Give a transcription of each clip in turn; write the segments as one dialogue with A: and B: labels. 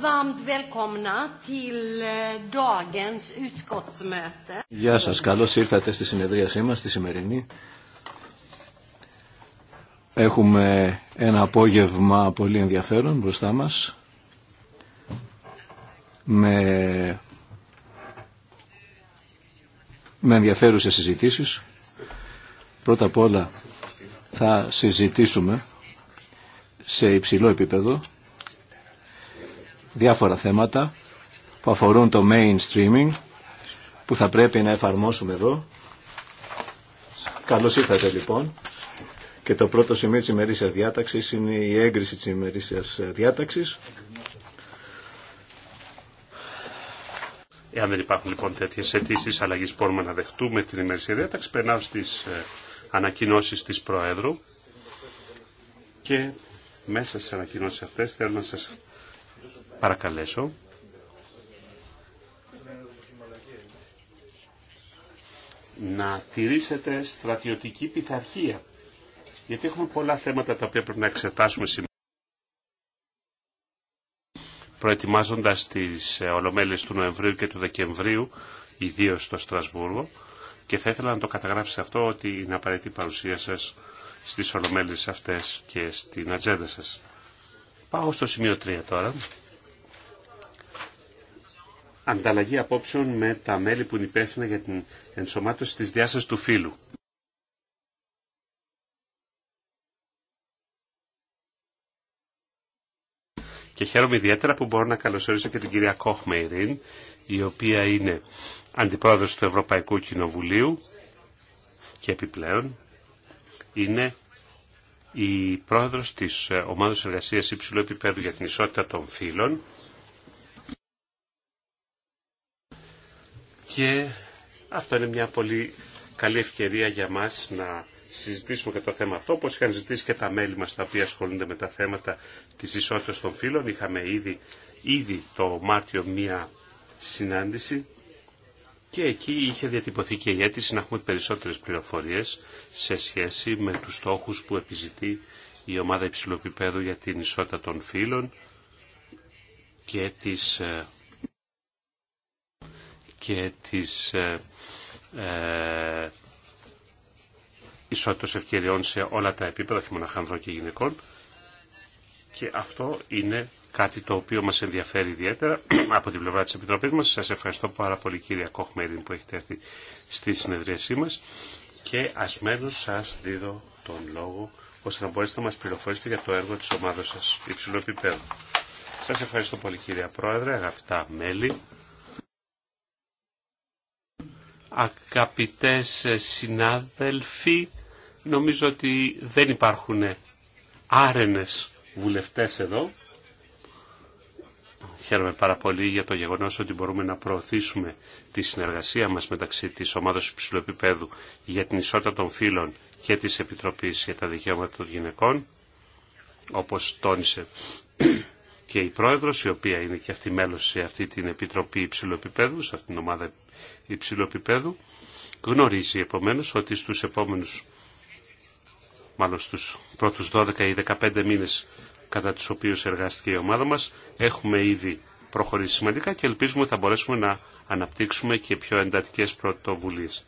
A: Eh, Γεια σας,
B: καλώς ήρθατε στη συνεδρίασή μας, τη σημερινή. Έχουμε ένα απόγευμα πολύ ενδιαφέρον μπροστά μας με, με ενδιαφέρουσες συζητήσεις. Πρώτα απ' όλα θα συζητήσουμε σε υψηλό επίπεδο διάφορα θέματα που αφορούν το mainstreaming που θα πρέπει να εφαρμόσουμε εδώ. Καλώς ήρθατε λοιπόν. Και το πρώτο σημείο της ημερήσιας διάταξης είναι η έγκριση της ημερήσιας διάταξης.
C: Εάν δεν υπάρχουν λοιπόν τέτοιε αιτήσει αλλαγή, μπορούμε να δεχτούμε την ημερησία διάταξη. Περνάω στι ε, ανακοινώσει τη Προέδρου και μέσα στι ανακοινώσει αυτέ θέλω να σα παρακαλέσω να τηρήσετε στρατιωτική πειθαρχία. Γιατί έχουμε πολλά θέματα τα οποία πρέπει να εξετάσουμε σήμερα. Προετοιμάζοντας τις ε, Ολομέλειες του Νοεμβρίου και του Δεκεμβρίου, ιδίω στο Στρασβούργο, και θα ήθελα να το καταγράψει αυτό ότι είναι απαραίτητη η παρουσία σας στις Ολομέλειες αυτές και στην ατζέντα σας. Πάω στο σημείο 3 τώρα ανταλλαγή απόψεων με τα μέλη που είναι υπεύθυνα για την ενσωμάτωση της διάστασης του φύλου. Και χαίρομαι ιδιαίτερα που μπορώ να καλωσορίσω και την κυρία Κόχ Μεϊρίν η οποία είναι αντιπρόεδρος του Ευρωπαϊκού Κοινοβουλίου και επιπλέον είναι η πρόεδρος της Ομάδας Εργασίας Υψηλού Επιπέδου για την Ισότητα των Φύλων και αυτό είναι μια πολύ καλή ευκαιρία για μας να συζητήσουμε και το θέμα αυτό, όπως είχαν ζητήσει και τα μέλη μας τα οποία ασχολούνται με τα θέματα της ισότητας των φύλων. Είχαμε ήδη, ήδη το Μάρτιο μία συνάντηση και εκεί είχε διατυπωθεί και η αίτηση να έχουμε περισσότερες πληροφορίες σε σχέση με τους στόχους που επιζητεί η ομάδα υψηλοπιπέδου για την ισότητα των φύλων και τις ε, και της ε, ε, ισότητας ευκαιριών σε όλα τα επίπεδα, όχι και γυναικών. Και αυτό είναι κάτι το οποίο μας ενδιαφέρει ιδιαίτερα από την πλευρά της Επιτροπής μας. Σας ευχαριστώ πάρα πολύ κύριε Κοχμέριν που έχετε έρθει στη συνεδρίασή μας και ασμένως σας δίδω τον λόγο ώστε να μπορέσετε να μας πληροφορήσετε για το έργο της ομάδας σας υψηλού επίπεδου. Σας ευχαριστώ πολύ κύριε Πρόεδρε, αγαπητά μέλη. Αγαπητές συνάδελφοι, νομίζω ότι δεν υπάρχουν άρενες βουλευτές εδώ. Χαίρομαι πάρα πολύ για το γεγονός ότι μπορούμε να προωθήσουμε τη συνεργασία μας μεταξύ της ομάδας υψηλού επίπεδου για την ισότητα των φύλων και της Επιτροπής για τα Δικαιώματα των Γυναικών, όπως τόνισε και η πρόεδρος, η οποία είναι και αυτή μέλος σε αυτή την Επιτροπή Υψηλοπιπέδου, σε αυτήν την ομάδα Υψηλοπιπέδου, γνωρίζει επομένως ότι στους επόμενους, μάλλον στους πρώτους 12 ή 15 μήνες κατά τους οποίους εργάστηκε η ομάδα μας, έχουμε ήδη προχωρήσει σημαντικά και ελπίζουμε ότι θα μπορέσουμε να αναπτύξουμε και πιο εντατικές πρωτοβουλίες.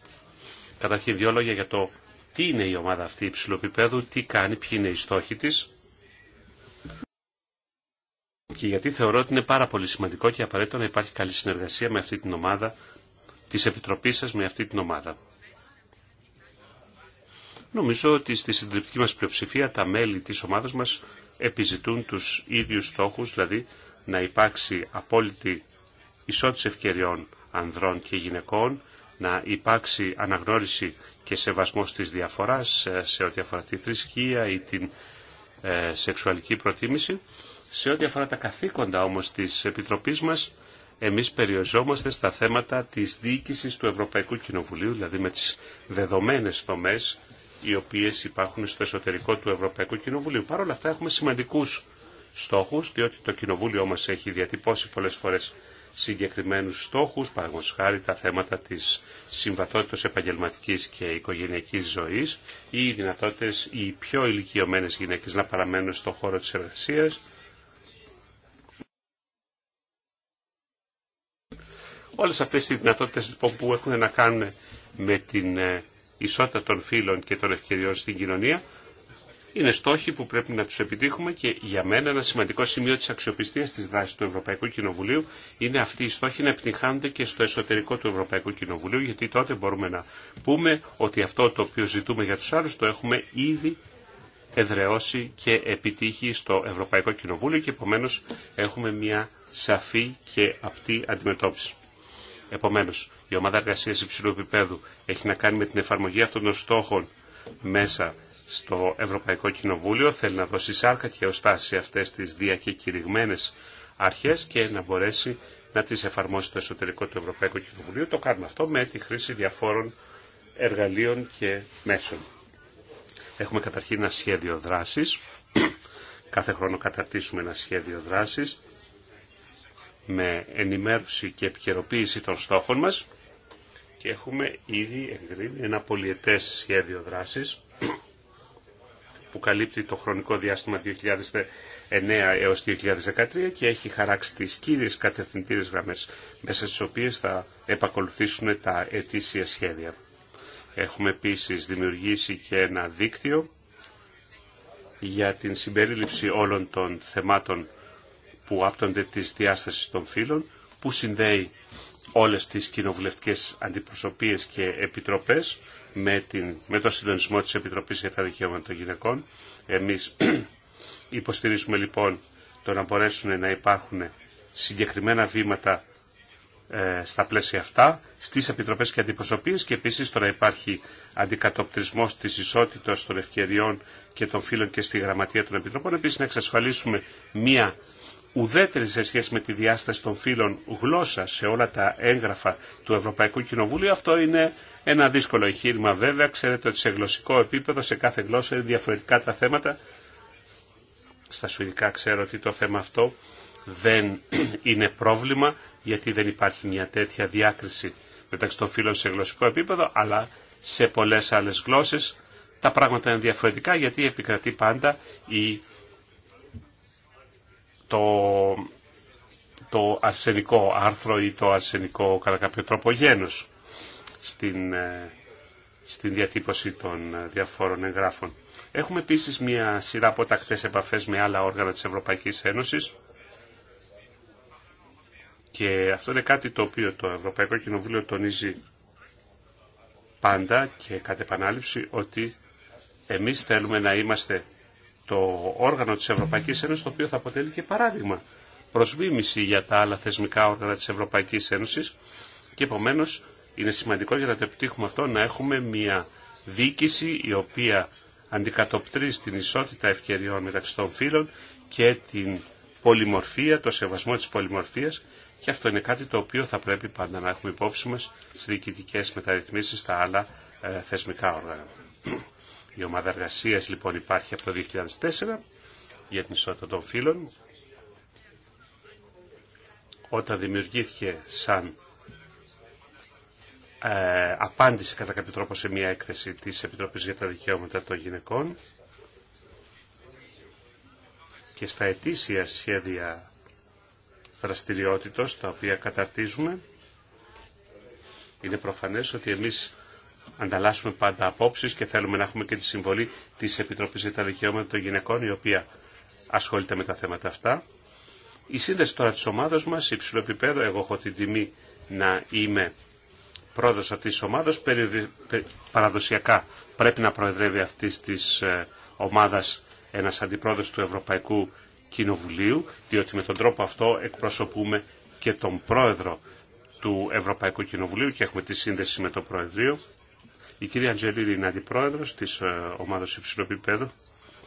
C: Καταρχήν δύο λόγια για το τι είναι η ομάδα αυτή υψηλοπιπέδου, τι κάνει, ποιοι είναι οι στόχοι τη, και γιατί θεωρώ ότι είναι πάρα πολύ σημαντικό και απαραίτητο να υπάρχει καλή συνεργασία με αυτή την ομάδα, της Επιτροπής σας με αυτή την ομάδα. Νομίζω ότι στη συντριπτική μας πλειοψηφία τα μέλη της ομάδας μας επιζητούν τους ίδιους στόχους, δηλαδή να υπάρξει απόλυτη ισότητα ευκαιριών ανδρών και γυναικών, να υπάρξει αναγνώριση και σεβασμός της διαφοράς ε, σε ό,τι αφορά τη θρησκεία ή την ε, σεξουαλική προτίμηση σε ό,τι αφορά τα καθήκοντα όμως της Επιτροπής μας, εμείς περιοριζόμαστε στα θέματα της διοίκησης του Ευρωπαϊκού Κοινοβουλίου, δηλαδή με τις δεδομένες τομές οι οποίες υπάρχουν στο εσωτερικό του Ευρωπαϊκού Κοινοβουλίου. Παρ' όλα αυτά έχουμε σημαντικούς στόχους, διότι το Κοινοβούλιο μας έχει διατυπώσει πολλές φορές συγκεκριμένους στόχους, παραγωγός χάρη τα θέματα της συμβατότητας επαγγελματικής και οικογενειακή ζωής ή οι δυνατότητε, οι πιο ηλικιωμένε γυναίκες να παραμένουν στον χώρο της εργασία. Όλες αυτές οι δυνατότητες λοιπόν, που έχουν να κάνουν με την ε, ισότητα των φίλων και των ευκαιριών στην κοινωνία είναι στόχοι που πρέπει να τους επιτύχουμε και για μένα ένα σημαντικό σημείο της αξιοπιστίας της δράσης του Ευρωπαϊκού Κοινοβουλίου είναι αυτοί οι στόχοι να επιτυγχάνονται και στο εσωτερικό του Ευρωπαϊκού Κοινοβουλίου γιατί τότε μπορούμε να πούμε ότι αυτό το οποίο ζητούμε για τους άλλους το έχουμε ήδη εδραιώσει και επιτύχει στο Ευρωπαϊκό Κοινοβούλιο και επομένω έχουμε μια σαφή και απτή αντιμετώπιση. Επομένω, η ομάδα εργασία υψηλού επίπεδου έχει να κάνει με την εφαρμογή αυτών των στόχων μέσα στο Ευρωπαϊκό Κοινοβούλιο. Θέλει να δώσει σάρκα και οστά σε αυτέ τι διακεκηρυγμένε αρχέ και να μπορέσει να τι εφαρμόσει στο εσωτερικό του Ευρωπαϊκού Κοινοβουλίου. Το κάνουμε αυτό με τη χρήση διαφόρων εργαλείων και μέσων. Έχουμε καταρχήν ένα σχέδιο δράσης. Κάθε χρόνο καταρτήσουμε ένα σχέδιο δράσης με ενημέρωση και επικαιροποίηση των στόχων μας και έχουμε ήδη εγκρίνει ένα πολιετές σχέδιο δράσης που καλύπτει το χρονικό διάστημα 2009 έως 2013 και έχει χαράξει τις κύριες κατευθυντήρες γραμμές μέσα στις οποίες θα επακολουθήσουν τα ετήσια σχέδια. Έχουμε επίσης δημιουργήσει και ένα δίκτυο για την συμπερίληψη όλων των θεμάτων που άπτονται της διάστασης των φύλων, που συνδέει όλες τις κοινοβουλευτικές αντιπροσωπείες και επιτροπές με, την, με το συντονισμό της Επιτροπής για τα Δικαιώματα των Γυναικών. Εμείς υποστηρίζουμε λοιπόν το να μπορέσουν να υπάρχουν συγκεκριμένα βήματα ε, στα πλαίσια αυτά, στις επιτροπές και αντιπροσωπείες και επίσης το να υπάρχει αντικατοπτρισμός της ισότητας των ευκαιριών και των φύλων και στη γραμματεία των επιτροπών. Επίσης να εξασφαλίσουμε μία ουδέτερη σε σχέση με τη διάσταση των φύλων γλώσσα σε όλα τα έγγραφα του Ευρωπαϊκού Κοινοβουλίου. Αυτό είναι ένα δύσκολο εγχείρημα βέβαια. Ξέρετε ότι σε γλωσσικό επίπεδο σε κάθε γλώσσα είναι διαφορετικά τα θέματα. Στα σουηδικά ξέρω ότι το θέμα αυτό δεν είναι πρόβλημα γιατί δεν υπάρχει μια τέτοια διάκριση μεταξύ των φύλων σε γλωσσικό επίπεδο αλλά σε πολλές άλλες γλώσσες τα πράγματα είναι διαφορετικά γιατί επικρατεί πάντα η το, το αρσενικό άρθρο ή το αρσενικό κατά κάποιο τρόπο γένος στην, ε, στην διατύπωση των ε, διαφόρων εγγράφων. Έχουμε επίσης μια σειρά από τακτές επαφές με άλλα όργανα της Ευρωπαϊκής Ένωσης και αυτό είναι κάτι το οποίο το Ευρωπαϊκό Κοινοβούλιο τονίζει πάντα και κατ' επανάληψη ότι εμείς θέλουμε να είμαστε το όργανο της Ευρωπαϊκής Ένωσης, το οποίο θα αποτελεί και παράδειγμα προς για τα άλλα θεσμικά όργανα της Ευρωπαϊκής Ένωσης και επομένως είναι σημαντικό για να το επιτύχουμε αυτό να έχουμε μια διοίκηση η οποία αντικατοπτρίζει την ισότητα ευκαιριών μεταξύ των φύλων και την πολυμορφία, το σεβασμό της πολυμορφίας και αυτό είναι κάτι το οποίο θα πρέπει πάντα να έχουμε υπόψη μας στις διοικητικές μεταρρυθμίσεις στα άλλα ε, θεσμικά όργανα. Η ομάδα εργασία λοιπόν υπάρχει από το 2004 για την ισότητα των φύλων. Όταν δημιουργήθηκε σαν ε, απάντηση κατά κάποιο τρόπο σε μια έκθεση της Επιτροπής για τα Δικαιώματα των Γυναικών και στα ετήσια σχέδια δραστηριότητος τα οποία καταρτίζουμε είναι προφανές ότι εμείς ανταλλάσσουμε πάντα απόψει και θέλουμε να έχουμε και τη συμβολή τη Επιτροπής για τα Δικαιώματα των Γυναικών, η οποία ασχολείται με τα θέματα αυτά. Η σύνδεση τώρα τη ομάδα μα, υψηλό επίπεδο, εγώ έχω την τιμή να είμαι πρόεδρο αυτή τη ομάδα. παραδοσιακά πρέπει να προεδρεύει αυτή τη ε, ομάδα ένα αντιπρόεδρος του Ευρωπαϊκού Κοινοβουλίου, διότι με τον τρόπο αυτό εκπροσωπούμε και τον πρόεδρο του Ευρωπαϊκού Κοινοβουλίου και έχουμε τη σύνδεση με το Προεδρείο. Η κυρία Αντζελίλη είναι αντιπρόεδρος της ε, ομάδας υψηλού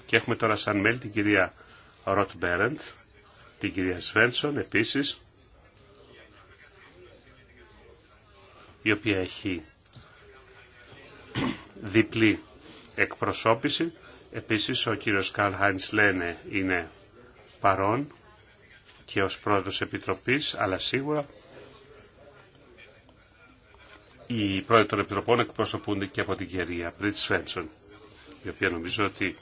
C: και έχουμε τώρα σαν μέλη την κυρία Ροτ Μπέρεντ, την κυρία Σβένσον επίσης, η οποία έχει διπλή εκπροσώπηση. Επίσης ο κύριος Καρλ Λένε είναι παρόν και ως πρόεδρος επιτροπής, αλλά σίγουρα οι πρόεδροι των Επιτροπών εκπροσωπούνται και από την κυρία Μπριτ Σφένσον, η οποία νομίζω ότι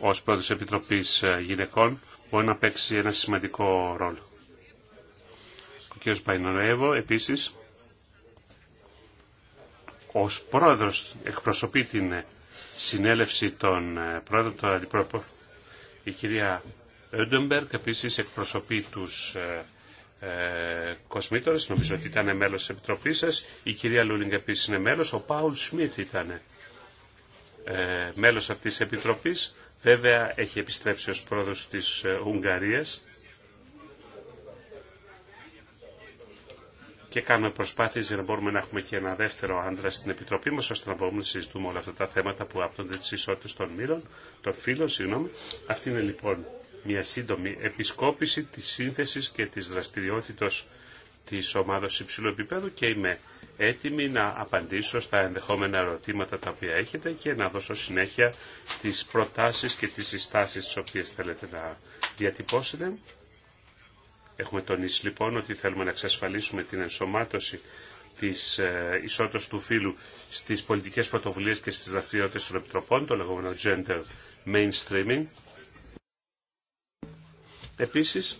C: ω πρόεδρο τη Επιτροπή ε, Γυναικών μπορεί να παίξει ένα σημαντικό ρόλο. Ο κ. Παϊνονοεύο επίση ω πρόεδρο εκπροσωπεί την ε, συνέλευση των ε, πρόεδρων των Αντιπρόεδρων. Η κυρία Έντεμπερκ επίση εκπροσωπεί τους ε, Κοσμήτορες, νομίζω ότι ήταν μέλος της Επιτροπής σας. Η κυρία Λούλινγκ επίση είναι μέλος. Ο Πάουλ Σμιτ ήταν ε, μέλος αυτής της Επιτροπής. Βέβαια έχει επιστρέψει ως πρόεδρος της ε, Ουγγαρίας. Και κάνουμε προσπάθειες για να μπορούμε να έχουμε και ένα δεύτερο άντρα στην Επιτροπή μας, ώστε να μπορούμε να συζητούμε όλα αυτά τα θέματα που άπτονται τις ισότητα των μήλων, των φίλων, συγγνώμη. Αυτή είναι λοιπόν μια σύντομη επισκόπηση της σύνθεσης και της δραστηριότητας της ομάδας υψηλού επίπεδου και είμαι έτοιμη να απαντήσω στα ενδεχόμενα ερωτήματα τα οποία έχετε και να δώσω συνέχεια τις προτάσεις και τις συστάσεις τις οποίες θέλετε να διατυπώσετε. Έχουμε τονίσει λοιπόν ότι θέλουμε να εξασφαλίσουμε την ενσωμάτωση τη ε, ισότητα του φύλου στι πολιτικέ πρωτοβουλίε και στι δραστηριότητε των επιτροπών, το λεγόμενο gender mainstreaming. Επίσης,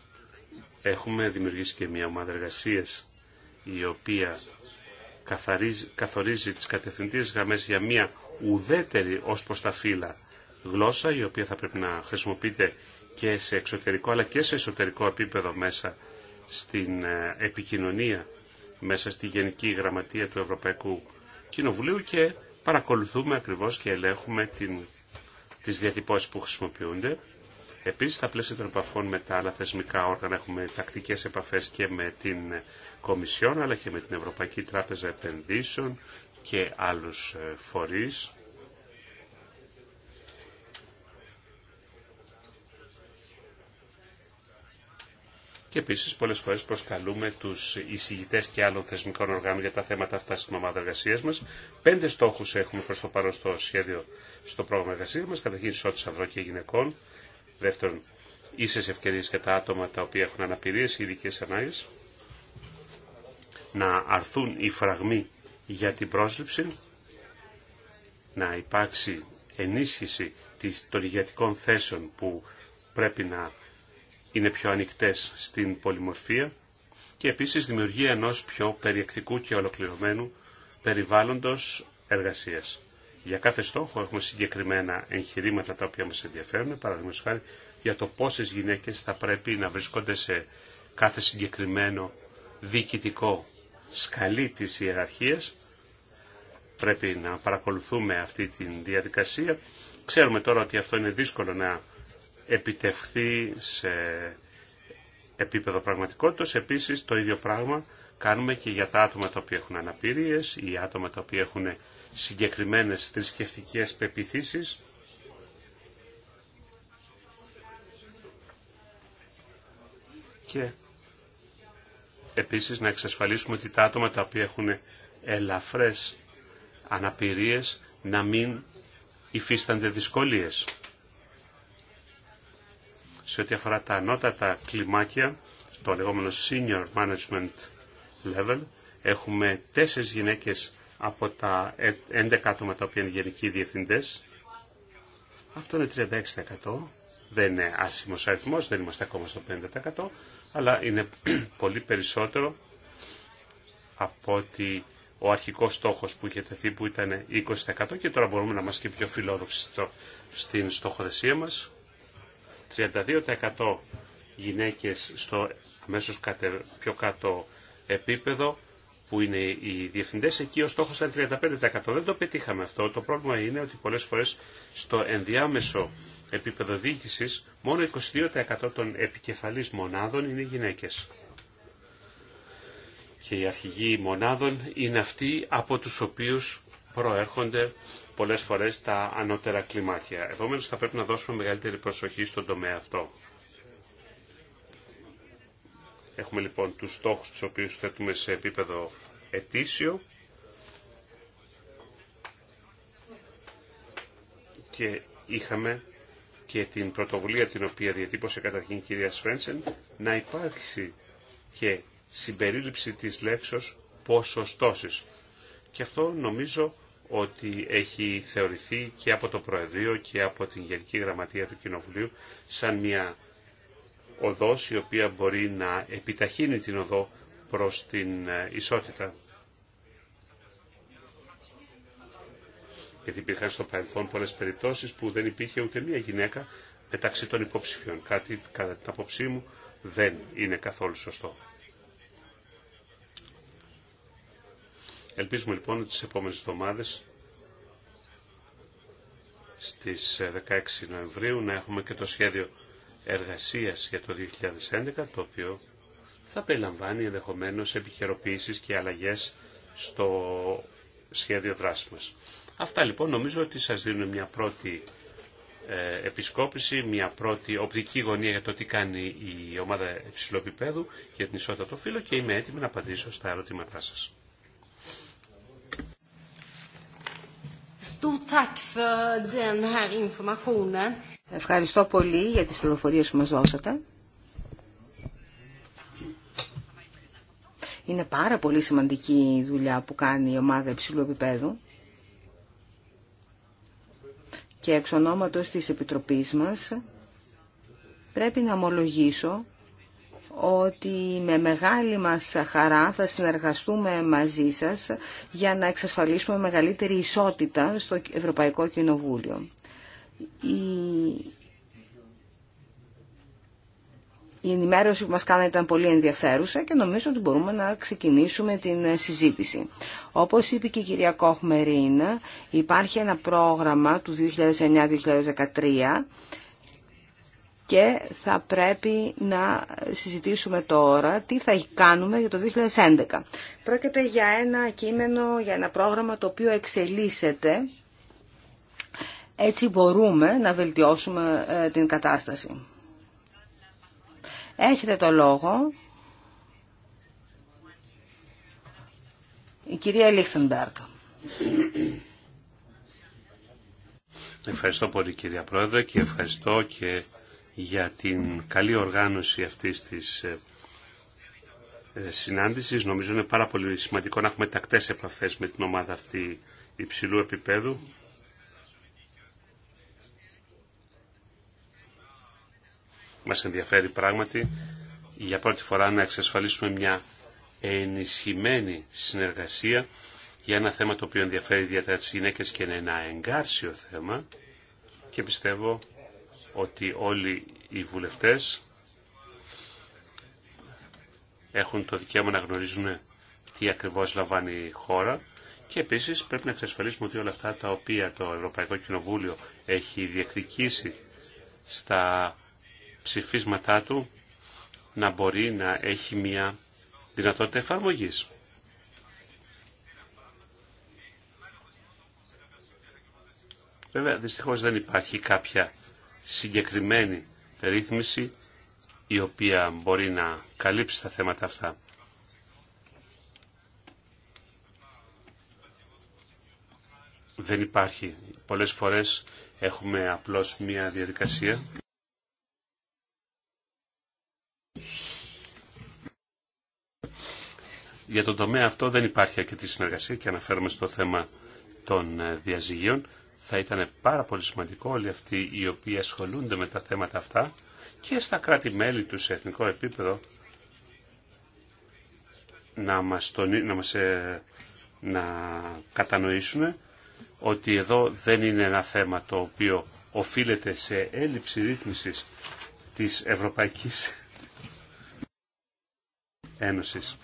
C: έχουμε δημιουργήσει και μια ομάδα εργασίας η οποία καθαρίζει, καθορίζει τις κατευθυντήρες γραμμές για μια ουδέτερη ως προς τα φύλλα γλώσσα, η οποία θα πρέπει να χρησιμοποιείται και σε εξωτερικό αλλά και σε εσωτερικό επίπεδο μέσα στην ε, επικοινωνία, μέσα στη Γενική Γραμματεία του Ευρωπαϊκού Κοινοβουλίου και παρακολουθούμε ακριβώς και ελέγχουμε την, τις διατυπώσεις που χρησιμοποιούνται. Επίσης, στα πλαίσια των επαφών με τα άλλα θεσμικά όργανα έχουμε τακτικές επαφές και με την Κομισιόν, αλλά και με την Ευρωπαϊκή Τράπεζα Επενδύσεων και άλλους ε, φορείς. Και επίσης πολλές φορές προσκαλούμε τους εισηγητές και άλλων θεσμικών οργάνων για τα θέματα αυτά στην ομάδα εργασία μας. Πέντε στόχους έχουμε προς το παρόν στο σχέδιο στο πρόγραμμα εργασία μας, καταρχήν ισότητα ανδρών και γυναικών, Δεύτερον, ίσες ευκαιρίες για τα άτομα τα οποία έχουν αναπηρίε ή ειδικέ ανάγκες. Να αρθούν οι φραγμοί για την πρόσληψη. Να υπάρξει ενίσχυση των ηγετικών θέσεων που πρέπει να είναι πιο ανοιχτές στην πολυμορφία και επίσης δημιουργία ενός πιο περιεκτικού και ολοκληρωμένου περιβάλλοντος εργασίας. Για κάθε στόχο έχουμε συγκεκριμένα εγχειρήματα τα οποία μας ενδιαφέρουν, παραδείγματος χάρη για το πόσες γυναίκες θα πρέπει να βρίσκονται σε κάθε συγκεκριμένο διοικητικό σκαλί της ιεραρχίας. Πρέπει να παρακολουθούμε αυτή τη διαδικασία. Ξέρουμε τώρα ότι αυτό είναι δύσκολο να επιτευχθεί σε επίπεδο πραγματικότητας. Επίσης το ίδιο πράγμα κάνουμε και για τα άτομα τα οποία έχουν αναπηρίες ή άτομα τα οποία έχουν συγκεκριμένες θρησκευτικέ πεπιθήσεις. Και επίσης να εξασφαλίσουμε ότι τα άτομα τα οποία έχουν ελαφρές αναπηρίες να μην υφίστανται δυσκολίες. Σε ό,τι αφορά τα ανώτατα κλιμάκια, το λεγόμενο senior management level, έχουμε τέσσερις γυναίκες από τα 11 άτομα τα οποία είναι γενικοί διευθυντέ. Αυτό είναι 36%. Δεν είναι άσχημο αριθμό, δεν είμαστε ακόμα στο 50%, αλλά είναι πολύ περισσότερο από ότι ο αρχικός στόχος που είχε τεθεί που ήταν 20% και τώρα μπορούμε να είμαστε και πιο φιλόδοξοι στην στοχοθεσία μας. 32% γυναίκες στο αμέσως πιο κάτω επίπεδο, που είναι οι διευθυντέ, εκεί ο στόχο ήταν 35%. Δεν το πετύχαμε αυτό. Το πρόβλημα είναι ότι πολλέ φορέ στο ενδιάμεσο επίπεδο διοίκηση μόνο 22% των επικεφαλή μονάδων είναι γυναίκε. Και οι αρχηγοί μονάδων είναι αυτοί από τους οποίους προέρχονται πολλές φορές τα ανώτερα κλιμάκια. Επομένως θα πρέπει να δώσουμε μεγαλύτερη προσοχή στον τομέα αυτό. Έχουμε λοιπόν τους στόχους τους οποίους θέτουμε σε επίπεδο ετήσιο και είχαμε και την πρωτοβουλία την οποία διατύπωσε καταρχήν η κυρία Σφένσεν να υπάρξει και συμπερίληψη της λέξεως ποσοστώσεις. Και αυτό νομίζω ότι έχει θεωρηθεί και από το Προεδρείο και από την Γερική Γραμματεία του Κοινοβουλίου σαν μια οδός η οποία μπορεί να επιταχύνει την οδό προς την ε, ισότητα. Γιατί υπήρχαν στο παρελθόν πολλές περιπτώσεις που δεν υπήρχε ούτε μία γυναίκα μεταξύ των υποψηφίων. Κάτι κατά την απόψή μου δεν είναι καθόλου σωστό. Ελπίζουμε λοιπόν ότι τις επόμενες εβδομάδες στις 16 ε, Νοεμβρίου να έχουμε και το σχέδιο εργασίας για το 2011, το οποίο θα περιλαμβάνει ενδεχομένω επιχειροποίησεις και αλλαγές στο σχέδιο δράσης μας. Αυτά λοιπόν νομίζω ότι σας δίνουν μια πρώτη ε, επισκόπηση, μια πρώτη οπτική γωνία για το τι κάνει η ομάδα υψηλοπιπέδου για την ισότητα του φύλου και είμαι έτοιμη να απαντήσω στα ερωτήματά σας.
A: Stort tack för den här informationen.
C: Ευχαριστώ πολύ για τις
A: πληροφορίες που μας δώσατε. Είναι πάρα
D: πολύ σημαντική η δουλειά που κάνει η ομάδα υψηλού επίπεδου και εξ ονόματος της Επιτροπής μας πρέπει να ομολογήσω ότι με μεγάλη μας χαρά θα συνεργαστούμε μαζί σας για να εξασφαλίσουμε μεγαλύτερη ισότητα στο Ευρωπαϊκό Κοινοβούλιο. Η ενημέρωση που μας κάνανε ήταν πολύ ενδιαφέρουσα και νομίζω ότι μπορούμε να ξεκινήσουμε την ε, συζήτηση. Όπως είπε και η κυρία Κόχμεριν, υπάρχει ένα πρόγραμμα του 2009-2013 και θα πρέπει να συζητήσουμε τώρα τι θα κάνουμε για το 2011. Πρόκειται για ένα κείμενο, για ένα πρόγραμμα το οποίο εξελίσσεται έτσι μπορούμε να βελτιώσουμε ε, την κατάσταση. Έχετε το λόγο. Η κυρία Λίχθενμπερκ.
C: Ευχαριστώ πολύ κυρία Πρόεδρε και ευχαριστώ και για την καλή οργάνωση αυτής της ε, ε, συνάντησης. Νομίζω είναι πάρα πολύ σημαντικό να έχουμε τακτές επαφές με την ομάδα αυτή υψηλού επίπεδου. Μας ενδιαφέρει πράγματι για πρώτη φορά να εξασφαλίσουμε μια ενισχυμένη συνεργασία για ένα θέμα το οποίο ενδιαφέρει ιδιαίτερα τις γυναίκες και είναι ένα εγκάρσιο θέμα και πιστεύω ότι όλοι οι βουλευτές έχουν το δικαίωμα να γνωρίζουν τι ακριβώς λαμβάνει η χώρα και επίσης πρέπει να εξασφαλίσουμε ότι όλα αυτά τα οποία το Ευρωπαϊκό Κοινοβούλιο έχει διεκδικήσει στα ψηφίσματά του να μπορεί να έχει μια δυνατότητα εφαρμογής. Βέβαια, δυστυχώς δεν υπάρχει κάποια συγκεκριμένη ρύθμιση η οποία μπορεί να καλύψει τα θέματα αυτά. Δεν υπάρχει. Πολλές φορές έχουμε απλώς μία διαδικασία. Για τον τομέα αυτό δεν υπάρχει αρκετή συνεργασία και αναφέρομαι στο θέμα των ε, διαζυγίων. Θα ήταν πάρα πολύ σημαντικό όλοι αυτοί οι οποίοι ασχολούνται με τα θέματα αυτά και στα κράτη-μέλη του σε εθνικό επίπεδο να μας, να μας ε, να κατανοήσουν ότι εδώ δεν είναι ένα θέμα το οποίο οφείλεται σε έλλειψη ρύθμισης της Ευρωπαϊκής Ένωσης.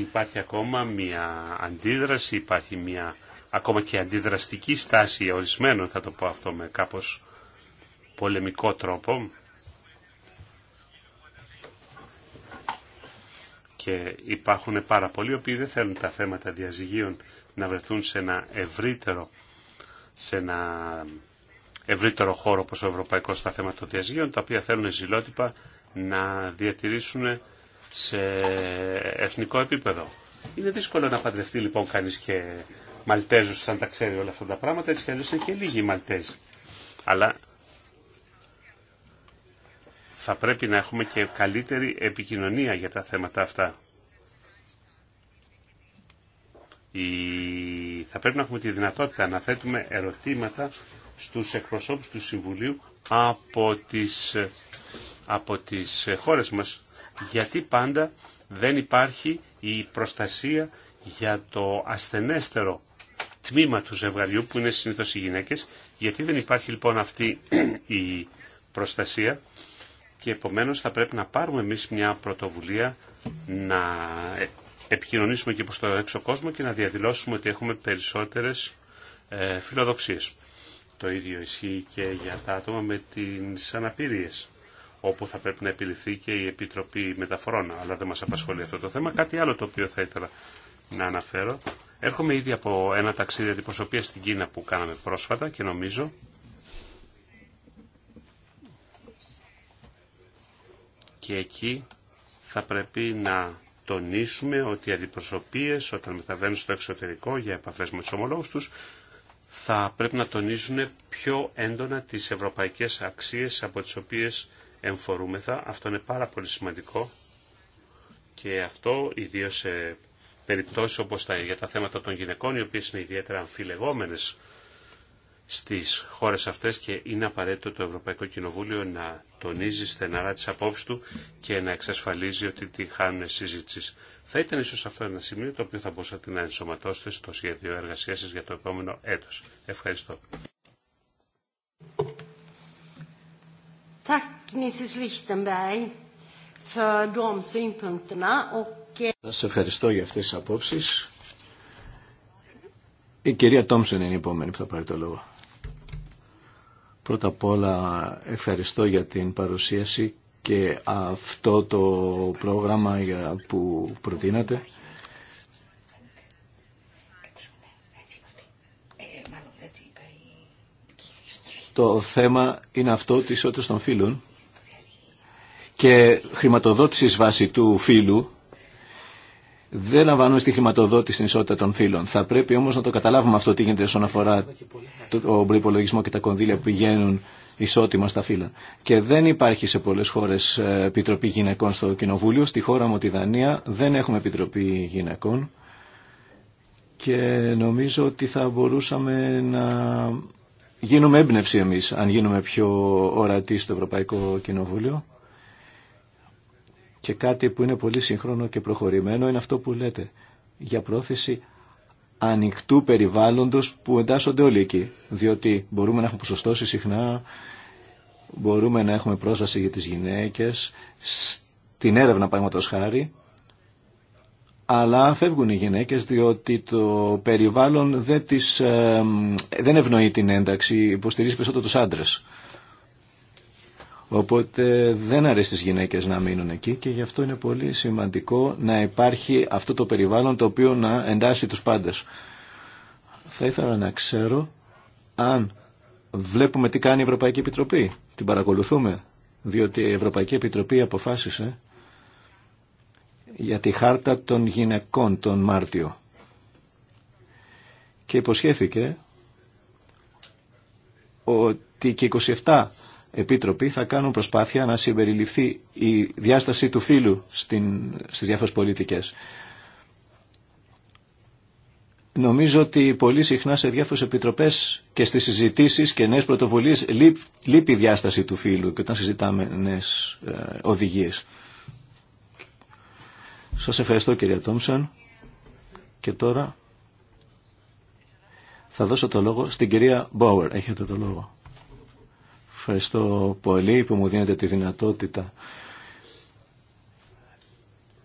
C: Υπάρχει ακόμα μια αντίδραση, υπάρχει μια ακόμα και αντιδραστική στάση ορισμένων, θα το πω αυτό με κάπως πολεμικό τρόπο. Και υπάρχουν πάρα πολλοί οποίοι δεν θέλουν τα θέματα διαζυγίων να βρεθούν σε ένα ευρύτερο, σε ένα ευρύτερο χώρο όπως ο Ευρωπαϊκός στα θέματα των διαζυγίων, τα οποία θέλουν ζηλότυπα να διατηρήσουν σε εθνικό επίπεδο. Είναι δύσκολο να παντρευτεί λοιπόν κανείς και Μαλτέζου αν τα ξέρει όλα αυτά τα πράγματα, έτσι κι είναι και λίγοι Μαλτέζοι. Αλλά θα πρέπει να έχουμε και καλύτερη επικοινωνία για τα θέματα αυτά. Η... Θα πρέπει να έχουμε τη δυνατότητα να θέτουμε ερωτήματα στους εκπροσώπους του Συμβουλίου από τις, από τις χώρες μας γιατί πάντα δεν υπάρχει η προστασία για το ασθενέστερο τμήμα του ζευγαριού που είναι συνήθως οι γυναίκες γιατί δεν υπάρχει λοιπόν αυτή η προστασία και επομένως θα πρέπει να πάρουμε εμείς μια πρωτοβουλία να επικοινωνήσουμε και προς τον έξω κόσμο και να διαδηλώσουμε ότι έχουμε περισσότερες ε, φιλοδοξίες. Το ίδιο ισχύει και για τα άτομα με τις αναπηρίες όπου θα πρέπει να επιληθεί και η Επιτροπή Μεταφορών, αλλά δεν μας απασχολεί αυτό το θέμα. Κάτι άλλο το οποίο θα ήθελα να αναφέρω. Έρχομαι ήδη από ένα ταξίδι αντιπροσωπείας στην Κίνα που κάναμε πρόσφατα και νομίζω και εκεί θα πρέπει να τονίσουμε ότι οι αντιπροσωπείες όταν μεταβαίνουν στο εξωτερικό για επαφές με τους ομολόγους τους θα πρέπει να τονίζουν πιο έντονα τις ευρωπαϊκές αξίες από τις οποίες εμφορούμεθα. Αυτό είναι πάρα πολύ σημαντικό και αυτό ιδίως σε περιπτώσει όπως τα, για τα θέματα των γυναικών οι οποίε είναι ιδιαίτερα αμφιλεγόμενε στις χώρες αυτές και είναι απαραίτητο το Ευρωπαϊκό Κοινοβούλιο να τονίζει στεναρά τι απόψει του και να εξασφαλίζει ότι τη χάνουν συζήτηση. Θα ήταν ίσω αυτό ένα σημείο το οποίο θα μπορούσατε να ενσωματώσετε στο σχέδιο εργασία σα για το επόμενο έτος. Ευχαριστώ.
A: Tack Mrs Lichtenberg för de synpunkterna och... Eh,
B: ευχαριστώ για αυτές τις απόψεις. Η κυρία Τόμσον είναι η επόμενη που θα πάρει το λόγο. Πρώτα απ' όλα ευχαριστώ για την παρουσίαση και αυτό το πρόγραμμα που προτείνατε. το θέμα είναι αυτό της ισότητας των φύλων και χρηματοδότηση βάση του φύλου δεν λαμβάνουμε στη χρηματοδότηση την ισότητα των φύλων. Θα πρέπει όμως να το καταλάβουμε αυτό τι γίνεται όσον αφορά τον προπολογισμό και τα κονδύλια που πηγαίνουν ισότιμα στα φύλλα. Και δεν υπάρχει σε πολλές χώρες ε, επιτροπή γυναικών στο κοινοβούλιο. Στη χώρα μου τη Δανία δεν έχουμε επιτροπή γυναικών και νομίζω ότι θα μπορούσαμε να γίνουμε έμπνευση εμείς αν γίνουμε πιο ορατοί στο Ευρωπαϊκό Κοινοβούλιο και κάτι που είναι πολύ σύγχρονο και προχωρημένο είναι αυτό που λέτε για πρόθεση ανοιχτού περιβάλλοντος που εντάσσονται όλοι εκεί διότι μπορούμε να έχουμε ποσοστώσει συχνά μπορούμε να έχουμε πρόσβαση για τις γυναίκες στην έρευνα πράγματος χάρη αλλά φεύγουν οι γυναίκες διότι το περιβάλλον δεν, τις, δεν ευνοεί την ένταξη, υποστηρίζει περισσότερο τους άντρες. Οπότε δεν αρέσει στις γυναίκες να μείνουν εκεί και γι' αυτό είναι πολύ σημαντικό να υπάρχει αυτό το περιβάλλον το οποίο να εντάσσει τους πάντες. Θα ήθελα να ξέρω αν βλέπουμε τι κάνει η Ευρωπαϊκή Επιτροπή, την παρακολουθούμε, διότι η Ευρωπαϊκή Επιτροπή αποφάσισε για τη χάρτα των γυναικών τον Μάρτιο. Και υποσχέθηκε ότι και 27 επίτροποι θα κάνουν προσπάθεια να συμπεριληφθεί η διάσταση του φύλου στην, στις διάφορες πολιτικές. Νομίζω ότι πολύ συχνά σε διάφορες επιτροπές και στις συζητήσεις και νέες πρωτοβουλίες λείπει η διάσταση του φύλου και όταν συζητάμε νέες ε, οδηγίες. Σας ευχαριστώ κυρία Τόμψεν. Και τώρα θα δώσω το λόγο στην κυρία Μπόουερ. Έχετε το λόγο. Ευχαριστώ πολύ που μου δίνετε τη δυνατότητα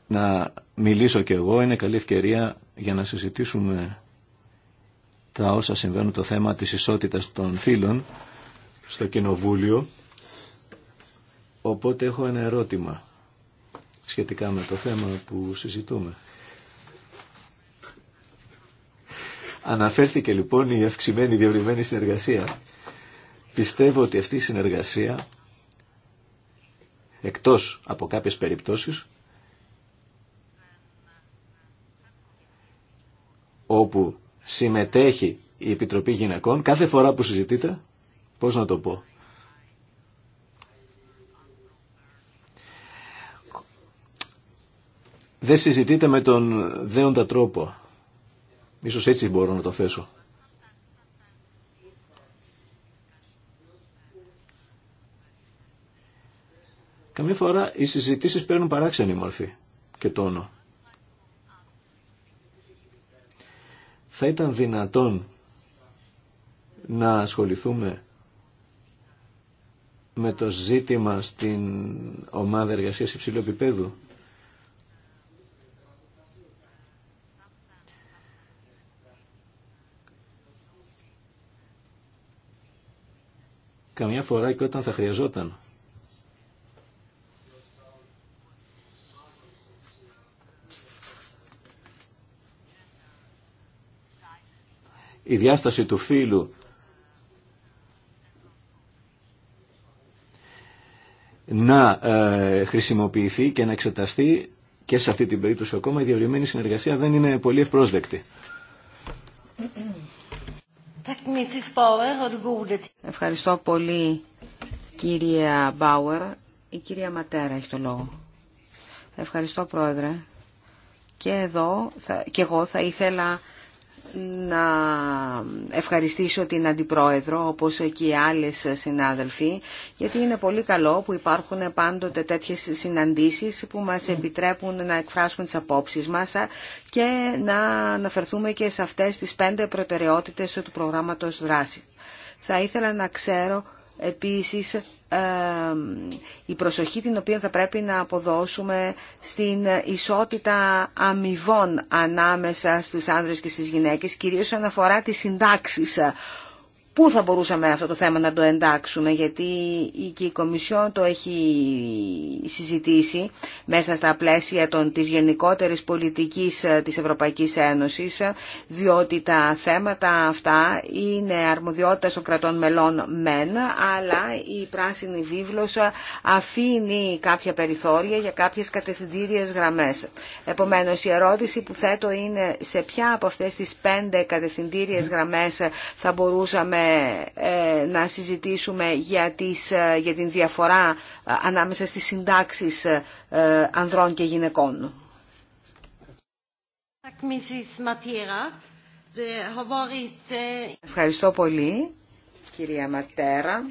B: να μιλήσω κι εγώ. Είναι καλή ευκαιρία για να συζητήσουμε τα όσα συμβαίνουν το θέμα της ισότητας των φίλων στο Κοινοβούλιο. Οπότε έχω ένα ερώτημα σχετικά με το θέμα που συζητούμε. Αναφέρθηκε λοιπόν η αυξημένη διευρυμένη συνεργασία. Πιστεύω ότι αυτή η συνεργασία, εκτός από κάποιες περιπτώσεις, όπου συμμετέχει η Επιτροπή Γυναικών, κάθε φορά που συζητείτε, πώς να το πω, δεν συζητείται με τον δέοντα τρόπο. Ίσως έτσι μπορώ να το θέσω. Καμιά φορά οι συζητήσεις παίρνουν παράξενη μορφή και τόνο. Θα ήταν δυνατόν να ασχοληθούμε με το ζήτημα στην ομάδα εργασίας υψηλού επίπεδου καμιά φορά και όταν θα χρειαζόταν. Η διάσταση του φίλου να ε, χρησιμοποιηθεί και να εξεταστεί και σε αυτή την περίπτωση ακόμα η διαβριμένη συνεργασία δεν είναι πολύ ευπρόσδεκτη.
D: Ευχαριστώ πολύ κυρία Μπάουερ. Η κυρία Ματέρα έχει το λόγο. Ευχαριστώ πρόεδρε. Και εδώ και εγώ θα ήθελα να ευχαριστήσω την Αντιπρόεδρο όπως και οι άλλες συνάδελφοι γιατί είναι πολύ καλό που υπάρχουν πάντοτε τέτοιες συναντήσεις που μας ναι. επιτρέπουν να εκφράσουμε τις απόψεις μας και να αναφερθούμε και σε αυτές τις πέντε προτεραιότητες του προγράμματος δράση. Θα ήθελα να ξέρω επίσης η προσοχή την οποία θα πρέπει να αποδώσουμε στην ισότητα αμοιβών ανάμεσα στους άνδρες και στις γυναίκες, κυρίως αναφορά αφορά τις συντάξεις Πού θα μπορούσαμε αυτό το θέμα να το εντάξουμε, γιατί η Κομισιόν το έχει συζητήσει μέσα στα πλαίσια των, της γενικότερης πολιτικής ε, της Ευρωπαϊκής Ένωσης, ε, διότι τα θέματα αυτά είναι αρμοδιότητα των κρατών μελών μεν, αλλά η πράσινη βίβλος ε, αφήνει κάποια περιθώρια για κάποιες κατευθυντήριες γραμμές. Επομένως, η ερώτηση που θέτω είναι σε ποια από αυτές τις πέντε κατευθυντήριες γραμμές θα μπορούσαμε ε, να συζητήσουμε για, τις, ε, την διαφορά ε, ανάμεσα στις συντάξεις ανδρών και γυναικών.
A: Eh,
D: Ευχαριστώ πολύ, κυρία Ματέρα.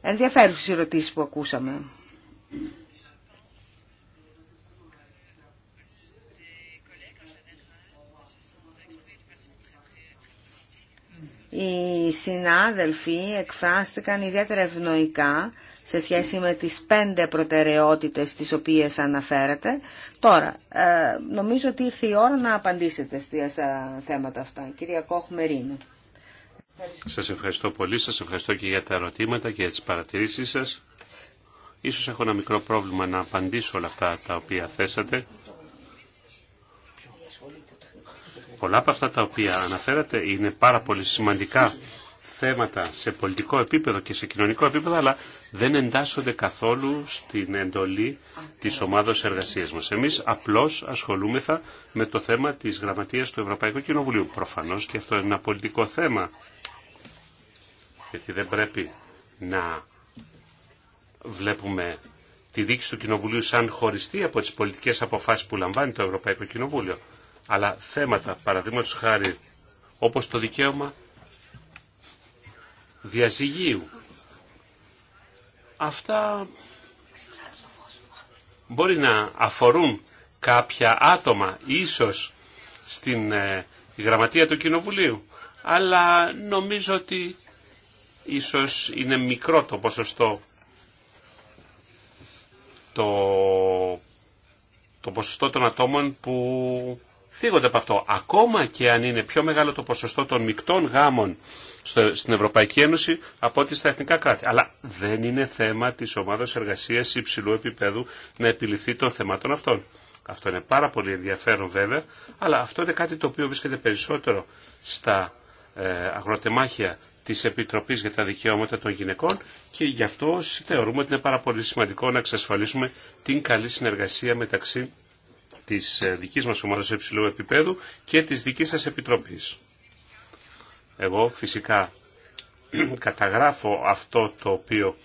D: Ενδιαφέρουσες ερωτήσεις που ακούσαμε. οι συνάδελφοι εκφράστηκαν ιδιαίτερα ευνοϊκά σε σχέση με τις πέντε προτεραιότητες τις οποίες αναφέρατε. Τώρα, ε, νομίζω ότι ήρθε η ώρα να απαντήσετε στα θέματα αυτά. Κυρία Κόχ Μερίνου.
C: Σας ευχαριστώ πολύ. Σας ευχαριστώ και για τα ερωτήματα και για τις παρατηρήσεις σας. Ίσως έχω ένα μικρό πρόβλημα να απαντήσω όλα αυτά τα οποία θέσατε. Πολλά από αυτά τα οποία αναφέρατε είναι πάρα πολύ σημαντικά θέματα σε πολιτικό επίπεδο και σε κοινωνικό επίπεδο, αλλά δεν εντάσσονται καθόλου στην εντολή της ομάδας εργασίας μας. Εμείς απλώς ασχολούμεθα με το θέμα της γραμματείας του Ευρωπαϊκού Κοινοβουλίου. Προφανώς και αυτό είναι ένα πολιτικό θέμα, γιατί δεν πρέπει να βλέπουμε τη δίκηση του Κοινοβουλίου σαν χωριστή από τις πολιτικές αποφάσεις που λαμβάνει το Ευρωπαϊκό Κοινοβούλιο. Αλλά θέματα, παραδείγματο χάρη, όπως το δικαίωμα διαζυγίου. Αυτά μπορεί να αφορούν κάποια άτομα, ίσως στην ε, γραμματεία του Κοινοβουλίου, αλλά νομίζω ότι ίσως είναι μικρό το ποσοστό το, το ποσοστό των ατόμων που Φύγονται από αυτό. Ακόμα και αν είναι πιο μεγάλο το ποσοστό των μεικτών γάμων στο, στην Ευρωπαϊκή Ένωση από ό,τι στα εθνικά κράτη. Αλλά δεν είναι θέμα της ομάδας εργασίας υψηλού επίπεδου να επιληφθεί των θεμάτων αυτών. Αυτό είναι πάρα πολύ ενδιαφέρον βέβαια, αλλά αυτό είναι κάτι το οποίο βρίσκεται περισσότερο στα ε, αγροτεμάχια τη Επιτροπή για τα Δικαιώματα των Γυναικών και γι' αυτό θεωρούμε ότι είναι πάρα πολύ σημαντικό να εξασφαλίσουμε την καλή συνεργασία μεταξύ της ε, δικής μας ομάδας υψηλού επίπεδου και της δικής σας επιτροπής. Εγώ φυσικά καταγράφω αυτό το οποίο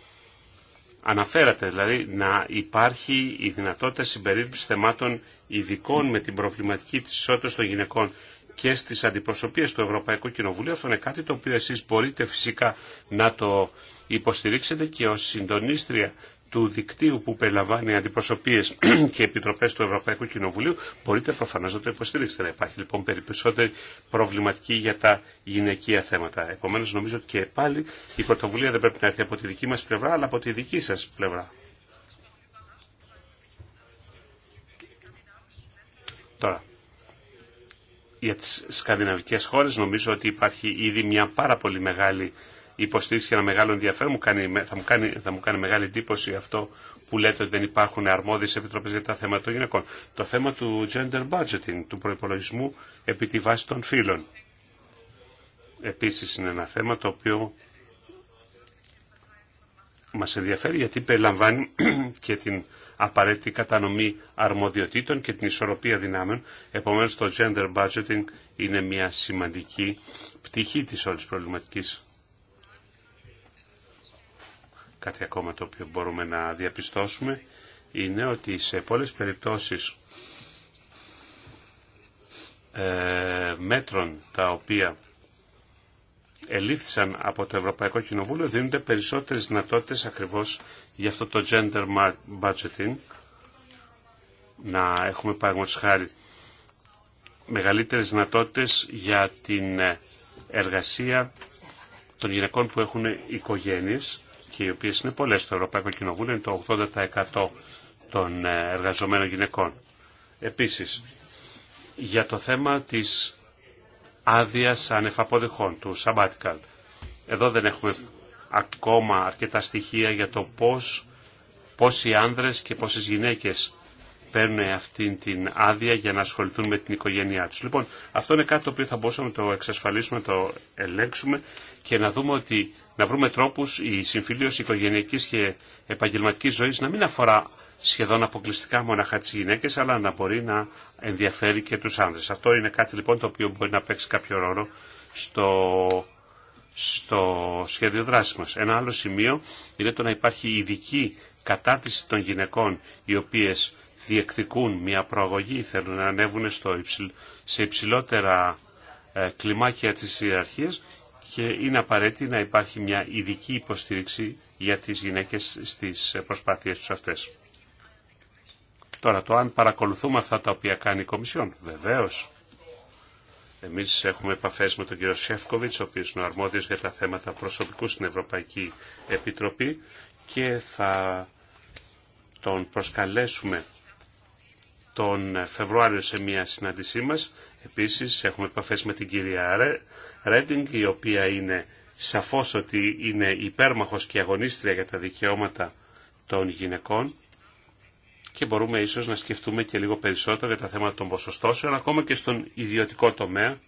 C: αναφέρατε, δηλαδή να υπάρχει η δυνατότητα συμπερίπτωσης θεμάτων ειδικών με την προβληματική της ισότητας των γυναικών και στις αντιπροσωπίες του Ευρωπαϊκού Κοινοβουλίου. Αυτό είναι κάτι το οποίο εσείς μπορείτε φυσικά να το υποστηρίξετε και ως συντονίστρια του δικτύου που περιλαμβάνει αντιπροσωπείες και επιτροπές του Ευρωπαϊκού Κοινοβουλίου, μπορείτε προφανώς να το υποστηρίξετε. υπάρχει λοιπόν περισσότερη προβληματική για τα γυναικεία θέματα. Επομένως νομίζω ότι και πάλι η πρωτοβουλία δεν πρέπει να έρθει από τη δική μας πλευρά, αλλά από τη δική σας πλευρά. Τώρα, για τις σκανδιναβικέ χώρες νομίζω ότι υπάρχει ήδη μια πάρα πολύ μεγάλη υποστήριξη και ένα μεγάλο ενδιαφέρον. Μου κάνει, θα, μου κάνει, θα μου κάνει μεγάλη εντύπωση αυτό που λέτε ότι δεν υπάρχουν αρμόδιες επιτροπές για τα θέματα των γυναικών. Το θέμα του gender budgeting, του προϋπολογισμού επί τη βάση των φύλων. Επίσης είναι ένα θέμα το οποίο μας ενδιαφέρει γιατί περιλαμβάνει και την απαραίτητη κατανομή αρμοδιοτήτων και την ισορροπία δυνάμεων. Επομένως το gender budgeting είναι μια σημαντική πτυχή της όλης προβληματικής. Κάτι ακόμα το οποίο μπορούμε να διαπιστώσουμε είναι ότι σε πολλές περιπτώσεις ε, μέτρων τα οποία ελήφθησαν από το Ευρωπαϊκό Κοινοβούλιο δίνονται περισσότερες δυνατότητες ακριβώς για αυτό το gender budgeting να έχουμε παραγωγή χάρη μεγαλύτερες δυνατότητες για την ε, εργασία των γυναικών που έχουν οικογένειες οι οποίες είναι πολλές στο Ευρωπαϊκό Κοινοβούλιο, είναι το 80% των ε, εργαζομένων γυναικών. Επίσης, για το θέμα της άδεια ανεφαποδεχών, του sabbatical. Εδώ δεν έχουμε ακόμα αρκετά στοιχεία για το πώς, οι άνδρες και πόσες γυναίκες παίρνουν αυτή την άδεια για να ασχοληθούν με την οικογένειά τους. Λοιπόν, αυτό είναι κάτι το οποίο θα μπορούσαμε να το εξασφαλίσουμε, να το ελέγξουμε και να δούμε ότι να βρούμε τρόπου, η συμφιλίωση οικογενειακή και επαγγελματική ζωή να μην αφορά σχεδόν αποκλειστικά μοναχά τι γυναίκε, αλλά να μπορεί να ενδιαφέρει και του άνδρες. Αυτό είναι κάτι λοιπόν το οποίο μπορεί να παίξει κάποιο ρόλο στο, στο σχέδιο δράση μα. Ένα άλλο σημείο είναι το να υπάρχει ειδική κατάρτιση των γυναικών οι οποίε διεκδικούν μια προαγωγή, θέλουν να ανέβουν στο υψηλ, σε υψηλότερα ε, κλιμάκια της ιεραρχίας και είναι απαραίτητη να υπάρχει μια ειδική υποστήριξη για τις γυναίκες στις προσπάθειες τους αυτές. Τώρα το αν παρακολουθούμε αυτά τα οποία κάνει η Κομισιόν. Βεβαίως. Εμείς έχουμε επαφές με τον κύριο Σεύκοβιτς, ο οποίος είναι ο αρμόδιος για τα θέματα προσωπικού στην Ευρωπαϊκή Επιτροπή και θα τον προσκαλέσουμε τον Φεβρουάριο σε μια συνάντησή μας. Επίσης έχουμε επαφές με την κυρία Ρέντινγκ, η οποία είναι σαφώς ότι είναι υπέρμαχος και αγωνίστρια για τα δικαιώματα των γυναικών και μπορούμε ίσως να σκεφτούμε και λίγο περισσότερο για τα θέματα των ποσοστώσεων, ακόμα και στον ιδιωτικό τομέα.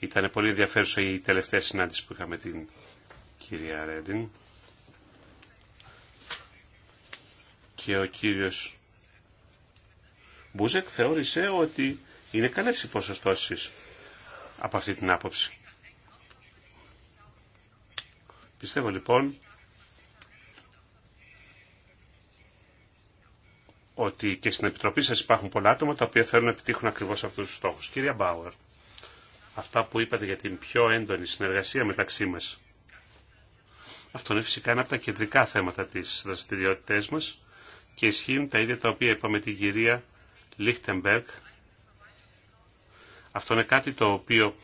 C: Ήταν πολύ ενδιαφέρουσα η τελευταία συνάντηση που είχαμε την κυρία Ρέντινγκ. Και ο κύριος Μπούζεκ θεώρησε ότι είναι καλές οι ποσοστώσεις από αυτή την άποψη. Πιστεύω λοιπόν ότι και στην Επιτροπή σας υπάρχουν πολλά άτομα τα οποία θέλουν να επιτύχουν ακριβώς αυτούς τους στόχους. Κυρία Μπάουερ, αυτά που είπατε για την πιο έντονη συνεργασία μεταξύ μας. Αυτό είναι φυσικά ένα από τα κεντρικά θέματα της δραστηριότητές μας και ισχύουν τα ίδια τα οποία είπαμε την κυρία Λίχτεμπεργκ. Αυτό είναι κάτι το οποίο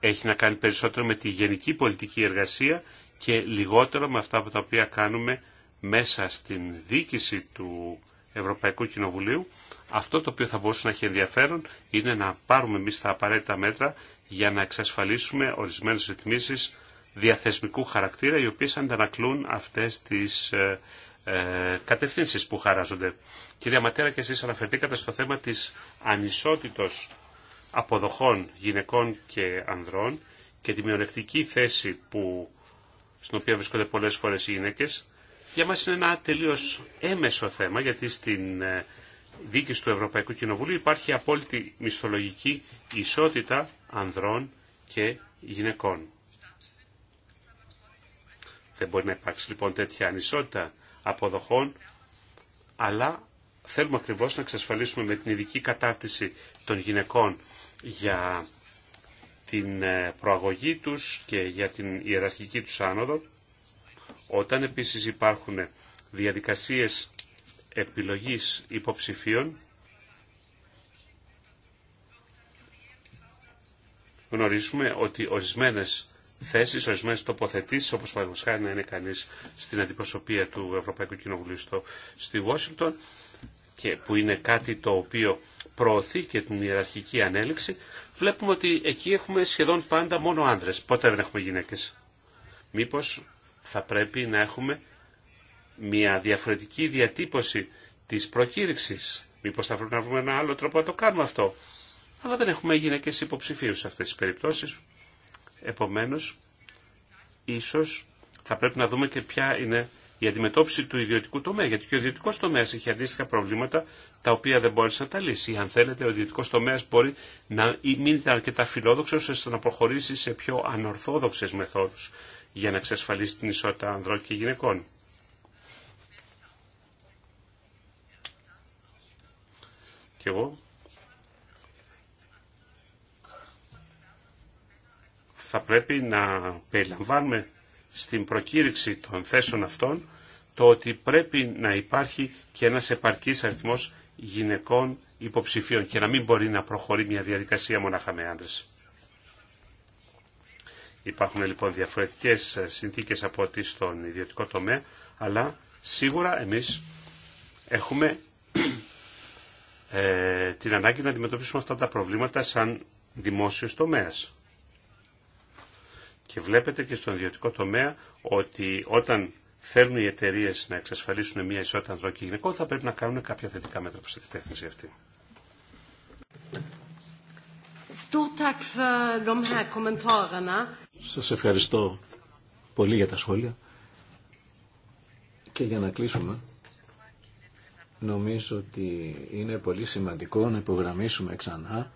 C: έχει να κάνει περισσότερο με τη γενική πολιτική εργασία και λιγότερο με αυτά που τα οποία κάνουμε μέσα στην διοίκηση του Ευρωπαϊκού Κοινοβουλίου. Αυτό το οποίο θα μπορούσε να έχει ενδιαφέρον είναι να πάρουμε εμεί τα απαραίτητα μέτρα για να εξασφαλίσουμε ορισμένες ρυθμίσεις διαθεσμικού χαρακτήρα οι οποίες αντανακλούν αυτές τις ε, ε, κατευθύνσεις που χαράζονται. Κυρία Ματέρα και εσείς αναφερθήκατε στο θέμα της ανισότητος αποδοχών γυναικών και ανδρών και τη μειονεκτική θέση που, στην οποία βρίσκονται πολλές φορές οι γυναίκες. Για μας είναι ένα τελείως έμεσο θέμα γιατί στην ε, δίκη του Ευρωπαϊκού Κοινοβουλίου υπάρχει απόλυτη μισθολογική ισότητα ανδρών και γυναικών. Δεν μπορεί να υπάρξει λοιπόν τέτοια ανισότητα αποδοχών, αλλά θέλουμε ακριβώς να εξασφαλίσουμε με την ειδική κατάρτιση των γυναικών για την ε, προαγωγή τους και για την ιεραρχική τους άνοδο, όταν επίσης υπάρχουν διαδικασίες επιλογής υποψηφίων, γνωρίζουμε ότι ορισμένες Θέσει ορισμένε τοποθετήσει, όπω παραδείγματο χάρη να είναι κανεί στην αντιπροσωπεία του Ευρωπαϊκού Κοινοβουλίου στο, στη Washington, και που είναι κάτι το οποίο προωθεί και την ιεραρχική ανέλυξη, βλέπουμε ότι εκεί έχουμε σχεδόν πάντα μόνο άντρε. Ποτέ δεν έχουμε γυναίκες. Μήπως θα πρέπει να έχουμε μια διαφορετική διατύπωση της προκήρυξης. Μήπως θα πρέπει να βρούμε ένα άλλο τρόπο να το κάνουμε αυτό. Αλλά δεν έχουμε γυναίκες υποψηφίους σε αυτές τι περιπτώσεις. Επομένως, ίσως θα πρέπει να δούμε και ποια είναι η αντιμετώπιση του ιδιωτικού τομέα. Γιατί και ο ιδιωτικός τομέας έχει αντίστοιχα προβλήματα τα οποία δεν μπορεί να τα λύσει. αν θέλετε, ο ιδιωτικός τομέας μπορεί να μην ήταν αρκετά φιλόδοξο ώστε να προχωρήσει σε πιο ανορθόδοξες μεθόδους για να εξασφαλίσει την ισότητα ανδρών και γυναικών. Και εγώ θα πρέπει να περιλαμβάνουμε στην προκήρυξη των θέσεων αυτών το ότι πρέπει να υπάρχει και ένας επαρκής αριθμός γυναικών υποψηφίων και να μην μπορεί να προχωρεί μια διαδικασία μονάχα με άντρες. Υπάρχουν λοιπόν διαφορετικές συνθήκες από ό,τι στον ιδιωτικό τομέα, αλλά σίγουρα εμείς έχουμε ε, την ανάγκη να αντιμετωπίσουμε αυτά τα προβλήματα σαν δημόσιος τομέας. Και βλέπετε και στον ιδιωτικό τομέα ότι όταν θέλουν οι εταιρείε να εξασφαλίσουν μια ισότητα ανδρών και γυναικών, θα πρέπει να κάνουν κάποια θετικά μέτρα προ την κατεύθυνση αυτή.
B: Σας ευχαριστώ πολύ για τα σχόλια και για να κλείσουμε νομίζω ότι είναι πολύ σημαντικό να υπογραμμίσουμε ξανά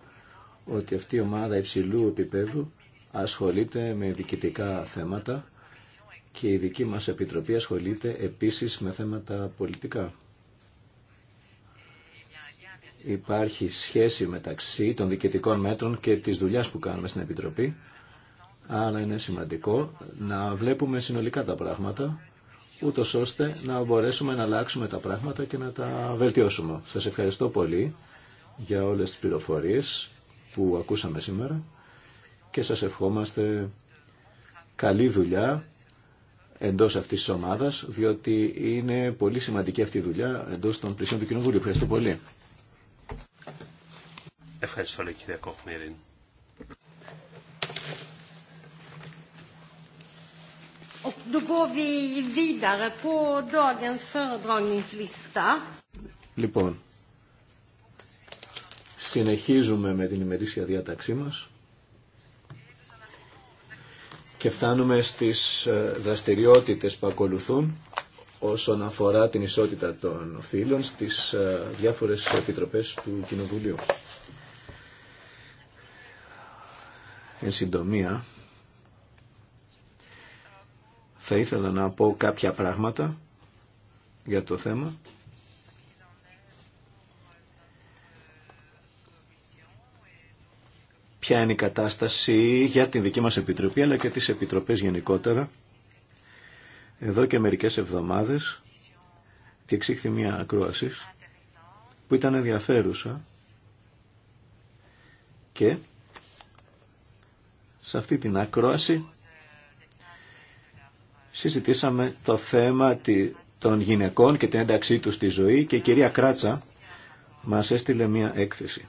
B: ότι αυτή η ομάδα υψηλού επίπεδου ασχολείται με διοικητικά θέματα και η δική μας Επιτροπή ασχολείται επίσης με θέματα πολιτικά. Υπάρχει σχέση μεταξύ των διοικητικών μέτρων και της δουλειάς που κάνουμε στην Επιτροπή, άρα είναι σημαντικό να βλέπουμε συνολικά τα πράγματα, ούτω ώστε να μπορέσουμε να αλλάξουμε τα πράγματα και να τα βελτιώσουμε. Σας ευχαριστώ πολύ για όλες τις πληροφορίες που ακούσαμε σήμερα και σας ευχόμαστε καλή δουλειά εντός αυτής της ομάδας, διότι είναι πολύ σημαντική αυτή η δουλειά εντός των πλησίων του Κοινοβουλίου. Ευχαριστώ πολύ.
C: Ευχαριστώ, λέει κύριε Κοχμήριν.
B: Λοιπόν, συνεχίζουμε με την ημερήσια διάταξή μας. Και φτάνουμε στις ε, δραστηριότητες που ακολουθούν όσον αφορά την ισότητα των φίλων στις ε, διάφορες επιτροπές του Κοινοβουλίου. Εν συντομία, θα ήθελα να πω κάποια πράγματα για το θέμα. ποια είναι η κατάσταση για την δική μας Επιτροπή αλλά και τις Επιτροπές γενικότερα. Εδώ και μερικές εβδομάδες διεξήχθη μια ακρόαση που ήταν ενδιαφέρουσα και σε αυτή την ακρόαση συζητήσαμε το θέμα των γυναικών και την ένταξή τους στη ζωή και η κυρία Κράτσα μας έστειλε μια έκθεση.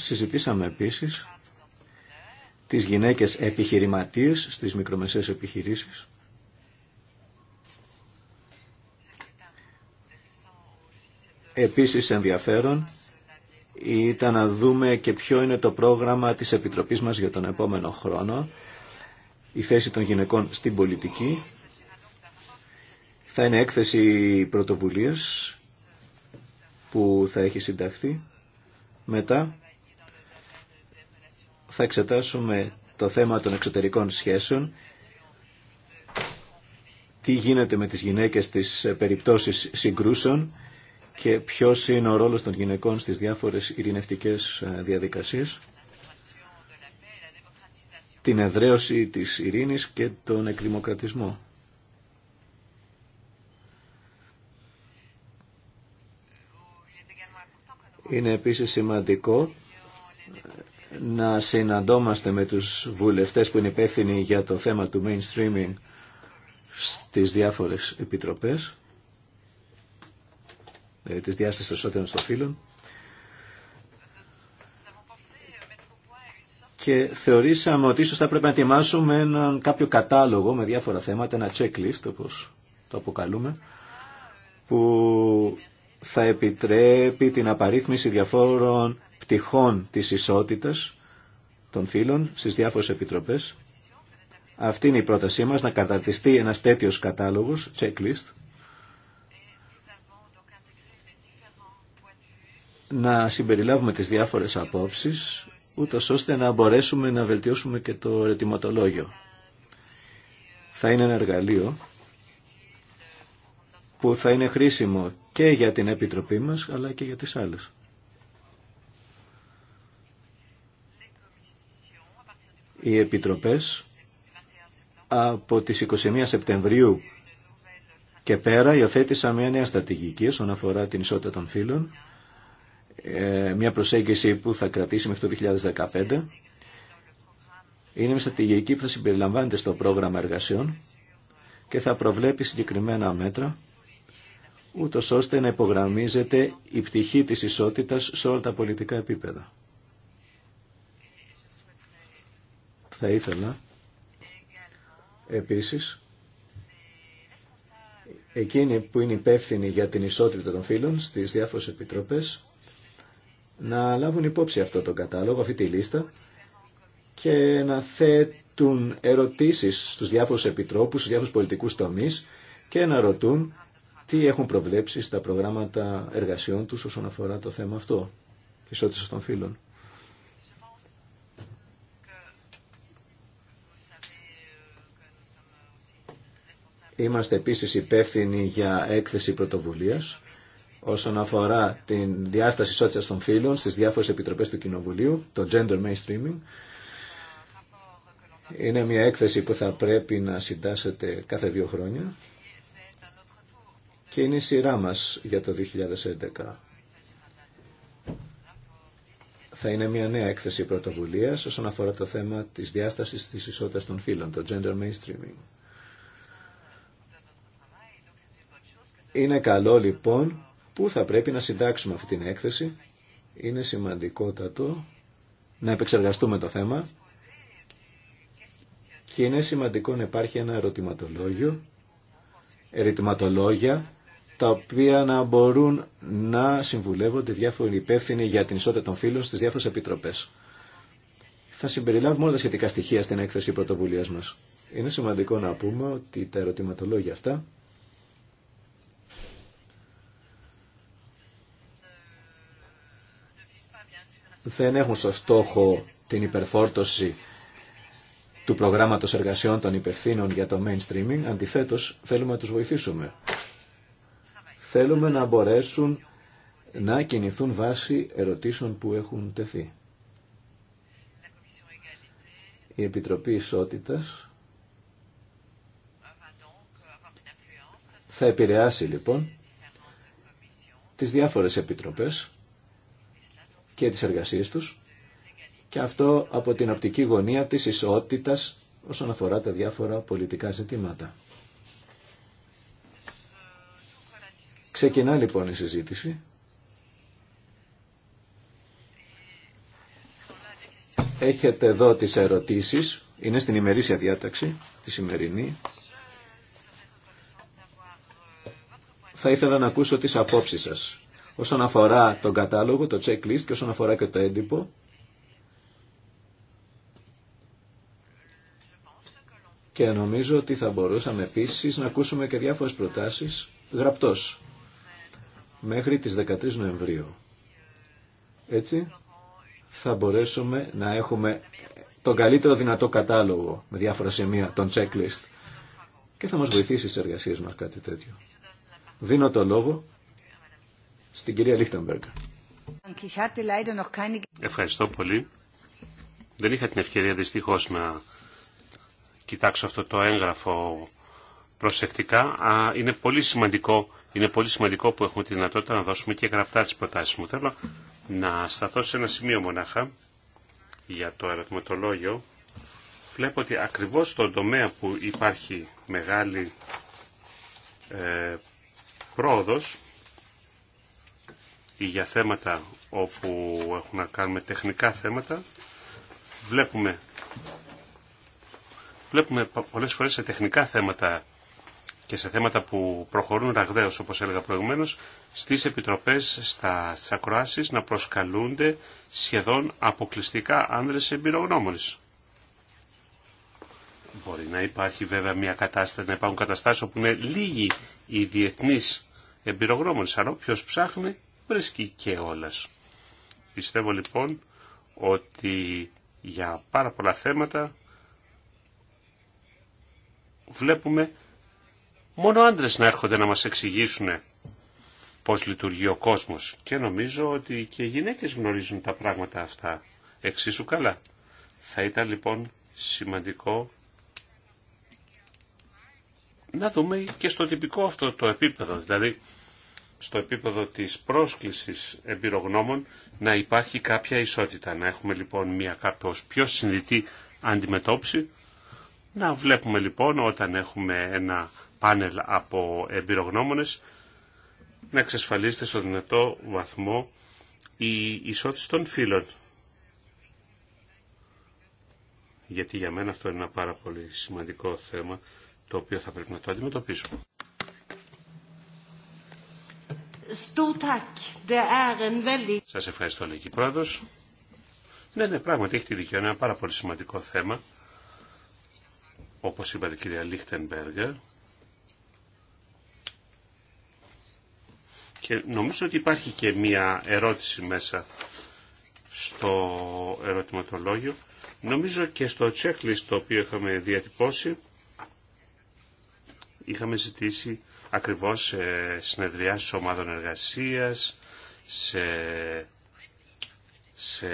B: Συζητήσαμε επίσης τις γυναίκες επιχειρηματίες στις μικρομεσαίες επιχειρήσεις. Επίσης ενδιαφέρον ήταν να δούμε και ποιο είναι το πρόγραμμα της Επιτροπής μας για τον επόμενο χρόνο, η θέση των γυναικών στην πολιτική. Θα είναι έκθεση πρωτοβουλίας που θα έχει συνταχθεί. Μετά θα εξετάσουμε το θέμα των εξωτερικών σχέσεων, τι γίνεται με τις γυναίκες στις περιπτώσεις συγκρούσεων και ποιος είναι ο ρόλος των γυναικών στις διάφορες ειρηνευτικές ε, διαδικασίες, την εδραίωση της ειρήνης και τον εκδημοκρατισμό. Είναι επίσης σημαντικό να συναντόμαστε με τους βουλευτές που είναι υπεύθυνοι για το θέμα του mainstreaming στις διάφορες επιτροπές δηλαδή της διάστασης των σώτερων στο και θεωρήσαμε ότι ίσως θα πρέπει να ετοιμάσουμε έναν κάποιο κατάλογο με διάφορα θέματα, ένα checklist όπως το αποκαλούμε που θα επιτρέπει την απαρίθμηση διαφόρων πτυχών της ισότητας των φύλων στις διάφορες επιτροπές. Αυτή είναι η πρότασή μας, να καταρτιστεί ένας τέτοιος κατάλογος, checklist, να συμπεριλάβουμε τις διάφορες απόψεις, ούτω ώστε να μπορέσουμε να βελτιώσουμε και το ρετηματολόγιο. Θα είναι ένα εργαλείο που θα είναι χρήσιμο και για την Επιτροπή μας, αλλά και για τις άλλες. οι επιτροπές από τις 21 Σεπτεμβρίου και πέρα υιοθέτησα μια νέα στρατηγική όσον αφορά την ισότητα των φύλων, ε, μια προσέγγιση που θα κρατήσει μέχρι το 2015. Είναι μια στρατηγική που θα συμπεριλαμβάνεται στο πρόγραμμα εργασιών και θα προβλέπει συγκεκριμένα μέτρα, ούτως ώστε να υπογραμμίζεται η πτυχή της ισότητας σε όλα τα πολιτικά επίπεδα. Θα ήθελα επίσης εκείνοι που είναι υπεύθυνοι για την ισότητα των φίλων στις διάφορες επιτροπές να λάβουν υπόψη αυτό το κατάλογο, αυτή τη λίστα και να θέτουν ερωτήσεις στους διάφορους επιτρόπους, στους διάφορους πολιτικούς τομείς και να ρωτούν τι έχουν προβλέψει στα προγράμματα εργασιών τους όσον αφορά το θέμα αυτό, ισότητα των φίλων. Είμαστε επίσης υπεύθυνοι για έκθεση πρωτοβουλίας όσον αφορά την διάσταση ισότητας των φύλων στις διάφορες επιτροπές του Κοινοβουλίου, το Gender Mainstreaming. Είναι μια έκθεση που θα πρέπει να συντάσσεται κάθε δύο χρόνια και είναι η σειρά μας για το 2011. Θα είναι μια νέα έκθεση πρωτοβουλίας όσον αφορά το θέμα της διάστασης της ισότητας των φύλων, το Gender Mainstreaming. Είναι καλό λοιπόν που θα πρέπει να συντάξουμε αυτή την έκθεση. Είναι σημαντικότατο να επεξεργαστούμε το θέμα και είναι σημαντικό να υπάρχει ένα ερωτηματολόγιο, ερωτηματολόγια τα οποία να μπορούν να συμβουλεύονται διάφοροι υπεύθυνοι για την ισότητα των φίλων στις διάφορες επιτροπές. Θα συμπεριλάβουμε όλα τα σχετικά στοιχεία στην έκθεση πρωτοβουλίας μας. Είναι σημαντικό να πούμε ότι τα ερωτηματολόγια αυτά δεν έχουν στο στόχο την υπερφόρτωση του προγράμματος εργασιών των υπευθύνων για το mainstreaming, αντιθέτως θέλουμε να τους βοηθήσουμε. Θέλουμε να μπορέσουν να κινηθούν βάσει ερωτήσεων που έχουν τεθεί. Η Επιτροπή Ισότητας θα επηρεάσει λοιπόν τις διάφορες επιτροπές και τις εργασίες τους και αυτό από την οπτική γωνία της ισότητας όσον αφορά τα διάφορα πολιτικά ζητήματα. Ξεκινά λοιπόν η συζήτηση. Έχετε εδώ τις ερωτήσεις. Είναι στην ημερήσια διάταξη, τη σημερινή. Θα ήθελα να ακούσω τις απόψεις σας όσον αφορά τον κατάλογο, το checklist και όσον αφορά και το έντυπο. Και νομίζω ότι θα μπορούσαμε επίσης να ακούσουμε και διάφορες προτάσεις γραπτός μέχρι τις 13 Νοεμβρίου. Έτσι θα μπορέσουμε να έχουμε τον καλύτερο δυνατό κατάλογο με διάφορα σημεία, τον checklist. Και θα μας βοηθήσει στις εργασίες μας κάτι τέτοιο.
C: Δίνω το λόγο στην κυρία Λίχτεμπεργκ. Ευχαριστώ πολύ. Δεν είχα την ευκαιρία δυστυχώ να κοιτάξω αυτό το έγγραφο προσεκτικά. Είναι πολύ σημαντικό, είναι πολύ σημαντικό που έχουμε τη δυνατότητα να δώσουμε και γραπτά τις προτάσεις μου. Θέλω να σταθώ σε ένα σημείο μονάχα για το ερωτηματολόγιο. Βλέπω ότι ακριβώς στον τομέα που υπάρχει μεγάλη ε, πρόοδος, ή για θέματα όπου έχουν να κάνουμε τεχνικά θέματα. Βλέπουμε, βλέπουμε πολλές φορές σε τεχνικά θέματα και σε θέματα που προχωρούν ραγδαίως, όπως έλεγα προηγουμένως, στις επιτροπές, στα ακροάσεις να προσκαλούνται σχεδόν αποκλειστικά άνδρες εμπειρογνώμονες. Μπορεί να υπάρχει βέβαια μια κατάσταση, να υπάρχουν καταστάσεις όπου είναι λίγοι οι διεθνείς εμπειρογνώμονες, αλλά όποιος ψάχνει βρίσκει και όλας. Πιστεύω λοιπόν ότι για πάρα πολλά θέματα βλέπουμε μόνο άντρες να έρχονται να μας εξηγήσουν πώς λειτουργεί ο κόσμος και νομίζω ότι και οι γυναίκες γνωρίζουν τα πράγματα αυτά εξίσου καλά. Θα ήταν λοιπόν σημαντικό να δούμε και στο τυπικό αυτό το επίπεδο, δηλαδή στο επίπεδο της πρόσκλησης εμπειρογνώμων να υπάρχει κάποια ισότητα. Να έχουμε λοιπόν μια κάποιος πιο συνδυτή αντιμετώπιση. Να βλέπουμε λοιπόν όταν έχουμε ένα πάνελ από εμπειρογνώμονες να εξασφαλίσετε στο δυνατό βαθμό η ισότητα των φύλων. Γιατί για μένα αυτό είναι ένα πάρα πολύ σημαντικό θέμα το οποίο θα πρέπει να το αντιμετωπίσουμε. Er Σα ευχαριστώ Λίκη πρόεδρο. Ναι, ναι, πράγματι έχει τη Είναι ένα πάρα πολύ σημαντικό θέμα. Όπως είπατε κυρία Λίχτενμπεργκερ. Και νομίζω ότι υπάρχει και μία ερώτηση μέσα στο ερωτηματολόγιο. Νομίζω και στο checklist το οποίο είχαμε διατυπώσει είχαμε ζητήσει ακριβώς σε συνεδριάσεις ομάδων εργασίας, σε, σε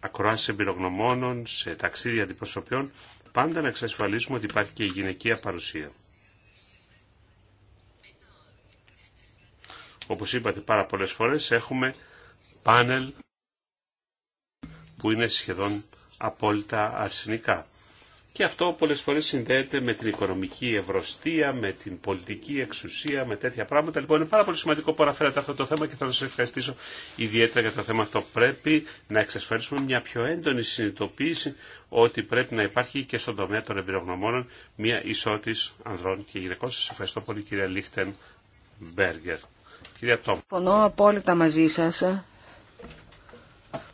C: ακροάσεις εμπειρογνωμόνων, σε ταξίδια αντιπροσωπιών, πάντα να εξασφαλίσουμε ότι υπάρχει και η γυναικεία παρουσία. Όπως είπατε πάρα πολλές φορές έχουμε πάνελ που είναι σχεδόν απόλυτα αρσενικά. Και αυτό πολλές φορές συνδέεται με την οικονομική ευρωστία, με την πολιτική εξουσία, με τέτοια πράγματα. Λοιπόν, είναι πάρα πολύ σημαντικό που αναφέρατε αυτό το θέμα και θα σας ευχαριστήσω ιδιαίτερα για το θέμα αυτό. Πρέπει να εξασφαλίσουμε μια πιο έντονη συνειδητοποίηση ότι πρέπει να υπάρχει και στον τομέα των εμπειρογνωμόνων μια ισότης ανδρών και γυναικών. Σας ευχαριστώ πολύ κυρία Λίχτεν Μπέργκερ. Κυρία Τόμ.
D: Φωνώ απόλυτα μαζί σας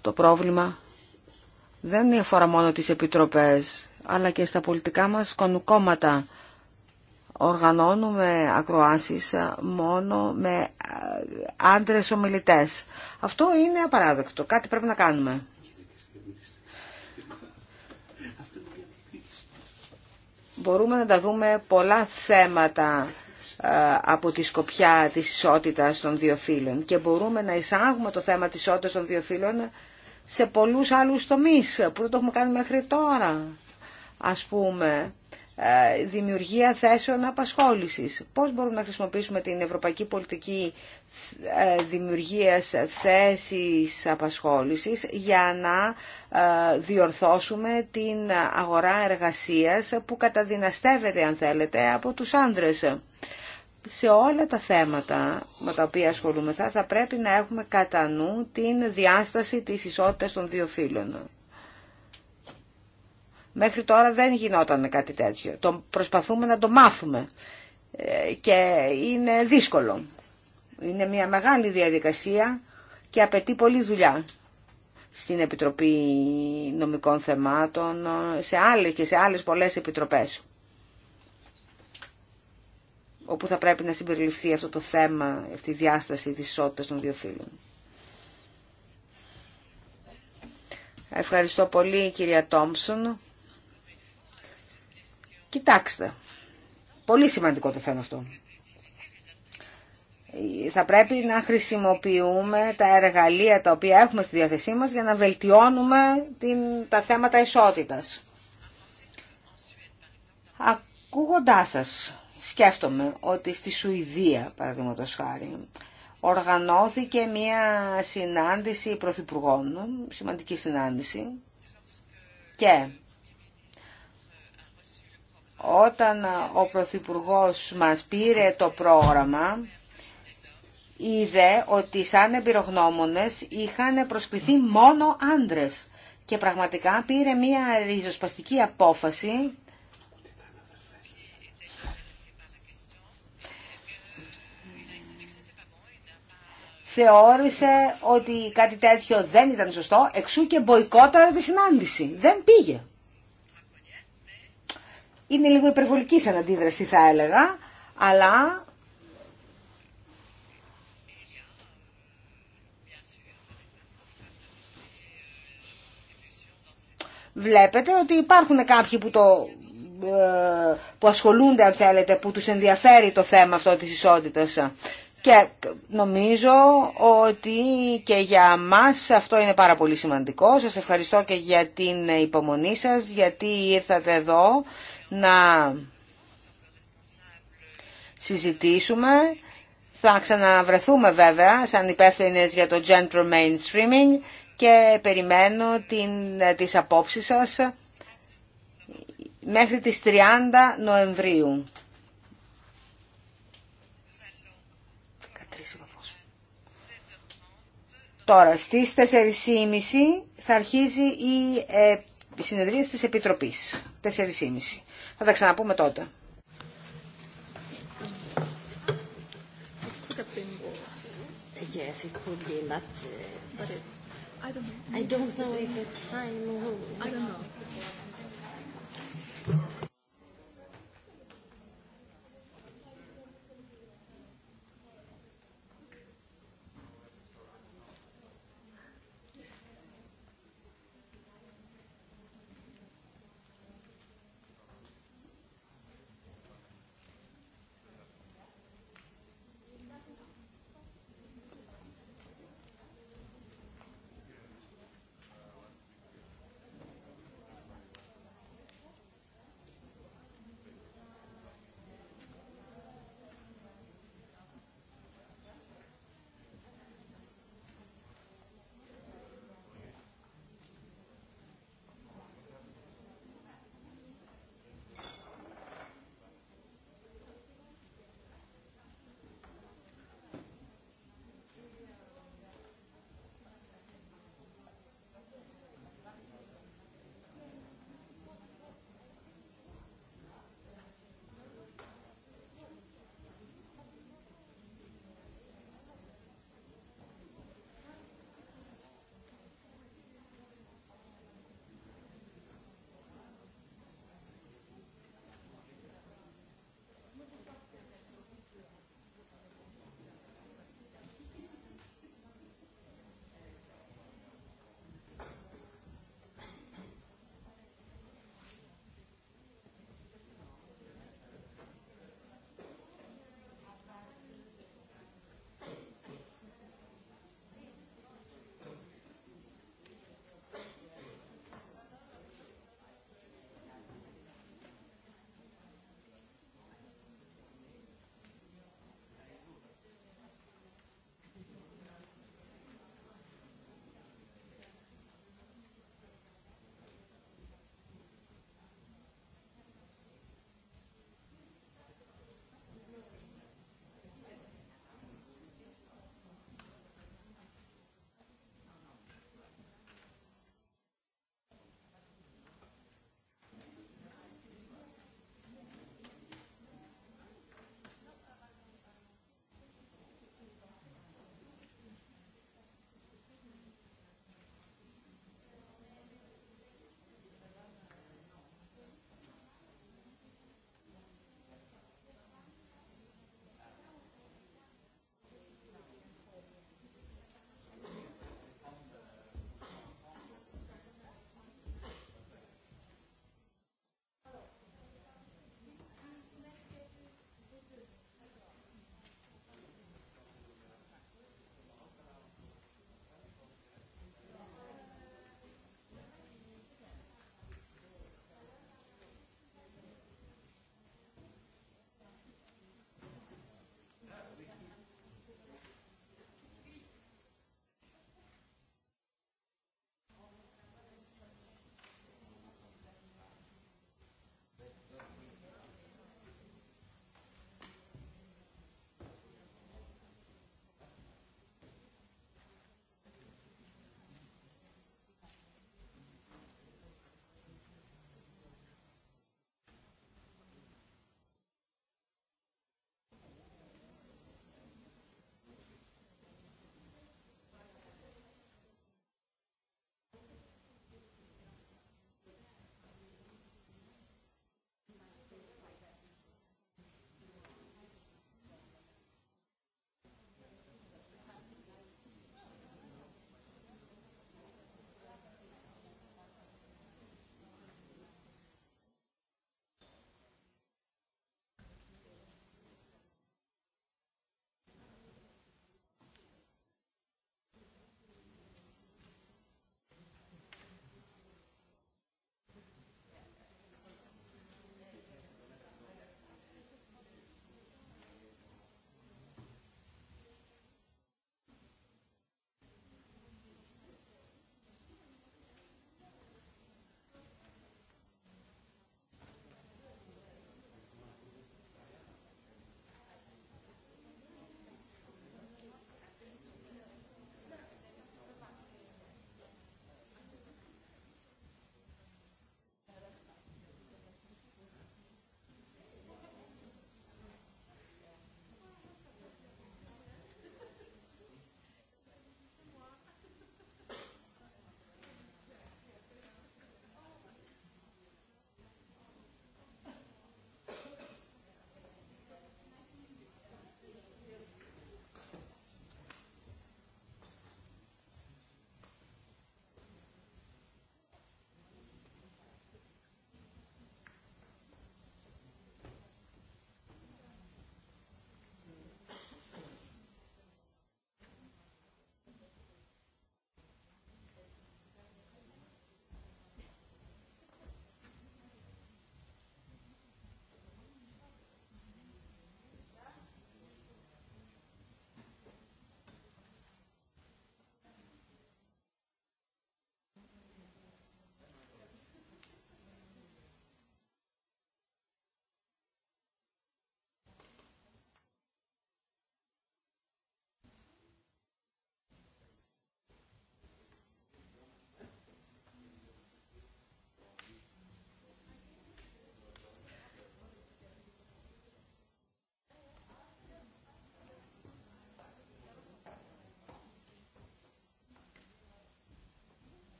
D: το πρόβλημα δεν αφορά μόνο τι επιτροπέ αλλά και στα πολιτικά μας κόμματα. Οργανώνουμε ακροάσεις μόνο με ε, άντρες ομιλητές. Αυτό είναι απαράδεκτο. Κάτι πρέπει να κάνουμε. Μπορούμε να τα δούμε πολλά θέματα ε, από τη σκοπιά της ισότητας των δύο φύλων και μπορούμε να εισάγουμε το θέμα της ισότητας των δύο φύλων σε πολλούς άλλους τομείς που δεν το έχουμε κάνει μέχρι τώρα ας πούμε, ε, δημιουργία θέσεων απασχόλησης. Πώς μπορούμε να χρησιμοποιήσουμε την ευρωπαϊκή πολιτική ε, δημιουργίας θέσης απασχόλησης για να ε, διορθώσουμε την αγορά εργασίας που καταδυναστεύεται, αν θέλετε, από τους άνδρες. Σε όλα τα θέματα με τα οποία ασχολούμεθα θα πρέπει να έχουμε κατά νου την διάσταση της ισότητας των δύο φύλων. Μέχρι τώρα δεν γινόταν κάτι τέτοιο. Το προσπαθούμε να το μάθουμε ε, και είναι δύσκολο. Είναι μια μεγάλη διαδικασία και απαιτεί πολλή δουλειά στην Επιτροπή Νομικών Θεμάτων σε άλλες και σε άλλες πολλές επιτροπές όπου θα πρέπει να συμπεριληφθεί αυτό το θέμα, αυτή η διάσταση της ισότητας των δύο φίλων. Ευχαριστώ πολύ κυρία Τόμψον. Κοιτάξτε, πολύ σημαντικό το θέμα αυτό. Θα πρέπει να χρησιμοποιούμε τα εργαλεία τα οποία έχουμε στη διάθεσή μας για να βελτιώνουμε την, τα θέματα ισότητας. Ακούγοντάς σας, σκέφτομαι ότι στη Σουηδία, παραδείγματος χάρη, οργανώθηκε μια συνάντηση πρωθυπουργών, σημαντική συνάντηση, και όταν ο Πρωθυπουργό μας πήρε το πρόγραμμα, είδε ότι σαν εμπειρογνώμονες είχαν προσπιθεί μόνο άντρες και πραγματικά πήρε μια ριζοσπαστική απόφαση θεώρησε ότι κάτι τέτοιο δεν ήταν σωστό, εξού και μποϊκόταρε τη συνάντηση. Δεν πήγε είναι λίγο υπερβολική σαν αντίδραση θα έλεγα, αλλά βλέπετε ότι υπάρχουν κάποιοι που, το, ε, που ασχολούνται αν θέλετε, που τους ενδιαφέρει το θέμα αυτό της ισότητας. Και νομίζω ότι και για μας αυτό είναι πάρα πολύ σημαντικό. Σας ευχαριστώ και για την υπομονή σας, γιατί ήρθατε εδώ να συζητήσουμε. Θα ξαναβρεθούμε βέβαια σαν υπεύθυνε για το gender mainstreaming και περιμένω την, τις απόψεις σας μέχρι τις 30 Νοεμβρίου. Τώρα, στις 4.30 θα αρχίζει ε, η συνεδρία της Επιτροπής. 4.30. Θα τα ξαναπούμε τότε.
A: I don't uh, I don't know.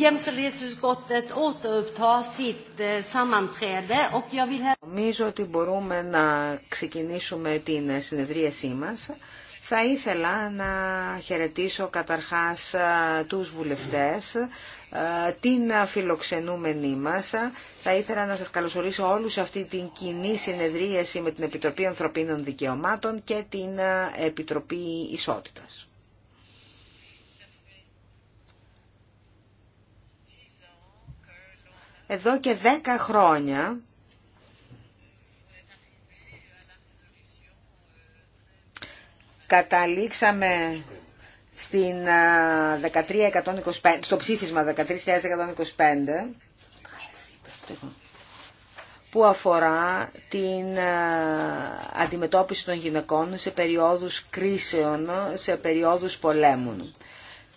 A: Eh, Νομίζω ότι μπορούμε
D: να ξεκινήσουμε την συνεδρίασή μας. Θα ήθελα να χαιρετήσω καταρχάς ε, τους βουλευτές, ε, την φιλοξενούμενή μας. Θα ήθελα να σας καλωσορίσω όλους σε αυτή την κοινή συνεδρίαση με την Επιτροπή Ανθρωπίνων Δικαιωμάτων και την ε, Επιτροπή Ισότητας. εδώ και 10 χρόνια καταλήξαμε στην 1325, στο ψήφισμα 13.125 που αφορά την αντιμετώπιση των γυναικών σε περιόδους κρίσεων, σε περιόδους πολέμων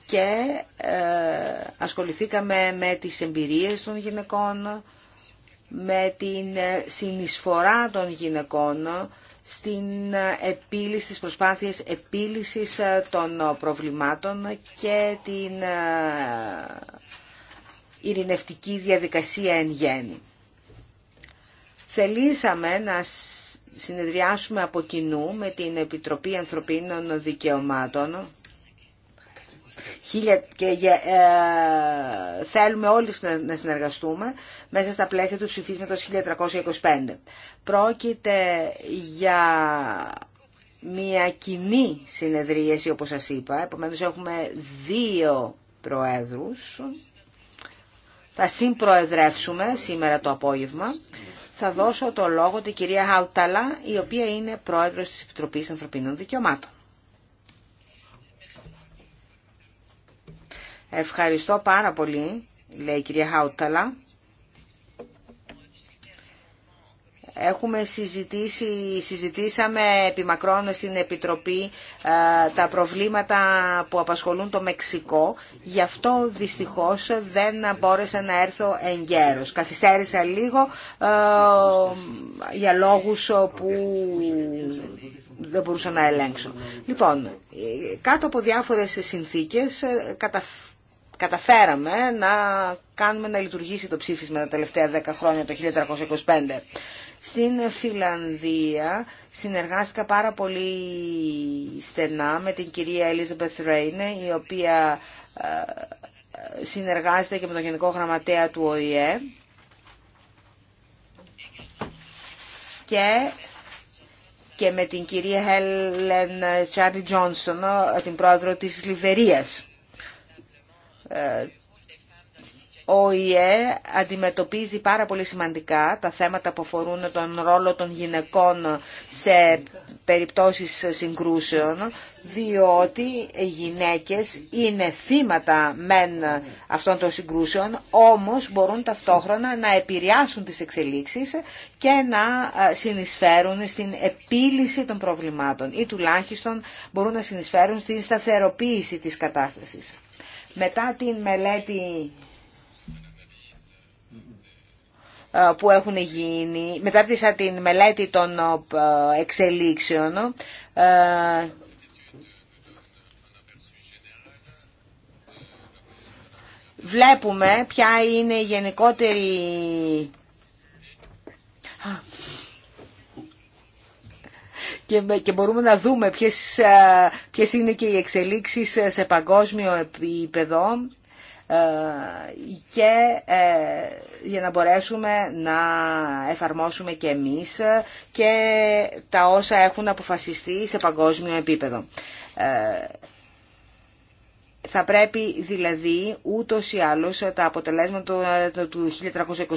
D: και ε, ασχοληθήκαμε με τις εμπειρίες των γυναικών, με την ε, συνεισφορά των γυναικών στην ε, επίλυση, στις προσπάθειες επίλυσης των προβλημάτων και την ειρηνευτική διαδικασία εν γέννη. Θελήσαμε να συνεδριάσουμε από κοινού με την Επιτροπή Ανθρωπίνων Δικαιωμάτων και ε, θέλουμε όλοι να συνεργαστούμε μέσα στα πλαίσια του ψηφίσματος 1325. Πρόκειται για μια κοινή συνεδρίαση όπως σας είπα, επομένως έχουμε δύο προέδρους. Θα συμπροεδρεύσουμε σήμερα το απόγευμα. Θα δώσω το λόγο την κυρία Χαουταλά, η οποία είναι πρόεδρος της Επιτροπής Ανθρωπίνων Δικαιωμάτων. Ευχαριστώ πάρα πολύ, λέει η κυρία Χάουταλα. Έχουμε συζητήσει, συζητήσαμε μακρόν στην Επιτροπή ε, τα προβλήματα που απασχολούν το Μεξικό. Γι' αυτό δυστυχώς δεν μπόρεσα να έρθω εν γέρος. Καθυστέρησα λίγο ε, για λόγους που δεν μπορούσα να ελέγξω. Λοιπόν, ε, κάτω από διάφορες συνθήκες κατα καταφέραμε να κάνουμε να λειτουργήσει το ψήφισμα τα τελευταία 10 χρόνια, το 1325. Στην Φιλανδία συνεργάστηκα πάρα πολύ στενά με την κυρία Elizabeth Ρέινε, η οποία ε, συνεργάζεται και με τον Γενικό Γραμματέα του ΟΗΕ. Και και με την κυρία Helen Charlie Johnson, την πρόεδρο της Λιβερίας ο ΙΕ αντιμετωπίζει πάρα πολύ σημαντικά τα θέματα που αφορούν τον ρόλο των γυναικών σε περιπτώσεις συγκρούσεων, διότι οι γυναίκες είναι θύματα μεν αυτών των συγκρούσεων, όμως μπορούν ταυτόχρονα να επηρεάσουν τις εξελίξεις και να συνεισφέρουν στην επίλυση των προβλημάτων ή τουλάχιστον μπορούν να συνεισφέρουν στην σταθεροποίηση της κατάστασης. Μετά την μελέτη ε, που έχουν γίνει, μετά ε, την μελέτη των ε, εξελίξεων, βλέπουμε ποια είναι η γενικότερη και, μπορούμε να δούμε ποιες, ποιες είναι και οι εξελίξεις σε παγκόσμιο επίπεδο και ε, για να μπορέσουμε να εφαρμόσουμε και εμείς και τα όσα έχουν αποφασιστεί σε παγκόσμιο επίπεδο. Ε, θα πρέπει δηλαδή ούτως ή άλλως τα αποτελέσματα του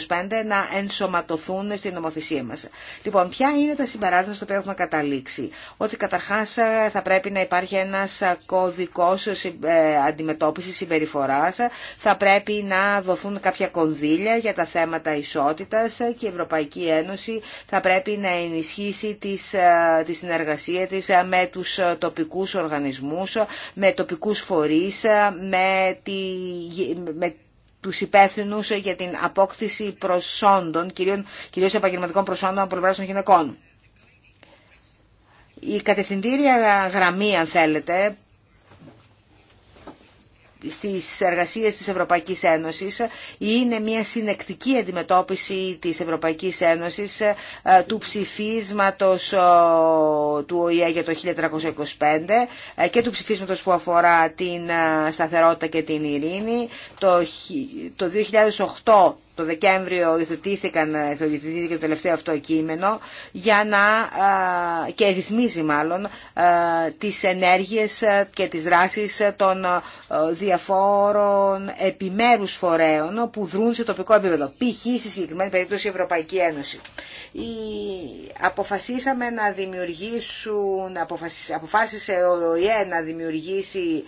D: 1325 να ενσωματωθούν στην νομοθεσία μας. Λοιπόν, ποια είναι τα συμπεράσματα στο οποίο έχουμε καταλήξει. Ότι καταρχάς θα πρέπει να υπάρχει ένας κωδικός ε, αντιμετώπισης συμπεριφοράς, θα πρέπει να δοθούν κάποια κονδύλια για τα θέματα ισότητας και η Ευρωπαϊκή Ένωση θα πρέπει να ενισχύσει ε, τη συνεργασία της με τους τοπικούς οργανισμούς, με τοπικούς φορείς, ε, με, τη, με τους υπεύθυνους για την απόκτηση προσόντων, κυρίως, κυρίως επαγγελματικών προσόντων από των γυναικών. Η κατευθυντήρια γραμμή, αν θέλετε, στις εργασίες της Ευρωπαϊκής Ένωσης είναι μια συνεκτική αντιμετώπιση της Ευρωπαϊκής Ένωσης ε, του ψηφίσματος ε, του ΟΗΕ για το 1325 ε, και του ψηφίσματος που αφορά την σταθερότητα και την ειρήνη. Το 2008 το Δεκέμβριο υιοθετήθηκαν, το τελευταίο αυτό κείμενο για να, και ρυθμίζει μάλλον τις ενέργειες και τις δράσεις των διαφόρων επιμέρους φορέων που δρούν σε τοπικό επίπεδο, π.χ. στη συγκεκριμένη περίπτωση η Ευρωπαϊκή Ένωση. Η... Αποφασίσαμε να δημιουργήσουν, αποφάσισε ο ΙΕ να δημιουργήσει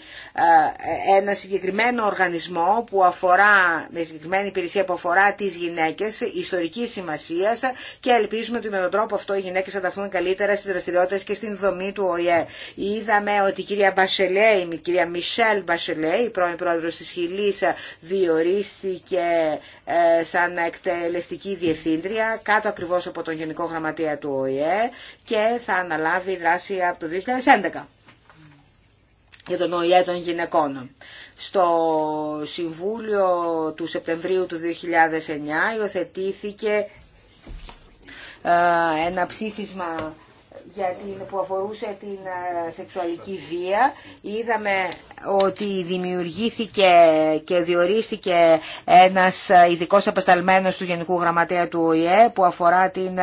D: ένα συγκεκριμένο οργανισμό που αφορά, με συγκεκριμένη υπηρεσία που αφορά τις γυναίκες ιστορικής σημασίας και ελπίζουμε ότι με τον τρόπο αυτό οι γυναίκες θα ταχθούν καλύτερα στις δραστηριότητες και στην δομή του ΟΗΕ. Είδαμε ότι η κυρία Μπασελέ, η κυρία Μισελ Μπασελέ, η πρώην πρόεδρος της Χιλής, διορίστηκε ε, σαν εκτελεστική διευθύντρια κάτω ακριβώς από τον Γενικό Γραμματεία του ΟΗΕ και θα αναλάβει δράση από το 2011 για τον ΟΗΕ των γυναικών. Στο Συμβούλιο του Σεπτεμβρίου του 2009 υιοθετήθηκε ε, ένα ψήφισμα για την, που αφορούσε την ε, σεξουαλική βία. Είδαμε ότι δημιουργήθηκε και διορίστηκε ένας ειδικός απεσταλμένος του Γενικού Γραμματέα του ΟΗΕ που αφορά την ε,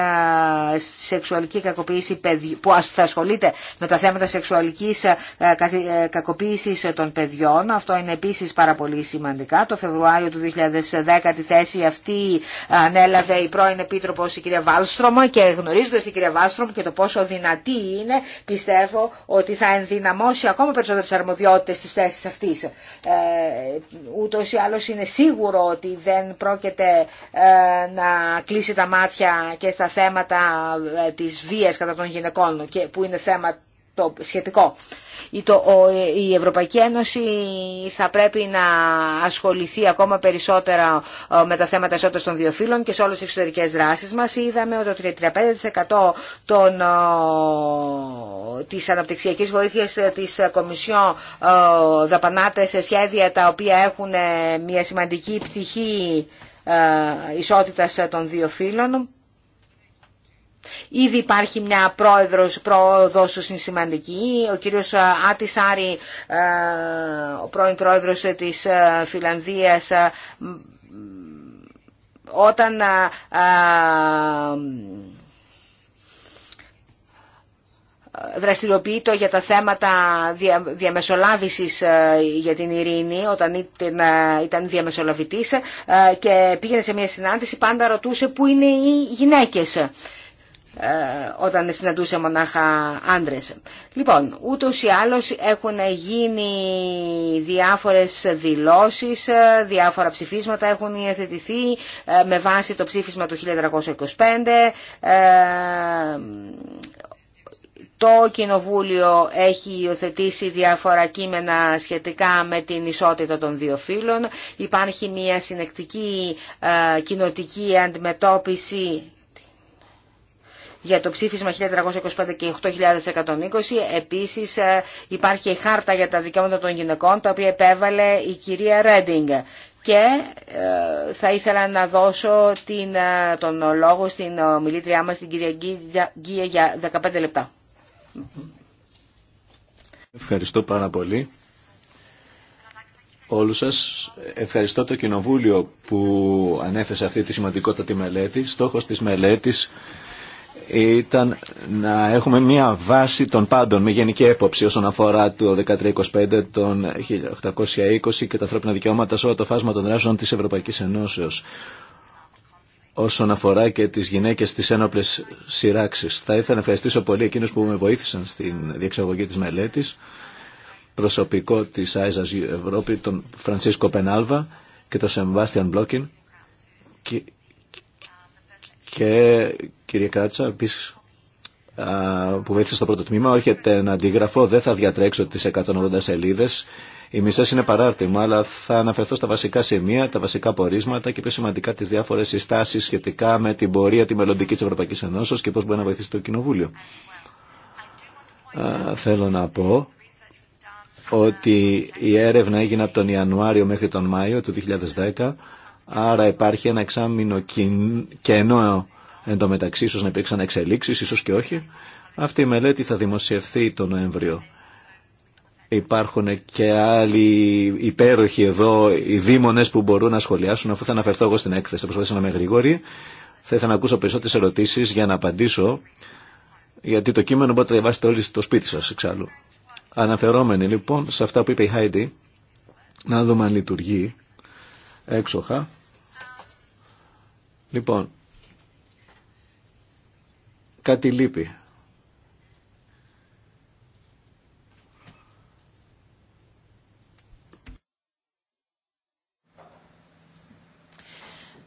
D: σεξουαλική κακοποίηση παιδιών, που θα ασχολείται με τα θέματα σεξουαλικής ε, ε, κακοποίησης των παιδιών. Αυτό είναι επίσης πάρα πολύ σημαντικά. Το Φεβρουάριο του 2010 τη θέση αυτή ανέλαβε η πρώην Επίτροπος η κυρία Βάλστρομα και γνωρίζοντας την κυρία Βάλστρομα και το πόσο δυνατή είναι πιστεύω ότι θα ενδυναμώσει ακόμα περισσότερες αρμοδιότητες Τη θέση αυτής. Ε, ή είναι σίγουρο ότι δεν πρόκειται ε, να κλείσει τα μάτια και στα θέματα ε, της βίας κατά των γυναικών που είναι θέμα το σχετικό η Ευρωπαϊκή Ένωση θα πρέπει να ασχοληθεί ακόμα περισσότερα ε, με τα θέματα ισότητας των δύο φύλων και σε όλες τις εξωτερικές δράσεις μας. Είδαμε ότι το 35% των, ε, της αναπτυξιακής βοήθειας της Κομισιόν ε, δαπανάται σε σχέδια τα οποία έχουν μια σημαντική πτυχή ισότητας των δύο φύλων Ήδη υπάρχει μια πρόεδρος, πρόοδος σημαντική. Ο κύριος Άτι ε, ο πρώην πρόεδρος της ε, Φιλανδίας, ε, όταν δραστηριοποιείται για τα θέματα διαμεσολάβησης για την ειρήνη όταν ήταν διαμεσολαβητής και πήγαινε σε μια συνάντηση πάντα ρωτούσε που είναι οι γυναίκες ε, όταν συναντούσε μονάχα άντρες. Λοιπόν, ούτως ή άλλως έχουν γίνει διάφορες δηλώσεις, ε, διάφορα ψηφίσματα έχουν υιοθετηθεί ε, με βάση το ψήφισμα του 1325. Το Κοινοβούλιο έχει υιοθετήσει διάφορα κείμενα σχετικά με την ισότητα των δύο φύλων. Υπάρχει μια συνεκτική κοινοτική αντιμετώπιση για το ψήφισμα 1425 και 8120. Επίσης ε, υπάρχει η χάρτα για τα δικαιώματα των γυναικών, τα οποία επέβαλε η κυρία Ρέντινγκ. Και ε, θα ήθελα να δώσω την, ε, τον λόγο στην ομιλήτριά μας, την κυρία Γκία, για 15 λεπτά.
B: Ευχαριστώ πάρα πολύ όλους σας. Ευχαριστώ το Κοινοβούλιο που ανέθεσε αυτή τη σημαντικότητα τη μελέτη. Στόχος της μελέτης ήταν να έχουμε μία βάση των πάντων με γενική έποψη όσον αφορά το 1325, τον 1820 και τα ανθρώπινα δικαιώματα σε όλο το φάσμα των δράσεων της Ευρωπαϊκής Ενώσεως όσον αφορά και τις γυναίκες στις ένοπλες σειράξεις. Θα ήθελα να ευχαριστήσω πολύ εκείνους που με βοήθησαν στην διεξαγωγή της μελέτης, προσωπικό της ΆΙΖΑΣ Ευρώπη, τον Φρανσίσκο Πενάλβα και τον Σεμβάστιαν Μπλόκιν και, Κύριε Κράτσα, επίση που βοήθησε στο πρώτο τμήμα. Έρχεται να αντιγραφώ, δεν θα διατρέξω τις 180 σελίδες. Οι μισές είναι παράρτημα, αλλά θα αναφερθώ στα βασικά σημεία, τα βασικά πορίσματα και πιο σημαντικά τις διάφορες συστάσεις σχετικά με την πορεία, τη μελλοντική της Ευρωπαϊκής Ενώσεως και πώς μπορεί να βοηθήσει το Κοινοβούλιο. θέλω να πω ότι η έρευνα έγινε από τον Ιανουάριο μέχρι τον Μάιο του 2010, άρα υπάρχει ένα εξάμεινο κενό Εν τω μεταξύ ίσως να υπήρξαν εξελίξεις, ίσως και όχι. Αυτή η μελέτη θα δημοσιευθεί το Νοέμβριο. Υπάρχουν και άλλοι υπέροχοι εδώ, οι δήμονες που μπορούν να σχολιάσουν, αφού θα αναφερθώ εγώ στην έκθεση. Θα προσπαθήσω να είμαι γρήγορη. Θα ήθελα να ακούσω περισσότερες ερωτήσεις για να απαντήσω, γιατί το κείμενο μπορείτε να διαβάσετε όλοι στο σπίτι σας εξάλλου. Αναφερόμενοι λοιπόν σε αυτά που είπε η Χάιντι, να δούμε αν λειτουργεί έξοχα. Λοιπόν, Κάτι λείπει.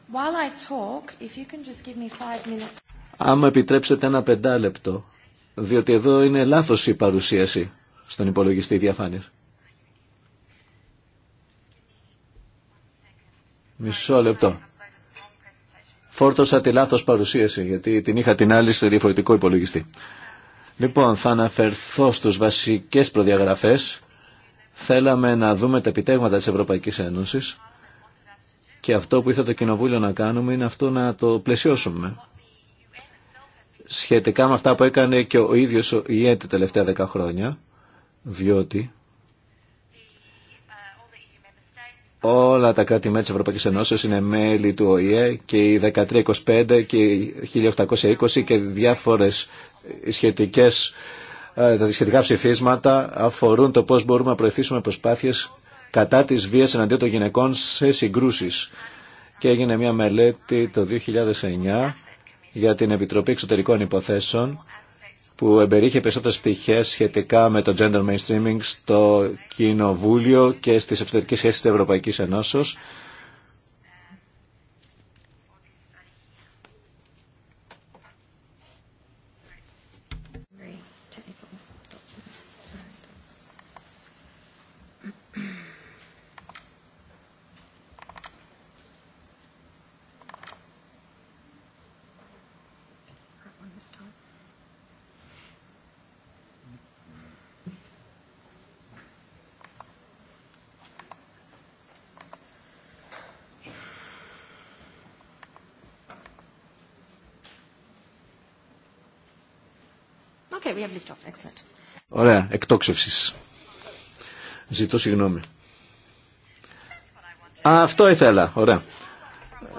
A: While I talk, if you can just give me minutes.
B: Άμα επιτρέψετε ένα πεντάλεπτο, διότι εδώ είναι λάθος η παρουσίαση στον υπολογιστή διαφάνειας. Μισό λεπτό. Φόρτωσα τη λάθο παρουσίαση γιατί την είχα την άλλη σε διαφορετικό υπολογιστή. Λοιπόν, θα αναφερθώ στους βασικές προδιαγραφές. Θέλαμε να δούμε τα επιτέγματα της Ευρωπαϊκής Ένωσης και αυτό που ήθελε το Κοινοβούλιο να κάνουμε είναι αυτό να το πλαισιώσουμε. Σχετικά με αυτά που έκανε και ο ίδιος η ΕΤ τελευταία δέκα χρόνια, διότι Όλα τα κράτη-μέλη της Ευρωπαϊκής Ενώσεως είναι μέλη του ΟΗΕ και οι 1325 και οι 1820 και διάφορες σχετικές, ε, τα σχετικά ψηφίσματα αφορούν το πώς μπορούμε να προωθήσουμε προσπάθειες κατά της βίας εναντίον των γυναικών σε συγκρούσεις. Και έγινε μια μελέτη το 2009 για την Επιτροπή Εξωτερικών Υποθέσεων που εμπερίχει περισσότερες πτυχέ σχετικά με το gender mainstreaming στο Κοινοβούλιο και στις εξωτερικέ σχέσεις της Ευρωπαϊκής Ενώσεως Ωραία, εκτόξευση. Ζητώ συγγνώμη. Α, αυτό ήθελα, ωραία.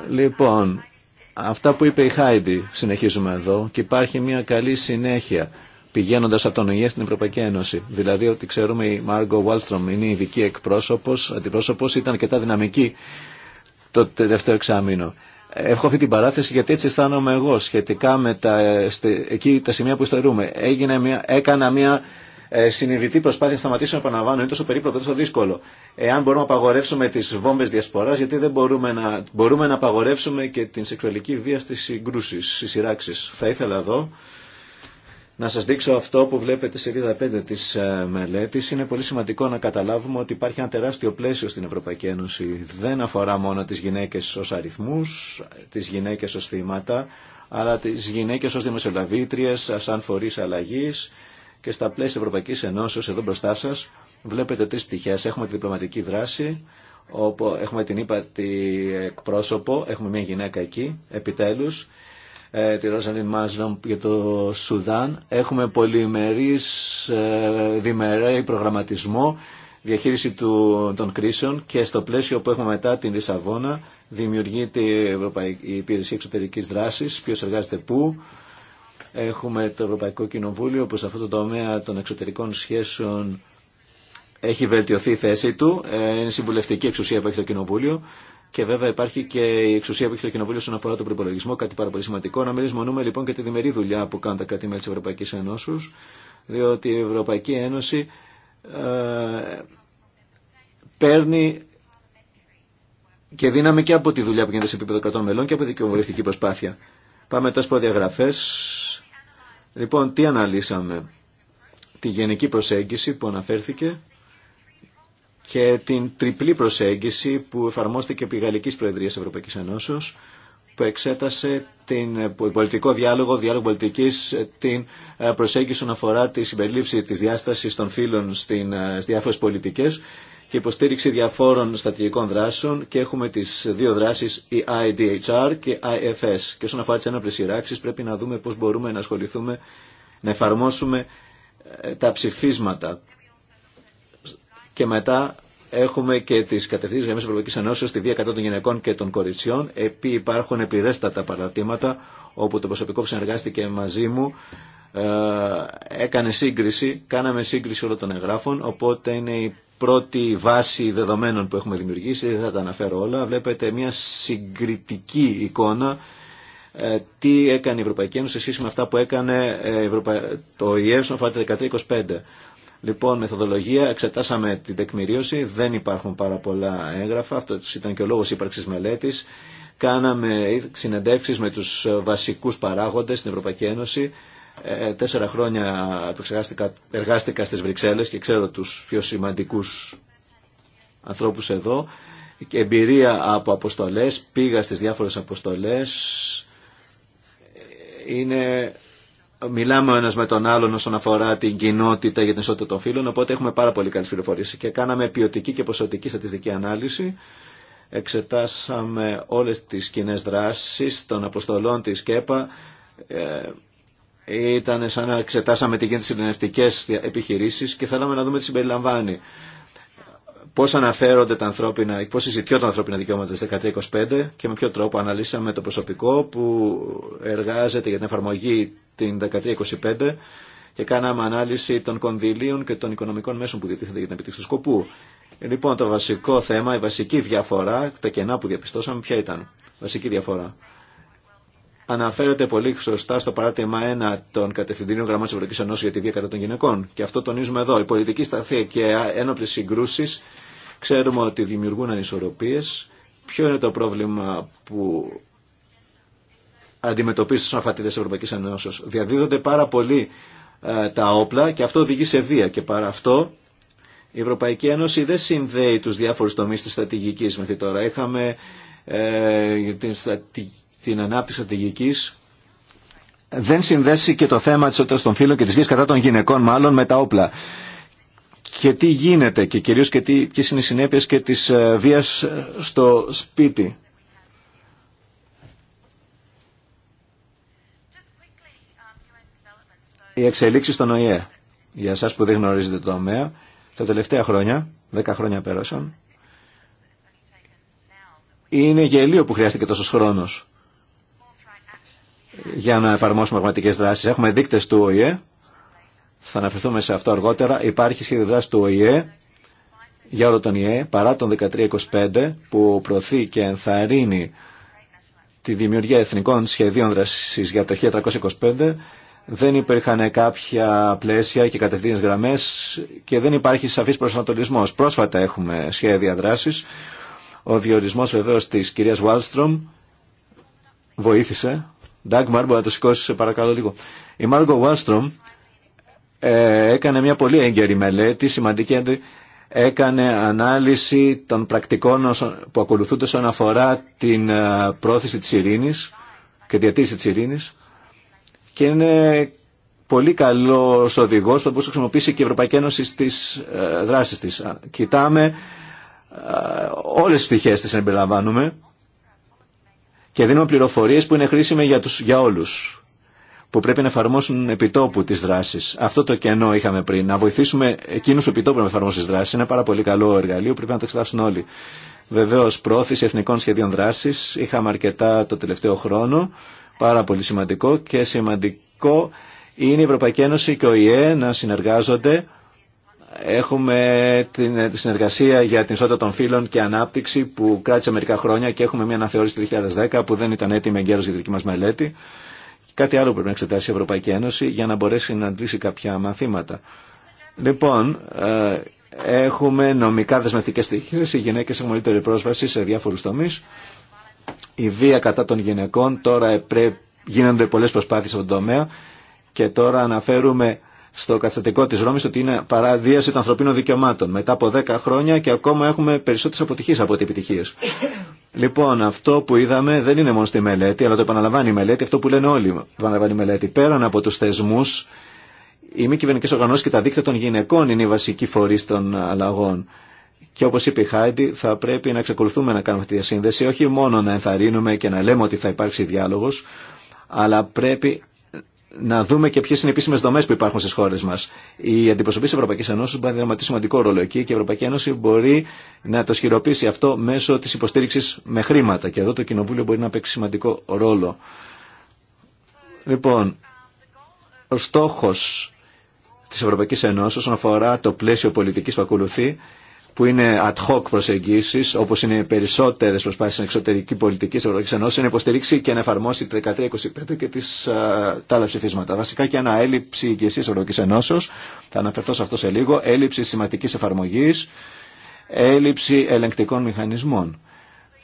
B: Λοιπόν, αυτά που είπε η Χάιντι συνεχίζουμε εδώ και υπάρχει μια καλή συνέχεια πηγαίνοντα από τον ΟΗΕ στην Ευρωπαϊκή Ένωση. Δηλαδή ότι ξέρουμε η Μάργκο Βάλστρομ είναι η ειδική εκπρόσωπο, αντιπρόσωπο, ήταν τα δυναμική το τελευταίο εξάμεινο. Έχω αυτή την παράθεση γιατί έτσι αισθάνομαι εγώ σχετικά με τα, εκεί, τα σημεία που ιστορούμε. Έγινε μια, έκανα μια ε, συνειδητή προσπάθεια να σταματήσω να επαναλαμβάνω. Είναι τόσο περίπλοκο, τόσο δύσκολο. Εάν μπορούμε να απαγορεύσουμε τι βόμβε διασπορά, γιατί δεν μπορούμε να, μπορούμε να απαγορεύσουμε και την σεξουαλική βία στι συγκρούσει, στι σειράξει. Θα ήθελα εδώ να σας δείξω αυτό που βλέπετε σε σελίδα 5 της ε, μελέτης. Είναι πολύ σημαντικό να καταλάβουμε ότι υπάρχει ένα τεράστιο πλαίσιο στην Ευρωπαϊκή Ένωση. Δεν αφορά μόνο τις γυναίκες ως αριθμούς, τις γυναίκες ως θύματα, αλλά τις γυναίκες ως δημοσιολαβήτριες, σαν φορείς αλλαγής και στα πλαίσια Ευρωπαϊκής Ενώσεως εδώ μπροστά σας βλέπετε τρεις πτυχές. Έχουμε τη διπλωματική δράση, όπου έχουμε την ύπατη εκπρόσωπο, έχουμε μια γυναίκα εκεί, επιτέλους, ε, τη Ρώσαλιν Μάζνομ για το Σουδάν. Έχουμε πολυμερείς ε, διμερέη προγραμματισμό, διαχείριση του, των κρίσεων και στο πλαίσιο που έχουμε μετά την Λισαβόνα δημιουργείται η, Ευρωπαϊκή, η Υπηρεσία Εξωτερικής Δράσης, ποιος εργάζεται πού. Έχουμε το Ευρωπαϊκό Κοινοβούλιο που σε αυτό το τομέα των εξωτερικών σχέσεων έχει βελτιωθεί η θέση του, ε, είναι συμβουλευτική εξουσία που έχει το Κοινοβούλιο και βέβαια υπάρχει και η εξουσία που έχει το Κοινοβούλιο όσον αφορά τον προπολογισμό, κάτι πάρα πολύ σημαντικό. Να μιλήσουμε λοιπόν και τη διμερή δουλειά που κάνουν τα κράτη-μέλη τη Ευρωπαϊκή Ένωση, διότι η Ευρωπαϊκή Ένωση ε, παίρνει και δύναμη και από τη δουλειά που γίνεται σε επίπεδο κρατών μελών και από τη προσπάθεια. Πάμε τώρα στι προδιαγραφέ. Λοιπόν, τι αναλύσαμε. Τη γενική προσέγγιση που αναφέρθηκε και την τριπλή προσέγγιση που εφαρμόστηκε επί Γαλλικής Προεδρίας Ευρωπαϊκής Ενώσεως που εξέτασε την πολιτικό διάλογο, διάλογο πολιτικής, την ε, προσέγγιση όσον αφορά τη συμπερίληψη της διάστασης των φύλων ε, στις διάφορες πολιτικές και υποστήριξη διαφόρων στατηγικών δράσεων και έχουμε τις δύο δράσεις η IDHR και IFS και όσον αφορά τις έναπλες σειράξεις πρέπει να δούμε πώς μπορούμε να ασχοληθούμε να εφαρμόσουμε ε, τα ψηφίσματα και μετά έχουμε και τι κατευθύνσει γραμμέ Ευρωπαϊκή Ενώσεω στη βία κατά των γυναικών και των κοριτσιών. Επί υπάρχουν επιρέστατα παρατήματα όπου το προσωπικό που συνεργάστηκε μαζί μου ε, έκανε σύγκριση, κάναμε σύγκριση όλων των εγγράφων, οπότε είναι η πρώτη βάση δεδομένων που έχουμε δημιουργήσει, δεν θα τα αναφέρω όλα, βλέπετε μια συγκριτική εικόνα ε, τι έκανε η Ευρωπαϊκή Ένωση σε σχέση με αυτά που έκανε ε, το ΙΕ 1325. Λοιπόν, μεθοδολογία, εξετάσαμε την τεκμηρίωση, δεν υπάρχουν πάρα πολλά έγγραφα, αυτό ήταν και ο λόγος ύπαρξης μελέτης. Κάναμε συνεντεύξεις με τους βασικούς παράγοντες στην Ευρωπαϊκή Ένωση. Ε, τέσσερα χρόνια εργάστηκα στις Βρυξέλλες και ξέρω τους πιο σημαντικούς ανθρώπους εδώ. εμπειρία από αποστολές, πήγα στις διάφορες αποστολές. Ε, είναι μιλάμε ο ένας με τον άλλον όσον αφορά την κοινότητα για την ισότητα των φύλων, οπότε έχουμε πάρα πολύ καλέ πληροφορίε. και κάναμε ποιοτική και ποσοτική στατιστική ανάλυση. Εξετάσαμε όλες τις κοινέ δράσει των αποστολών τη ΚΕΠΑ. Ε, ήταν σαν να εξετάσαμε τι γίνεται ελληνευτικέ επιχειρήσεις και θέλαμε να δούμε τι συμπεριλαμβάνει πώ αναφέρονται τα ανθρώπινα, πώ συζητιώ τα ανθρώπινα δικαιώματα στι 1325 και με ποιο τρόπο αναλύσαμε το προσωπικό που εργάζεται για την εφαρμογή την 1325 και κάναμε ανάλυση των κονδυλίων και των οικονομικών μέσων που διατίθενται για την επιτύχηση του σκοπού. Λοιπόν, το βασικό θέμα, η βασική διαφορά, τα κενά που διαπιστώσαμε, ποια ήταν. Βασική διαφορά αναφέρεται πολύ σωστά στο παράτημα 1 των κατευθυντήριων γραμμών τη Ευρωπαϊκή Ενώση για τη βία κατά των γυναικών. Και αυτό τονίζουμε εδώ. Η πολιτική σταθή και ένοπλε συγκρούσει ξέρουμε ότι δημιουργούν ανισορροπίε. Ποιο είναι το πρόβλημα που αντιμετωπίζουν στους αφατήτες της Ευρωπαϊκής Ενώσης. Διαδίδονται πάρα πολύ ε, τα όπλα και αυτό οδηγεί σε βία και παρά αυτό η Ευρωπαϊκή Ένωση δεν συνδέει τους διάφορους τομείς τη στρατηγικής μέχρι τώρα. Είχαμε ε, την την ανάπτυξη στρατηγική δεν συνδέσει και το θέμα τη ότητας των φίλων και τη γη κατά των γυναικών μάλλον με τα όπλα. Και τι γίνεται και κυρίως και τι, ποιες είναι οι συνέπειε και τη ε, βία ε, στο σπίτι. Οι εξελίξει στον ΟΗΕ, για εσά που δεν γνωρίζετε το τομέα, τα τελευταία χρόνια, δέκα χρόνια πέρασαν, είναι γελίο που χρειάστηκε τόσο χρόνο για να εφαρμόσουμε πραγματικέ δράσεις. Έχουμε δείκτες του ΟΗΕ, θα αναφερθούμε σε αυτό αργότερα. Υπάρχει σχέδιο δράση του ΟΗΕ για όλο τον ΙΕ παρά τον 1325 που προωθεί και ενθαρρύνει τη δημιουργία εθνικών σχεδίων δράσης για το 1325 δεν υπήρχαν κάποια πλαίσια και κατευθύνες γραμμές και δεν υπάρχει σαφής προσανατολισμός. Πρόσφατα έχουμε σχέδια δράση. Ο διορισμός βεβαίως της κυρίας Βάλστρομ βοήθησε Ντάγκ μπορεί το παρακαλώ λίγο. Η Μάργκο Βάστρομ ε, έκανε μια πολύ έγκαιρη μελέτη, σημαντική έκανε ανάλυση των πρακτικών που ακολουθούνται όσον αφορά την ε, πρόθεση της ειρήνης και διατήρηση της ειρήνης και είναι πολύ καλό οδηγό που μπορούσε να χρησιμοποιήσει και η Ευρωπαϊκή Ένωση στις ε, δράσεις της. Κοιτάμε ε, όλες τις πτυχές τις εμπεριλαμβάνουμε και δίνουμε πληροφορίες που είναι χρήσιμες για, τους, για όλους που πρέπει να εφαρμόσουν επιτόπου τις δράσεις. Αυτό το κενό είχαμε πριν. Να βοηθήσουμε εκείνους που επιτόπου να εφαρμόσουν τις δράσεις. Είναι ένα πάρα πολύ καλό εργαλείο, πρέπει να το εξετάσουν όλοι. Βεβαίως, πρόθεση εθνικών σχεδίων δράσης. Είχαμε αρκετά το τελευταίο χρόνο. Πάρα πολύ σημαντικό και σημαντικό είναι η Ευρωπαϊκή Ένωση και ο ΙΕ να συνεργάζονται Έχουμε την συνεργασία για την ισότητα των φύλων και ανάπτυξη που κράτησε μερικά χρόνια και έχουμε μια αναθεώρηση του 2010 που δεν ήταν έτοιμη εγκαίρω για τη δική μα μελέτη. Κάτι άλλο πρέπει να εξετάσει η Ευρωπαϊκή Ένωση για να μπορέσει να αντλήσει κάποια μαθήματα. Λοιπόν, ε, έχουμε νομικά δεσμευτικέ στοιχείε. οι γυναίκε έχουν μεγαλύτερη πρόσβαση σε διάφορου τομεί, Η βία κατά των γυναικών τώρα γίνονται πολλές προσπάθειες στον τομέα και τώρα αναφέρουμε στο καθετικό της Ρώμης ότι είναι παραδίαση των ανθρωπίνων δικαιωμάτων. Μετά από 10 χρόνια και ακόμα έχουμε περισσότερες αποτυχίες από ό,τι επιτυχίες. Λοιπόν, αυτό που είδαμε δεν είναι μόνο στη μελέτη, αλλά το επαναλαμβάνει η μελέτη, αυτό που λένε όλοι επαναλαμβάνει η μελέτη. Πέραν από τους θεσμούς, οι μη κυβερνικέ οργανώσει και τα δίκτυα των γυναικών είναι η βασική φορεί των αλλαγών. Και όπω είπε η Χάιντι, θα πρέπει να εξακολουθούμε να κάνουμε αυτή τη σύνδεση, όχι μόνο να ενθαρρύνουμε και να λέμε ότι θα υπάρξει διάλογο, αλλά πρέπει να δούμε και ποιε είναι οι επίσημε δομέ που υπάρχουν στι χώρε μα. Η αντιπροσωπή τη Ευρωπαϊκή Ένωση μπορεί να δραματίσει σημαντικό ρόλο εκεί και η Ευρωπαϊκή Ένωση μπορεί να το σχηροποιήσει αυτό μέσω τη υποστήριξη με χρήματα. Και εδώ το Κοινοβούλιο μπορεί να παίξει σημαντικό ρόλο. Λοιπόν, ο στόχο τη Ευρωπαϊκή Ένωση όσον αφορά το πλαίσιο πολιτική που ακολουθεί που είναι ad hoc προσεγγίσεις, όπως είναι οι περισσότερες προσπάσεις... στην εξωτερική πολιτική της Ευρωπαϊκής Ενώσης, να υποστηρίξει και να εφαρμόσει το 1325 και τις, α, ε, τα άλλα ψηφίσματα. Βασικά και ένα έλλειψη ηγεσίας της Ευρωπαϊκής θα αναφερθώ σε αυτό σε λίγο, έλλειψη σημαντικής εφαρμογής, έλλειψη ελεγκτικών μηχανισμών.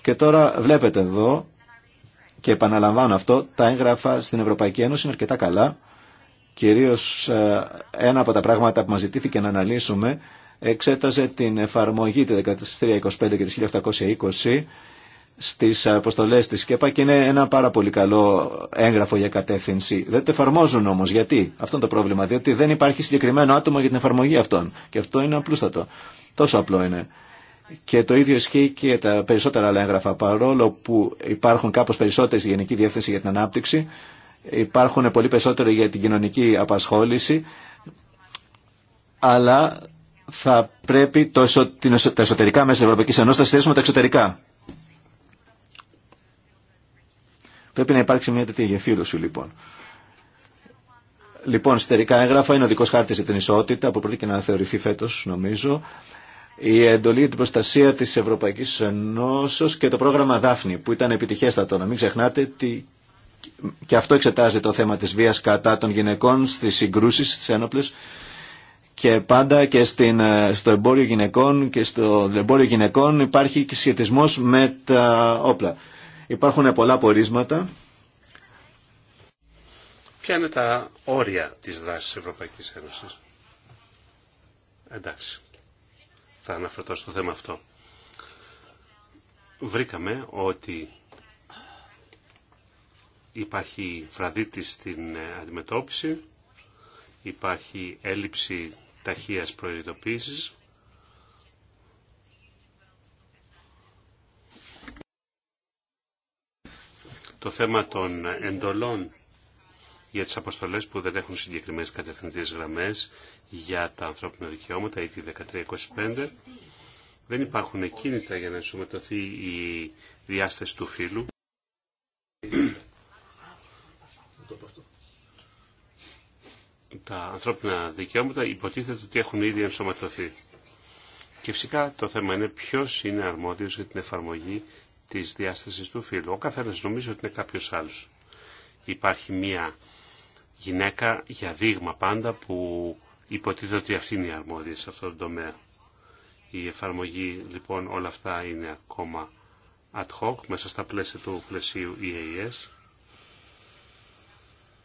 B: Και τώρα βλέπετε εδώ, και επαναλαμβάνω αυτό, τα έγγραφα στην Ευρωπαϊκή Ένωση είναι αρκετά καλά, κυρίως ε, ένα από τα πράγματα που μας ζητήθηκε να αναλύσουμε εξέταζε την εφαρμογή τη 1325 και τη 1820 στις αποστολές της ΚΕΠΑ και είναι ένα πάρα πολύ καλό έγγραφο για κατεύθυνση. Δεν το εφαρμόζουν όμως. Γιατί? Αυτό είναι το πρόβλημα. Διότι δεν υπάρχει συγκεκριμένο άτομο για την εφαρμογή αυτών. Και αυτό είναι απλούστατο. Τόσο απλό είναι. Και το ίδιο ισχύει και τα περισσότερα άλλα έγγραφα. Παρόλο που υπάρχουν κάπω περισσότερε Γενική Διεύθυνση για την Ανάπτυξη, υπάρχουν πολύ περισσότερο για την κοινωνική απασχόληση, αλλά θα πρέπει το την, τα εσωτερικά μέσα της Ευρωπαϊκής Ενώσης να συνδέσουμε τα εξωτερικά. Πρέπει να υπάρξει μια τέτοια γεφύρωση λοιπόν. Λοιπόν, εσωτερικά έγγραφα είναι ο δικός χάρτης για την ισότητα που πρέπει και να θεωρηθεί φέτος νομίζω. Η εντολή για την προστασία της Ευρωπαϊκής Ένωσης και το πρόγραμμα Δάφνη που ήταν επιτυχέστατο. Να μην ξεχνάτε ότι και αυτό εξετάζει το θέμα της βίας κατά των γυναικών στις συγκρούσεις, στις ένοπλες και πάντα και στην, ε, στο εμπόριο γυναικών και στο εμπόριο γυναικών υπάρχει και σχετισμός με τα όπλα. Υπάρχουν πολλά πορίσματα.
C: Ποια είναι τα όρια της δράσης της Ευρωπαϊκής Ένωσης. Εντάξει. Θα αναφερθώ στο θέμα αυτό. Βρήκαμε ότι υπάρχει φραδίτη στην ε, αντιμετώπιση, υπάρχει έλλειψη ταχείας προειδοποίησης. Το θέμα των εντολών για τις αποστολές που δεν έχουν συγκεκριμένες κατευθυντικές γραμμές για τα ανθρώπινα δικαιώματα ή τη 1325. Δεν υπάρχουν κίνητα για να ενσωματωθεί η διάσταση του φύλου. ανθρώπινα δικαιώματα υποτίθεται ότι έχουν ήδη ενσωματωθεί. Και φυσικά το θέμα είναι ποιο είναι αρμόδιο για την εφαρμογή τη διάσταση του φύλου. Ο καθένα νομίζει ότι είναι κάποιο άλλο. Υπάρχει μία γυναίκα για δείγμα πάντα που υποτίθεται ότι αυτή είναι η αρμόδια σε αυτόν τον τομέα. Η εφαρμογή λοιπόν όλα αυτά είναι ακόμα ad hoc μέσα στα πλαίσια του πλαισίου EAS.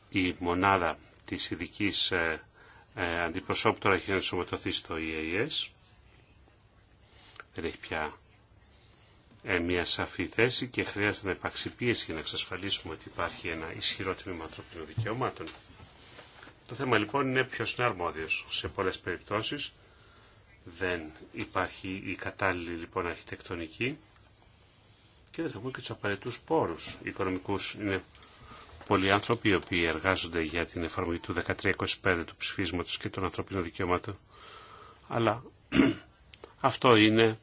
C: Η μονάδα της ειδικής ε, ε, αντιπροσώπου τώρα έχει ενσωματωθεί στο EAS. Δεν έχει πια ε, μια σαφή θέση και χρειάζεται να υπάρξει πίεση για να εξασφαλίσουμε ότι υπάρχει ένα ισχυρό τμήμα ανθρωπίνων δικαιωμάτων. Το θέμα λοιπόν είναι ποιο είναι αρμόδιο. Σε πολλέ περιπτώσει δεν υπάρχει η κατάλληλη λοιπόν αρχιτεκτονική και δεν έχουμε και του απαραίτητου πόρου. Οικονομικού είναι πολλοί άνθρωποι οι οποίοι εργάζονται για την εφαρμογή του 1325 του ψηφίσματος και των ανθρωπίνων δικαιωμάτων. Αλλά αυτό είναι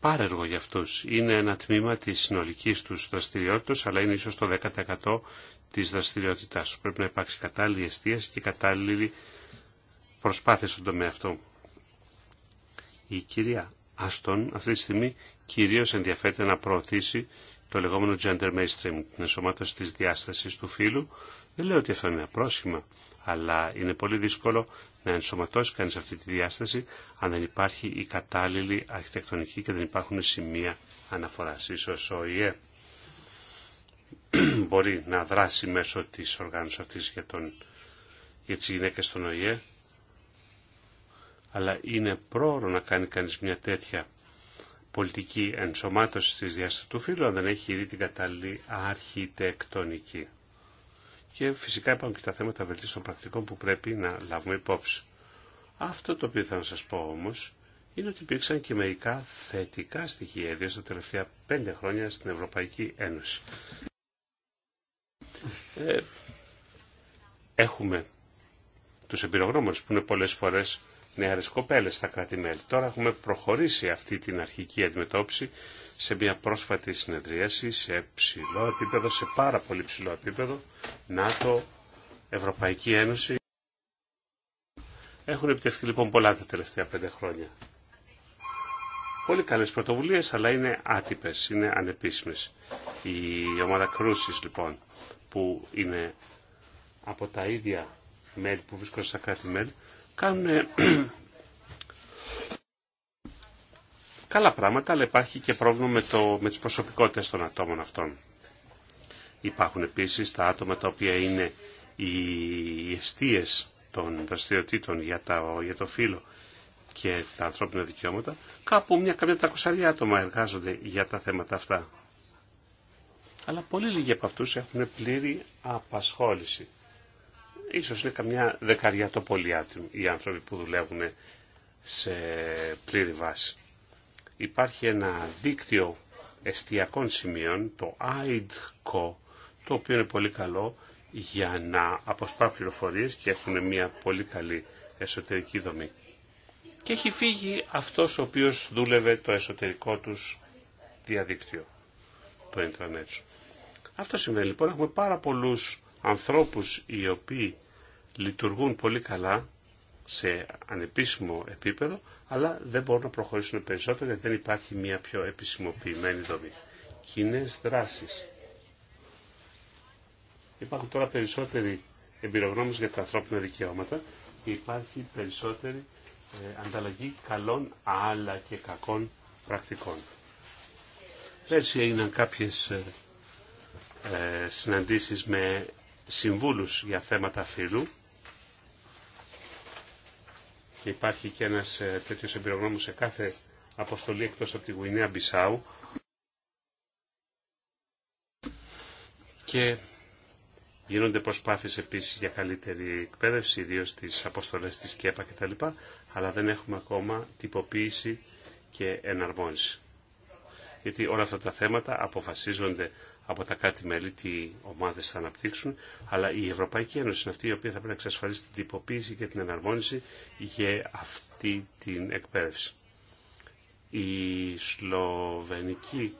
C: πάρεργο για αυτούς. Είναι ένα τμήμα της συνολικής τους δραστηριότητας, αλλά είναι ίσως το 10% της δραστηριότητάς Πρέπει να υπάρξει κατάλληλη εστίαση και κατάλληλη προσπάθεια στον τομέα αυτό. Η κυρία Άστον αυτή τη στιγμή κυρίως ενδιαφέρεται να προωθήσει το λεγόμενο gender mainstream, την ενσωμάτωση της διάστασης του φύλου. Δεν λέω ότι αυτό είναι απρόσημα, αλλά είναι πολύ δύσκολο να ενσωματώσει κανείς αυτή τη διάσταση αν δεν υπάρχει η κατάλληλη αρχιτεκτονική και δεν υπάρχουν σημεία αναφοράς. Ίσως ο ΙΕ μπορεί να δράσει μέσω της οργάνωσης αυτής για, τον, για τις γυναίκες στον ΟΗΕ, αλλά είναι πρόωρο να κάνει κανείς μια τέτοια πολιτική ενσωμάτωση της διάστασης του φύλου, αν δεν έχει ήδη την κατάλληλη αρχιτεκτονική. Και φυσικά υπάρχουν και τα θέματα βελτίστων πρακτικών που πρέπει να λάβουμε υπόψη. Αυτό το οποίο θα σας πω όμως είναι ότι υπήρξαν και μερικά θετικά στοιχεία, ιδίως τα τελευταία πέντε χρόνια στην Ευρωπαϊκή Ένωση. Ε, έχουμε τους εμπειρογνώμονες που είναι πολλές φορές νεαρές κοπέλες στα κράτη-μέλη. Τώρα έχουμε προχωρήσει αυτή την αρχική αντιμετώπιση σε μια πρόσφατη συνεδρίαση σε ψηλό επίπεδο, σε πάρα πολύ ψηλό επίπεδο, ΝΑΤΟ, Ευρωπαϊκή Ένωση. Έχουν επιτευχθεί λοιπόν πολλά τα τελευταία πέντε χρόνια. Πολύ καλές πρωτοβουλίες, αλλά είναι άτυπες, είναι ανεπίσημες. Η ομάδα κρούσης λοιπόν, που είναι από τα ίδια μέλη που βρίσκονται στα κράτη-μέλη, κάνουν καλά πράγματα, αλλά υπάρχει και πρόβλημα με, το, με τις προσωπικότητες των ατόμων αυτών. Υπάρχουν επίσης τα άτομα τα οποία είναι οι αιστείες των δραστηριοτήτων για, τα, για το φύλλο και τα ανθρώπινα δικαιώματα. Κάπου μια καμιά τρακοσαριά άτομα εργάζονται για τα θέματα αυτά. Αλλά πολύ λίγοι από αυτούς έχουν πλήρη απασχόληση. Ίσως είναι καμιά δεκαριά το πολύ οι άνθρωποι που δουλεύουν σε πλήρη βάση. Υπάρχει ένα δίκτυο εστιακών σημείων, το AIDCO το οποίο είναι πολύ καλό για να αποσπά πληροφορίες και έχουν μια πολύ καλή εσωτερική δομή. Και έχει φύγει αυτός ο οποίος δούλευε το εσωτερικό τους διαδίκτυο, το ίντρανέτ Αυτό σημαίνει λοιπόν, έχουμε πάρα πολλούς ανθρώπους οι οποίοι λειτουργούν πολύ καλά σε ανεπίσημο επίπεδο, αλλά δεν μπορούν να προχωρήσουν περισσότερο γιατί δεν υπάρχει μια πιο επισημοποιημένη δομή. Κοινέ δράσει. Υπάρχουν τώρα περισσότεροι εμπειρογνώμες για τα ανθρώπινα δικαιώματα και υπάρχει περισσότερη ε, ανταλλαγή καλών αλλά και κακών πρακτικών. Πέρσι έγιναν κάποιες ε, ε, συναντήσεις με συμβούλους για θέματα φύλου και υπάρχει και ένας ε, τέτοιος εμπειρογνώμος σε κάθε αποστολή εκτός από τη Γουινέα Μπισάου. Και γίνονται προσπάθειες επίσης για καλύτερη εκπαίδευση, ιδίω στις αποστολές της ΚΕΠΑ κτλ. Αλλά δεν έχουμε ακόμα τυποποίηση και εναρμόνιση. Γιατί όλα αυτά τα θέματα αποφασίζονται από τα κράτη-μέλη τι ομάδε θα αναπτύξουν, αλλά η Ευρωπαϊκή Ένωση είναι αυτή η οποία θα πρέπει να εξασφαλίσει την τυποποίηση και την εναρμόνιση για αυτή την εκπαίδευση. Η Σλοβενική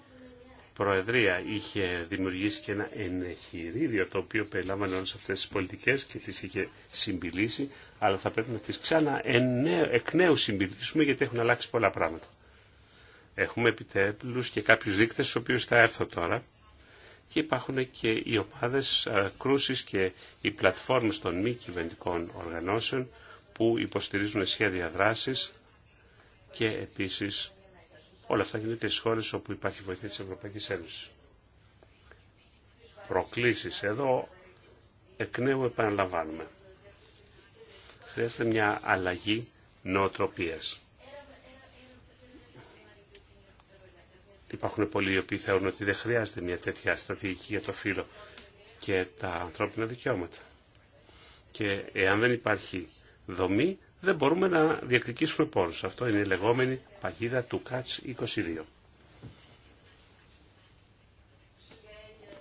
C: Προεδρία είχε δημιουργήσει και ένα ενεχειρίδιο το οποίο περιλάμβανε όλες αυτές τις πολιτικές και τις είχε συμπηλήσει, αλλά θα πρέπει να τις ξανά εκ νέου συμπηλήσουμε γιατί έχουν αλλάξει πολλά πράγματα. Έχουμε επιτέλους και κάποιους δείκτες, στους οποίους θα έρθω τώρα, και υπάρχουν και οι ομάδες ε, κρούσης και οι πλατφόρμες των μη κυβερνητικών οργανώσεων που υποστηρίζουν σχέδια δράσης και επίσης όλα αυτά γίνονται στις χώρες όπου υπάρχει βοήθεια της Ευρωπαϊκής Ένωσης. Προκλήσεις εδώ εκ νέου επαναλαμβάνουμε. Χρειάζεται μια αλλαγή νοοτροπίας. Υπάρχουν πολλοί οι οποίοι θεωρούν ότι δεν χρειάζεται μια τέτοια στρατηγική για το φύλλο και τα ανθρώπινα δικαιώματα. Και εάν δεν υπάρχει δομή, δεν μπορούμε να διεκδικήσουμε πόρους. Αυτό είναι η λεγόμενη παγίδα του ΚΑΤΣ 22.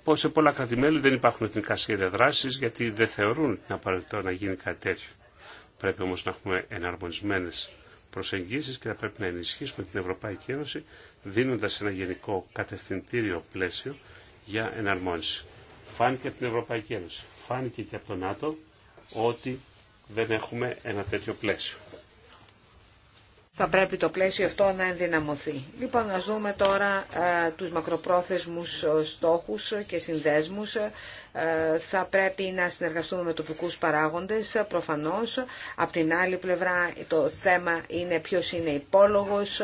C: Πως σε πολλά κρατημέλη δεν υπάρχουν εθνικά σχέδια δράσης γιατί δεν θεωρούν να απαραίτητο να γίνει κάτι τέτοιο. Πρέπει όμως να έχουμε εναρμονισμένες προσεγγίσεις και θα πρέπει να ενισχύσουμε την Ευρωπαϊκή Ένωση δίνοντας ένα γενικό κατευθυντήριο πλαίσιο για εναρμόνιση. Φάνηκε από την Ευρωπαϊκή Ένωση, φάνηκε και από το ΝΑΤΟ ότι δεν έχουμε ένα τέτοιο πλαίσιο
D: θα πρέπει το πλαίσιο αυτό να ενδυναμωθεί. Λοιπόν, ας δούμε τώρα ε, τους μακροπρόθεσμους ε, στόχους και συνδέσμους. Ε, θα πρέπει να συνεργαστούμε με τοπικούς παράγοντες, ε, προφανώς. Απ' την άλλη πλευρά το θέμα είναι ποιος είναι υπόλογος,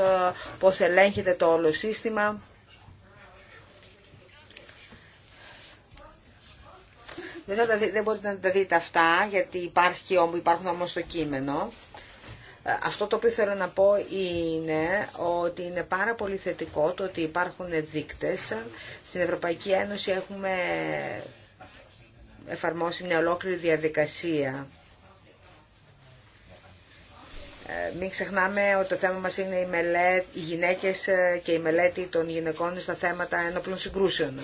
D: πώς ελέγχεται το όλο σύστημα. Δεν, δεν μπορείτε να τα δείτε αυτά, γιατί υπάρχει, υπάρχουν όμως το κείμενο. Αυτό το οποίο θέλω να πω είναι ότι είναι πάρα πολύ θετικό το ότι υπάρχουν δείκτες. Στην Ευρωπαϊκή Ένωση έχουμε εφαρμόσει μια ολόκληρη διαδικασία. Ε, μην ξεχνάμε ότι το θέμα μας είναι οι, μελέτη, γυναίκες ε, και η μελέτη των γυναικών στα θέματα ενόπλων συγκρούσεων.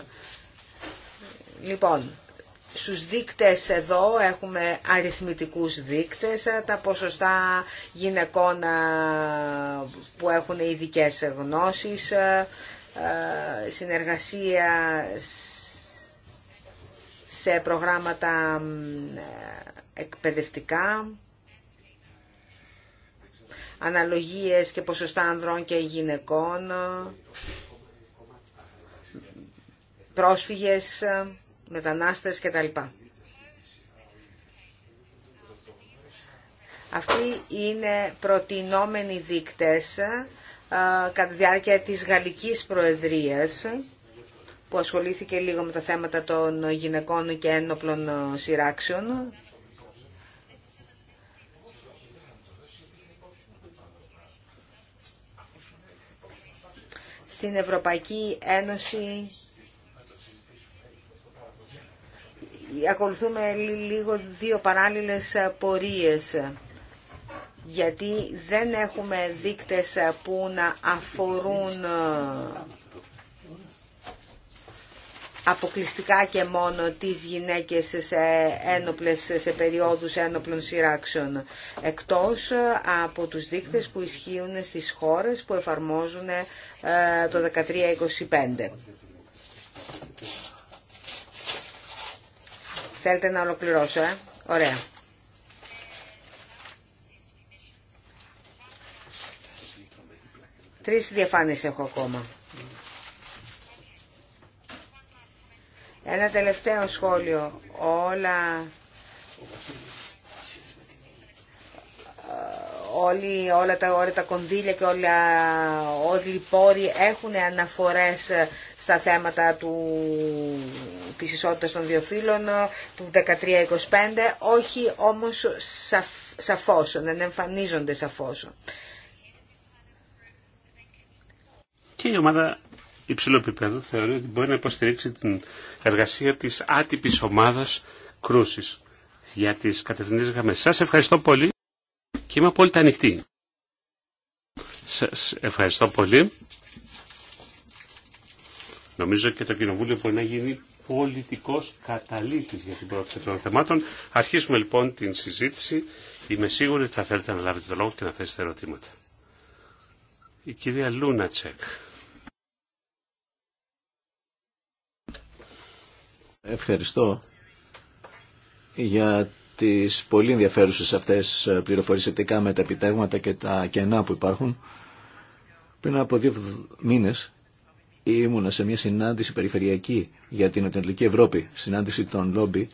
D: Λοιπόν, στους δείκτες εδώ έχουμε αριθμητικούς δείκτες, ε, τα ποσοστά γυναικών ε, που έχουν ειδικέ γνώσεις, ε, συνεργασία σε προγράμματα εκπαιδευτικά, αναλογίες και ποσοστά ανδρών και γυναικών, πρόσφυγες, μετανάστες κτλ. Αυτοί είναι προτινόμενοι δείκτες ε, κατά τη διάρκεια της Γαλλικής Προεδρίας που ασχολήθηκε λίγο με τα θέματα των γυναικών και ένοπλων ε, σειράξεων. Στην Ευρωπαϊκή Ένωση ακολουθούμε λίγο δύο παράλληλες ε, πορείες γιατί δεν έχουμε δείκτες ε, που να αφορούν ε, αποκλειστικά και μόνο τις γυναίκες σε, ένοπλες, σε περιόδους ένοπλων σειράξεων, εκτός από τους δείκτες που ισχύουν στις χώρες που εφαρμόζουν το 1325. Θέλετε να ολοκληρώσω, ε? Ωραία. Τρεις διαφάνειες έχω ακόμα. Ένα τελευταίο σχόλιο. Όλα όλοι, όλα, τα, όλα τα κονδύλια και όλα, όλοι οι πόροι έχουν αναφορές στα θέματα του, της ισότητας των δύο φύλων του 13-25, όχι όμως σαφ, σαφώς, δεν εμφανίζονται σαφώς.
C: Και η ομάδα υψηλού επίπεδου θεωρεί ότι μπορεί να υποστηρίξει την εργασία της άτυπης ομάδας κρούσης για τις κατευθυντές γραμμές. Σας ευχαριστώ πολύ και είμαι απόλυτα ανοιχτή. Σας ευχαριστώ πολύ. Νομίζω και το Κοινοβούλιο μπορεί να γίνει πολιτικός καταλήτης για την πρόοδο των θεμάτων. Αρχίσουμε λοιπόν την συζήτηση. Είμαι σίγουρη ότι θα θέλετε να λάβετε το λόγο και να θέσετε ερωτήματα. Η κυρία Λούνα Τσεκ.
B: Ευχαριστώ για τις πολύ ενδιαφέρουσες αυτές ε, πληροφορίες σχετικά με τα επιτεύγματα και τα κενά που υπάρχουν. Πριν από δύο μήνες ήμουνα σε μια συνάντηση περιφερειακή για την Νοτιοανατολική Ευρώπη, συνάντηση των Λόμπι,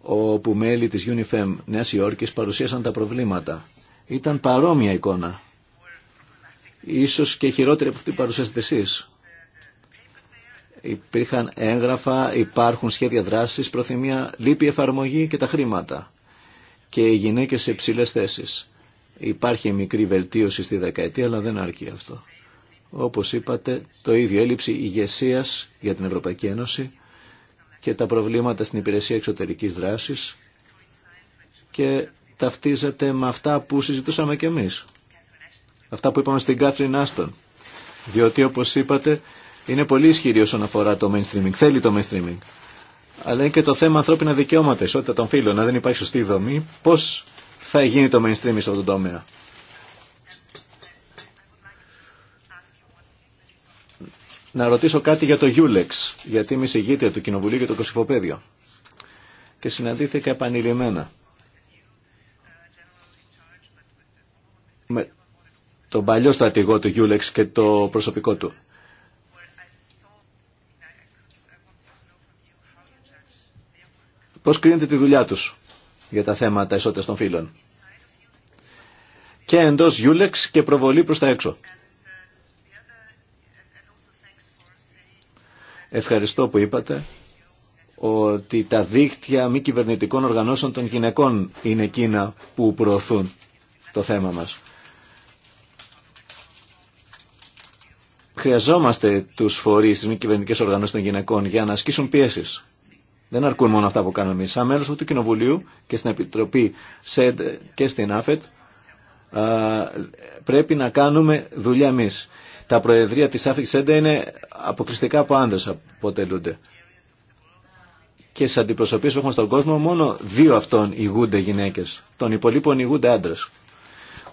B: όπου μέλη της UNIFEM Νέας Υόρκης παρουσίασαν τα προβλήματα. Ήταν παρόμοια εικόνα. Ίσως και χειρότερη από αυτή που παρουσίασατε εσείς υπήρχαν έγγραφα, υπάρχουν σχέδια δράσης, προθυμία, λείπει εφαρμογή και τα χρήματα. Και οι γυναίκες σε υψηλέ θέσεις. Υπάρχει μικρή βελτίωση στη δεκαετία, αλλά δεν αρκεί αυτό. Όπως είπατε, το ίδιο έλλειψη ηγεσία για την Ευρωπαϊκή Ένωση και τα προβλήματα στην υπηρεσία εξωτερικής δράσης και ταυτίζεται με αυτά που συζητούσαμε κι εμείς. Αυτά που είπαμε στην Κάθριν Άστον. Διότι όπως είπατε είναι πολύ ισχυρή όσον αφορά το mainstreaming. Θέλει το mainstreaming. Αλλά είναι και το θέμα ανθρώπινα δικαιώματα, ισότητα των φύλων. Αν δεν υπάρχει σωστή δομή, πώ θα γίνει το mainstreaming σε αυτό το τομέα. Να ρωτήσω κάτι για το Ulex, γιατί είμαι συγγήτρια του Κοινοβουλίου για το Κωσυφοπαίδιο. Και συναντήθηκα επανειλημμένα. Με τον παλιό στρατηγό του Ulex και το προσωπικό του. πώς κρίνεται τη δουλειά τους για τα θέματα ισότητας των φύλων. Και εντός γιούλεξ και προβολή προς τα έξω. Ευχαριστώ που είπατε ότι τα δίκτυα μη κυβερνητικών οργανώσεων των γυναικών είναι εκείνα που προωθούν το θέμα μας. Χρειαζόμαστε τους φορείς της μη κυβερνητικές οργανώσεων των γυναικών για να ασκήσουν πιέσεις δεν αρκούν μόνο αυτά που κάνουμε εμεί. Σαν μέλο του Κοινοβουλίου και στην Επιτροπή ΣΕΔ και στην ΑΦΕΤ, πρέπει να κάνουμε δουλειά εμεί. Τα προεδρία τη ΑΦΕΤ ΣΕΔ είναι αποκλειστικά από άντρε αποτελούνται. Και στι αντιπροσωπείε που έχουμε στον κόσμο, μόνο δύο αυτών ηγούνται γυναίκε. Των υπολείπων ηγούνται άντρε.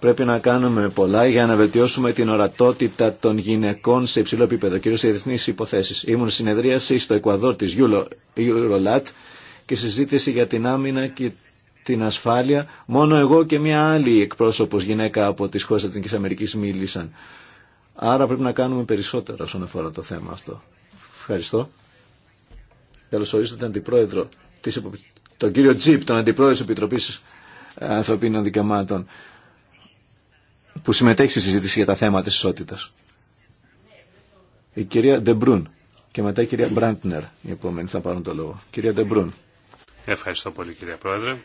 B: Πρέπει να κάνουμε πολλά για να βελτιώσουμε την ορατότητα των γυναικών σε υψηλό επίπεδο, κυρίω σε διεθνεί υποθέσει. Ήμουν συνεδρίαση στο Εκουαδόρ τη Eurolat και συζήτηση για την άμυνα και την ασφάλεια. Μόνο εγώ και μία άλλη εκπρόσωπο γυναίκα από τι χώρε Λατινική Αμερική μίλησαν. Άρα πρέπει να κάνουμε περισσότερο όσον αφορά το θέμα αυτό. Ευχαριστώ. Καλωσορίζω τον αντιπρόεδρο, τον κύριο Τζιπ, τον αντιπρόεδρο τη Επιτροπή Ανθρωπίνων Δικαιωμάτων που συμμετέχει στη συζήτηση για τα θέματα της ισότητας. Η κυρία Ντεμπρούν και μετά η κυρία Μπραντνερ, οι επόμενοι θα πάρουν το λόγο. Κυρία Ντεμπρούν.
C: Ευχαριστώ πολύ κυρία Πρόεδρε.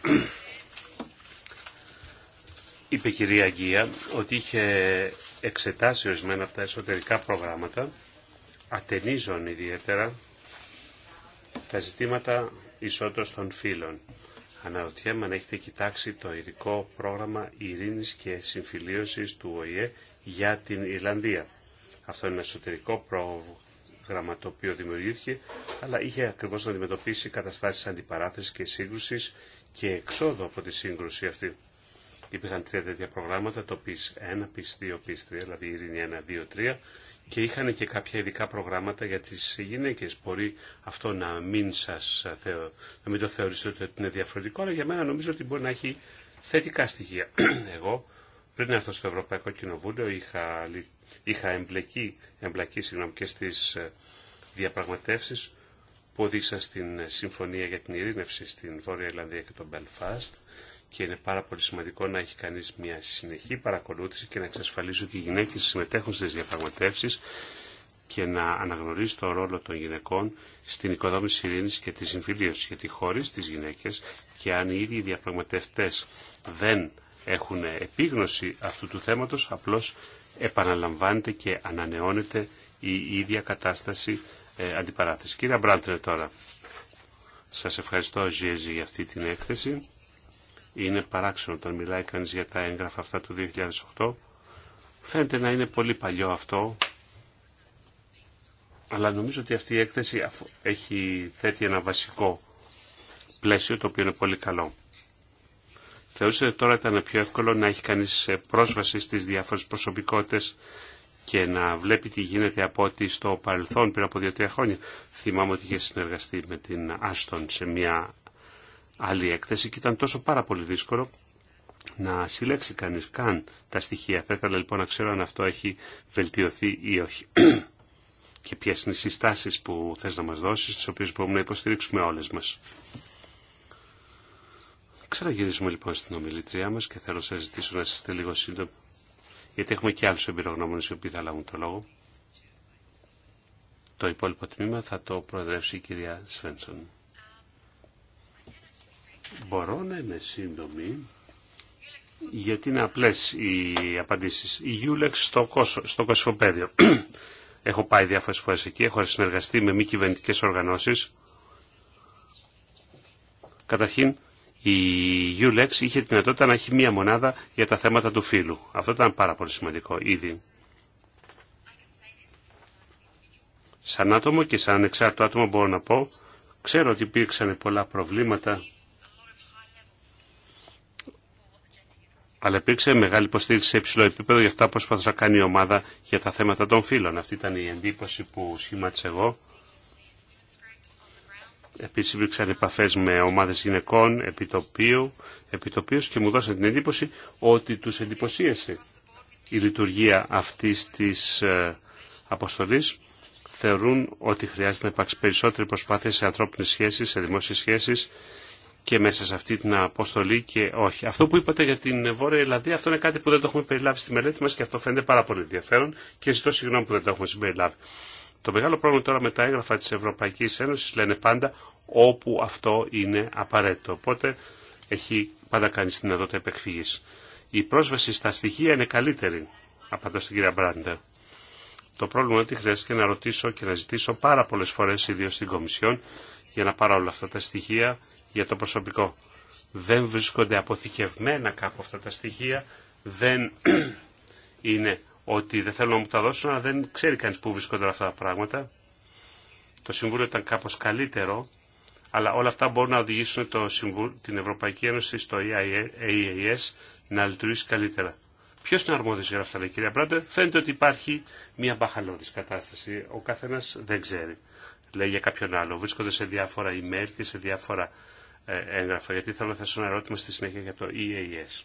C: Είπε η κυρία Αγγία ότι είχε εξετάσει ορισμένα από τα εσωτερικά προγράμματα, ατενίζον ιδιαίτερα τα ζητήματα ισότητας των φύλων. Αναρωτιέμαι αν έχετε κοιτάξει το ειδικό πρόγραμμα ειρήνης και συμφιλίωσης του ΟΗΕ για την Ιρλανδία. Αυτό είναι ένα εσωτερικό πρόγραμμα το οποίο δημιουργήθηκε, αλλά είχε ακριβώς να αντιμετωπίσει καταστάσεις αντιπαράθεσης και σύγκρουσης και εξόδου από τη σύγκρουση αυτή. Υπήρχαν τρία τέτοια προγράμματα, το PIS 1, PIS 2, PIS 3, δηλαδή ειρήνη 1, 2, 3 και είχαν και κάποια ειδικά προγράμματα για τις γυναίκες. Μπορεί αυτό να μην, σας, να μην το θεωρήσετε ότι είναι διαφορετικό, αλλά για μένα νομίζω ότι μπορεί να έχει θετικά στοιχεία. Εγώ πριν έρθω στο Ευρωπαϊκό Κοινοβούλιο είχα, είχα εμπλεκεί, εμπλακεί συγγνώμη, και στις ε, διαπραγματεύσεις που οδήγησαν στην Συμφωνία για την Ειρήνευση στην Βόρεια Ιρλανδία και τον Belfast και είναι πάρα πολύ σημαντικό να έχει κανείς μια συνεχή παρακολούθηση και να εξασφαλίσει ότι οι γυναίκες συμμετέχουν στις διαπραγματεύσεις και να αναγνωρίζει το ρόλο των γυναικών στην οικοδόμηση ειρήνη και τη συμφιλίωση. Γιατί χωρί τι γυναίκε, και αν οι ίδιοι οι διαπραγματεύτε δεν έχουν επίγνωση αυτού του θέματο, απλώ επαναλαμβάνεται και ανανεώνεται η ίδια κατάσταση ε, αντιπαράθεση. Κύριε Μπράντρε τώρα, σας ευχαριστώ Ζιέζη για αυτή την έκθεση είναι παράξενο όταν μιλάει κανείς για τα έγγραφα αυτά του 2008. Φαίνεται να είναι πολύ παλιό αυτό, αλλά νομίζω ότι αυτή η έκθεση έχει θέτει ένα βασικό πλαίσιο το οποίο είναι πολύ καλό. Θεωρούσατε ότι τώρα ήταν πιο εύκολο να έχει κανείς πρόσβαση στις διάφορες προσωπικότητες και να βλέπει τι γίνεται από ότι στο παρελθόν πριν από δύο-τρία χρόνια. Θυμάμαι ότι είχε συνεργαστεί με την Άστον σε μια άλλη έκθεση και ήταν τόσο πάρα πολύ δύσκολο να συλλέξει κανείς καν τα στοιχεία. Θα ήθελα λοιπόν να ξέρω αν αυτό έχει βελτιωθεί ή όχι. και ποιε είναι οι συστάσεις που θες να μας δώσεις, τις οποίες μπορούμε να υποστηρίξουμε όλες μας. Ξαναγυρίζουμε λοιπόν στην ομιλητριά μας και θέλω να σας ζητήσω να είστε λίγο σύντομοι, γιατί έχουμε και άλλους εμπειρογνώμονες οι οποίοι θα λάβουν το λόγο. Το υπόλοιπο τμήμα θα το προεδρεύσει η κυρία Σφέντσον Μπορώ να είμαι σύντομη, γιατί είναι απλές οι απαντήσεις. Η Γιούλεξ στο, Κοσο, στο Κοσφοπέδιο. έχω πάει διάφορες φορές εκεί, έχω συνεργαστεί με μη κυβερνητικέ οργανώσεις. Καταρχήν, η Ulex είχε τη δυνατότητα να έχει μία μονάδα για τα θέματα του φύλου. Αυτό ήταν πάρα πολύ σημαντικό ήδη. Σαν άτομο και σαν εξάρτητο άτομο μπορώ να πω, ξέρω ότι υπήρξαν πολλά προβλήματα αλλά υπήρξε μεγάλη υποστήριξη σε υψηλό επίπεδο για αυτά που προσπαθούσε να κάνει η ομάδα για τα θέματα των φίλων. Αυτή ήταν η εντύπωση που σχήματισα εγώ. Επίση, υπήρξαν επαφέ με ομάδε γυναικών, επιτοπίου, επιτοπίους και μου δώσαν την εντύπωση ότι του εντυπωσίασε η λειτουργία αυτή τη ε, αποστολή Θεωρούν ότι χρειάζεται να υπάρξει περισσότερη προσπάθεια σε ανθρώπινε σχέσει, σε δημόσιε σχέσει και μέσα σε αυτή την αποστολή και όχι. Αυτό που είπατε για την Βόρεια Ελλανδία, αυτό είναι κάτι που δεν το έχουμε περιλάβει στη μελέτη μας και αυτό φαίνεται πάρα πολύ ενδιαφέρον και ζητώ συγγνώμη που δεν το έχουμε συμπεριλάβει. Το μεγάλο πρόβλημα τώρα με τα έγγραφα της Ευρωπαϊκής Ένωσης λένε πάντα όπου αυτό είναι απαραίτητο. Οπότε έχει πάντα κάνει στην εδώ επεκφυγής. Η πρόσβαση στα στοιχεία είναι καλύτερη, απαντώ στην κυρία Μπράντερ. Το πρόβλημα είναι ότι χρειάστηκε να ρωτήσω και να ζητήσω πάρα πολλέ φορέ, ιδίω στην Κομισιόν, για να πάρω όλα αυτά τα στοιχεία για το προσωπικό. Δεν βρίσκονται αποθηκευμένα κάπου αυτά τα στοιχεία, δεν είναι ότι δεν θέλουν να μου τα δώσουν, αλλά δεν ξέρει κανείς πού βρίσκονται αυτά τα πράγματα. Το Συμβούλιο ήταν κάπως καλύτερο, αλλά όλα αυτά μπορούν να οδηγήσουν το την Ευρωπαϊκή Ένωση στο EAS να λειτουργήσει καλύτερα. Ποιο είναι αρμόδιο για αυτά, λέει κυρία Μπράντερ. Φαίνεται ότι υπάρχει μια μπαχαλώδη κατάσταση. Ο καθένα δεν ξέρει. Λέει για κάποιον άλλο. Βρίσκονται σε διάφορα email και σε διάφορα ε, έγγραφα, γιατί θέλω να θέσω ένα ερώτημα στη συνέχεια για το EAS.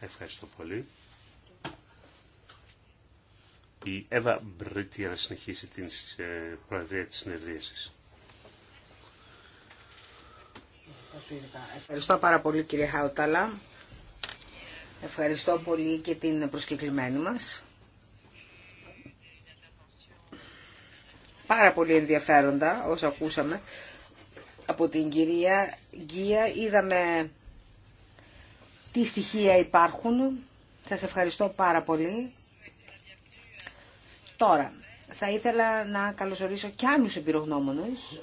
C: Ευχαριστώ πολύ. Η Εύα Μπρίτη να συνεχίσει την ε, προεδρία της συνεδρίασης.
D: Ευχαριστώ πάρα πολύ κύριε Χάουταλα. Ευχαριστώ πολύ και την προσκεκλημένη μας. Πάρα πολύ ενδιαφέροντα όσα ακούσαμε από την κυρία Γκία. Είδαμε τι στοιχεία υπάρχουν. Θα σε ευχαριστώ πάρα πολύ. Τώρα, θα ήθελα να καλωσορίσω κι άλλους εμπειρογνώμονες.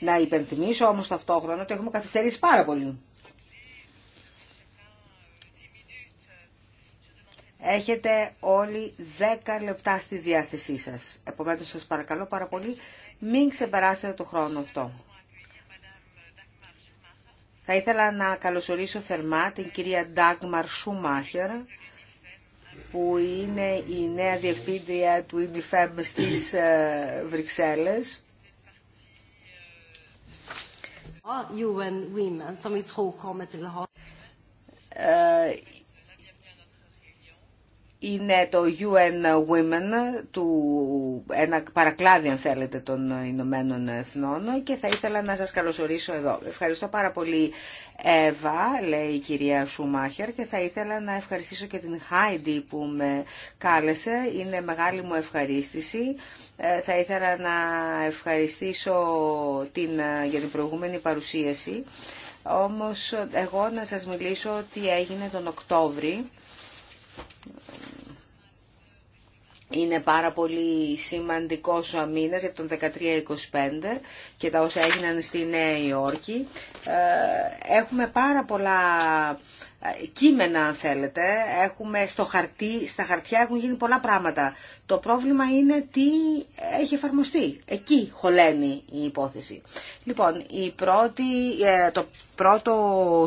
D: Να υπενθυμίσω όμως ταυτόχρονα ότι έχουμε καθυστερήσει πάρα πολύ. Έχετε όλοι 10 λεπτά στη διάθεσή σας. Επομένως σας παρακαλώ πάρα πολύ μην ξεπεράσετε το χρόνο αυτό. Θα ήθελα να καλωσορίσω θερμά την κυρία Ντάγμαρ Σούμάχερ, που είναι η νέα διευθύντρια του Ινδιφέμ στις ε, Βρυξέλλες
A: είναι το UN
D: Women, του, ένα παρακλάδι αν θέλετε των Ηνωμένων Εθνών και θα ήθελα να σας καλωσορίσω εδώ. Ευχαριστώ πάρα πολύ Εύα, λέει η κυρία Σουμάχερ και θα ήθελα να ευχαριστήσω και την Χάιντι που με κάλεσε. Είναι μεγάλη μου ευχαρίστηση. Ε, θα ήθελα να ευχαριστήσω την, ε, για την προηγούμενη παρουσίαση. Όμως ε, εγώ να σας μιλήσω τι έγινε τον Οκτώβρη είναι πάρα πολύ σημαντικός ο αμήνας για τον 1325 και τα όσα έγιναν στη Νέα Υόρκη. Ε, έχουμε πάρα πολλά ε, κείμενα αν θέλετε, έχουμε στο χαρτί, στα χαρτιά έχουν γίνει πολλά πράγματα το πρόβλημα είναι τι έχει εφαρμοστεί. Εκεί χωλαίνει η υπόθεση. Λοιπόν, η πρώτη, ε, το πρώτο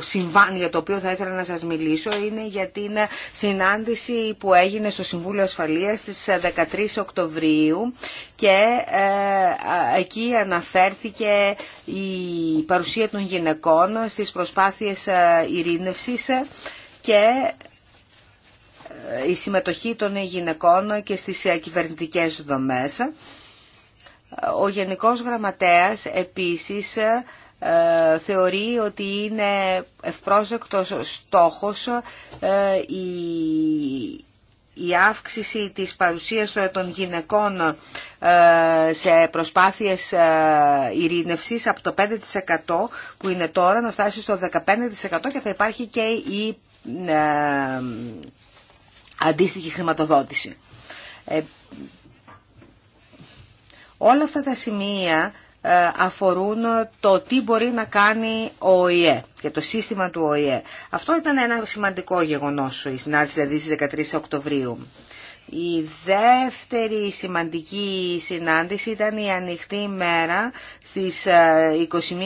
D: συμβάν για το οποίο θα ήθελα να σας μιλήσω είναι για την συνάντηση που έγινε στο Συμβούλιο Ασφαλείας στις 13 ε, Οκτωβρίου και ε, εκεί αναφέρθηκε η παρουσία των γυναικών στις προσπάθειες ειρήνευσης και η συμμετοχή των γυναικών και στις ε, κυβερνητικές δομές. Ο Γενικός Γραμματέας επίσης ε, θεωρεί ότι είναι ευπρόσδεκτος στόχος ε, η η αύξηση της παρουσίας των γυναικών σε προσπάθειες ειρήνευσης από το 5% που είναι τώρα να φτάσει στο 15% και θα υπάρχει και η αντίστοιχη χρηματοδότηση. Ε, όλα αυτά τα σημεία ε, αφορούν το τι μπορεί να κάνει ο ΟΗΕ και το σύστημα του ΟΗΕ. Αυτό ήταν ένα σημαντικό γεγονός η συνάντηση δηλαδή στις 13 Οκτωβρίου. Η δεύτερη σημαντική συνάντηση ήταν η ανοιχτή μέρα στις 21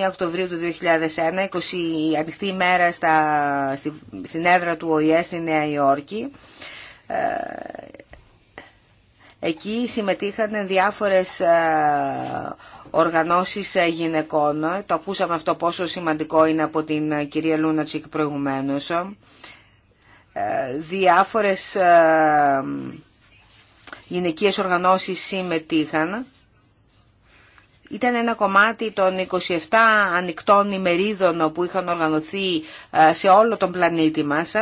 D: ε, Οκτωβρίου του 2001, η ανοιχτή μέρα στη, στην έδρα του ΟΗΕ στη Νέα Υόρκη ε, εκεί συμμετείχαν διάφορες ε, οργανώσεις ε, γυναικών. Το ακούσαμε αυτό πόσο σημαντικό είναι από την κυρία Λούνατσικ προηγουμένως. Διάφορες γυναικείες οργανώσεις συμμετείχαν. Ήταν ένα κομμάτι των 27 ανοιχτών ημερίδων που είχαν οργανωθεί σε όλο τον πλανήτη μας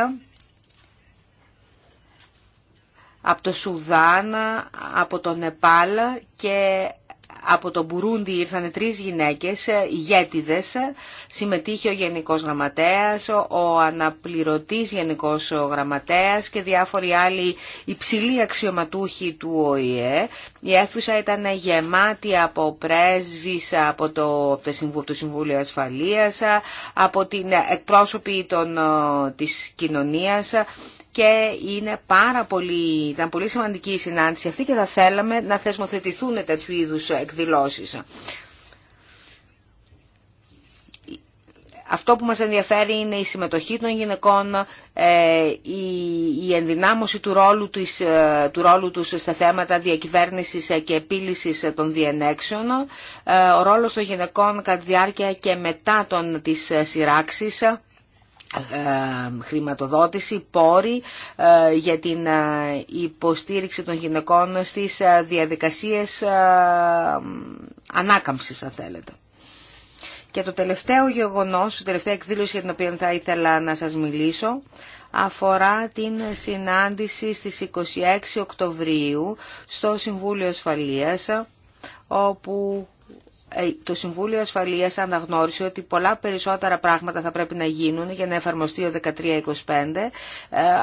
D: από το Σουδάν, από το Νεπάλ και από το Μπουρούντι ήρθαν τρεις γυναίκες ε, ηγέτιδες, συμμετείχε ο Γενικός Γραμματέας, ο Αναπληρωτής Γενικός Γραμματέας και διάφοροι άλλοι υψηλοί αξιωματούχοι του ΟΗΕ. Η αίθουσα ήταν γεμάτη από πρέσβεις από το, το Συμβούλιο Ασφαλείας, από την εκπρόσωπη των, ε, της κοινωνίας, και είναι πάρα πολύ, ήταν πολύ σημαντική η συνάντηση αυτή και θα θέλαμε να θεσμοθετηθούν τέτοιου είδου εκδηλώσει. Αυτό που μας ενδιαφέρει είναι η συμμετοχή των γυναικών, ε, η ενδυνάμωση του ρόλου, ε, του ρόλου τους στα θέματα διακυβέρνησης και επίλυσης των διενέξεων, ε, ο ρόλος των γυναικών κατά τη διάρκεια και μετά των, της ε, χρηματοδότηση, πόροι ε, για την ε, υποστήριξη των γυναικών στις διαδικασίες ανάκαμψης, αν θέλετε. Και το τελευταίο γεγονός, η τελευταία εκδήλωση για την οποία θα ήθελα να σας μιλήσω, αφορά την συνάντηση στις 26 Οκτωβρίου στο Συμβούλιο Ασφαλείας, όπου ε, το Συμβούλιο Ασφαλείας αναγνώρισε ότι πολλά περισσότερα πράγματα θα πρέπει να γίνουν για να εφαρμοστεί ο 1325. Ε,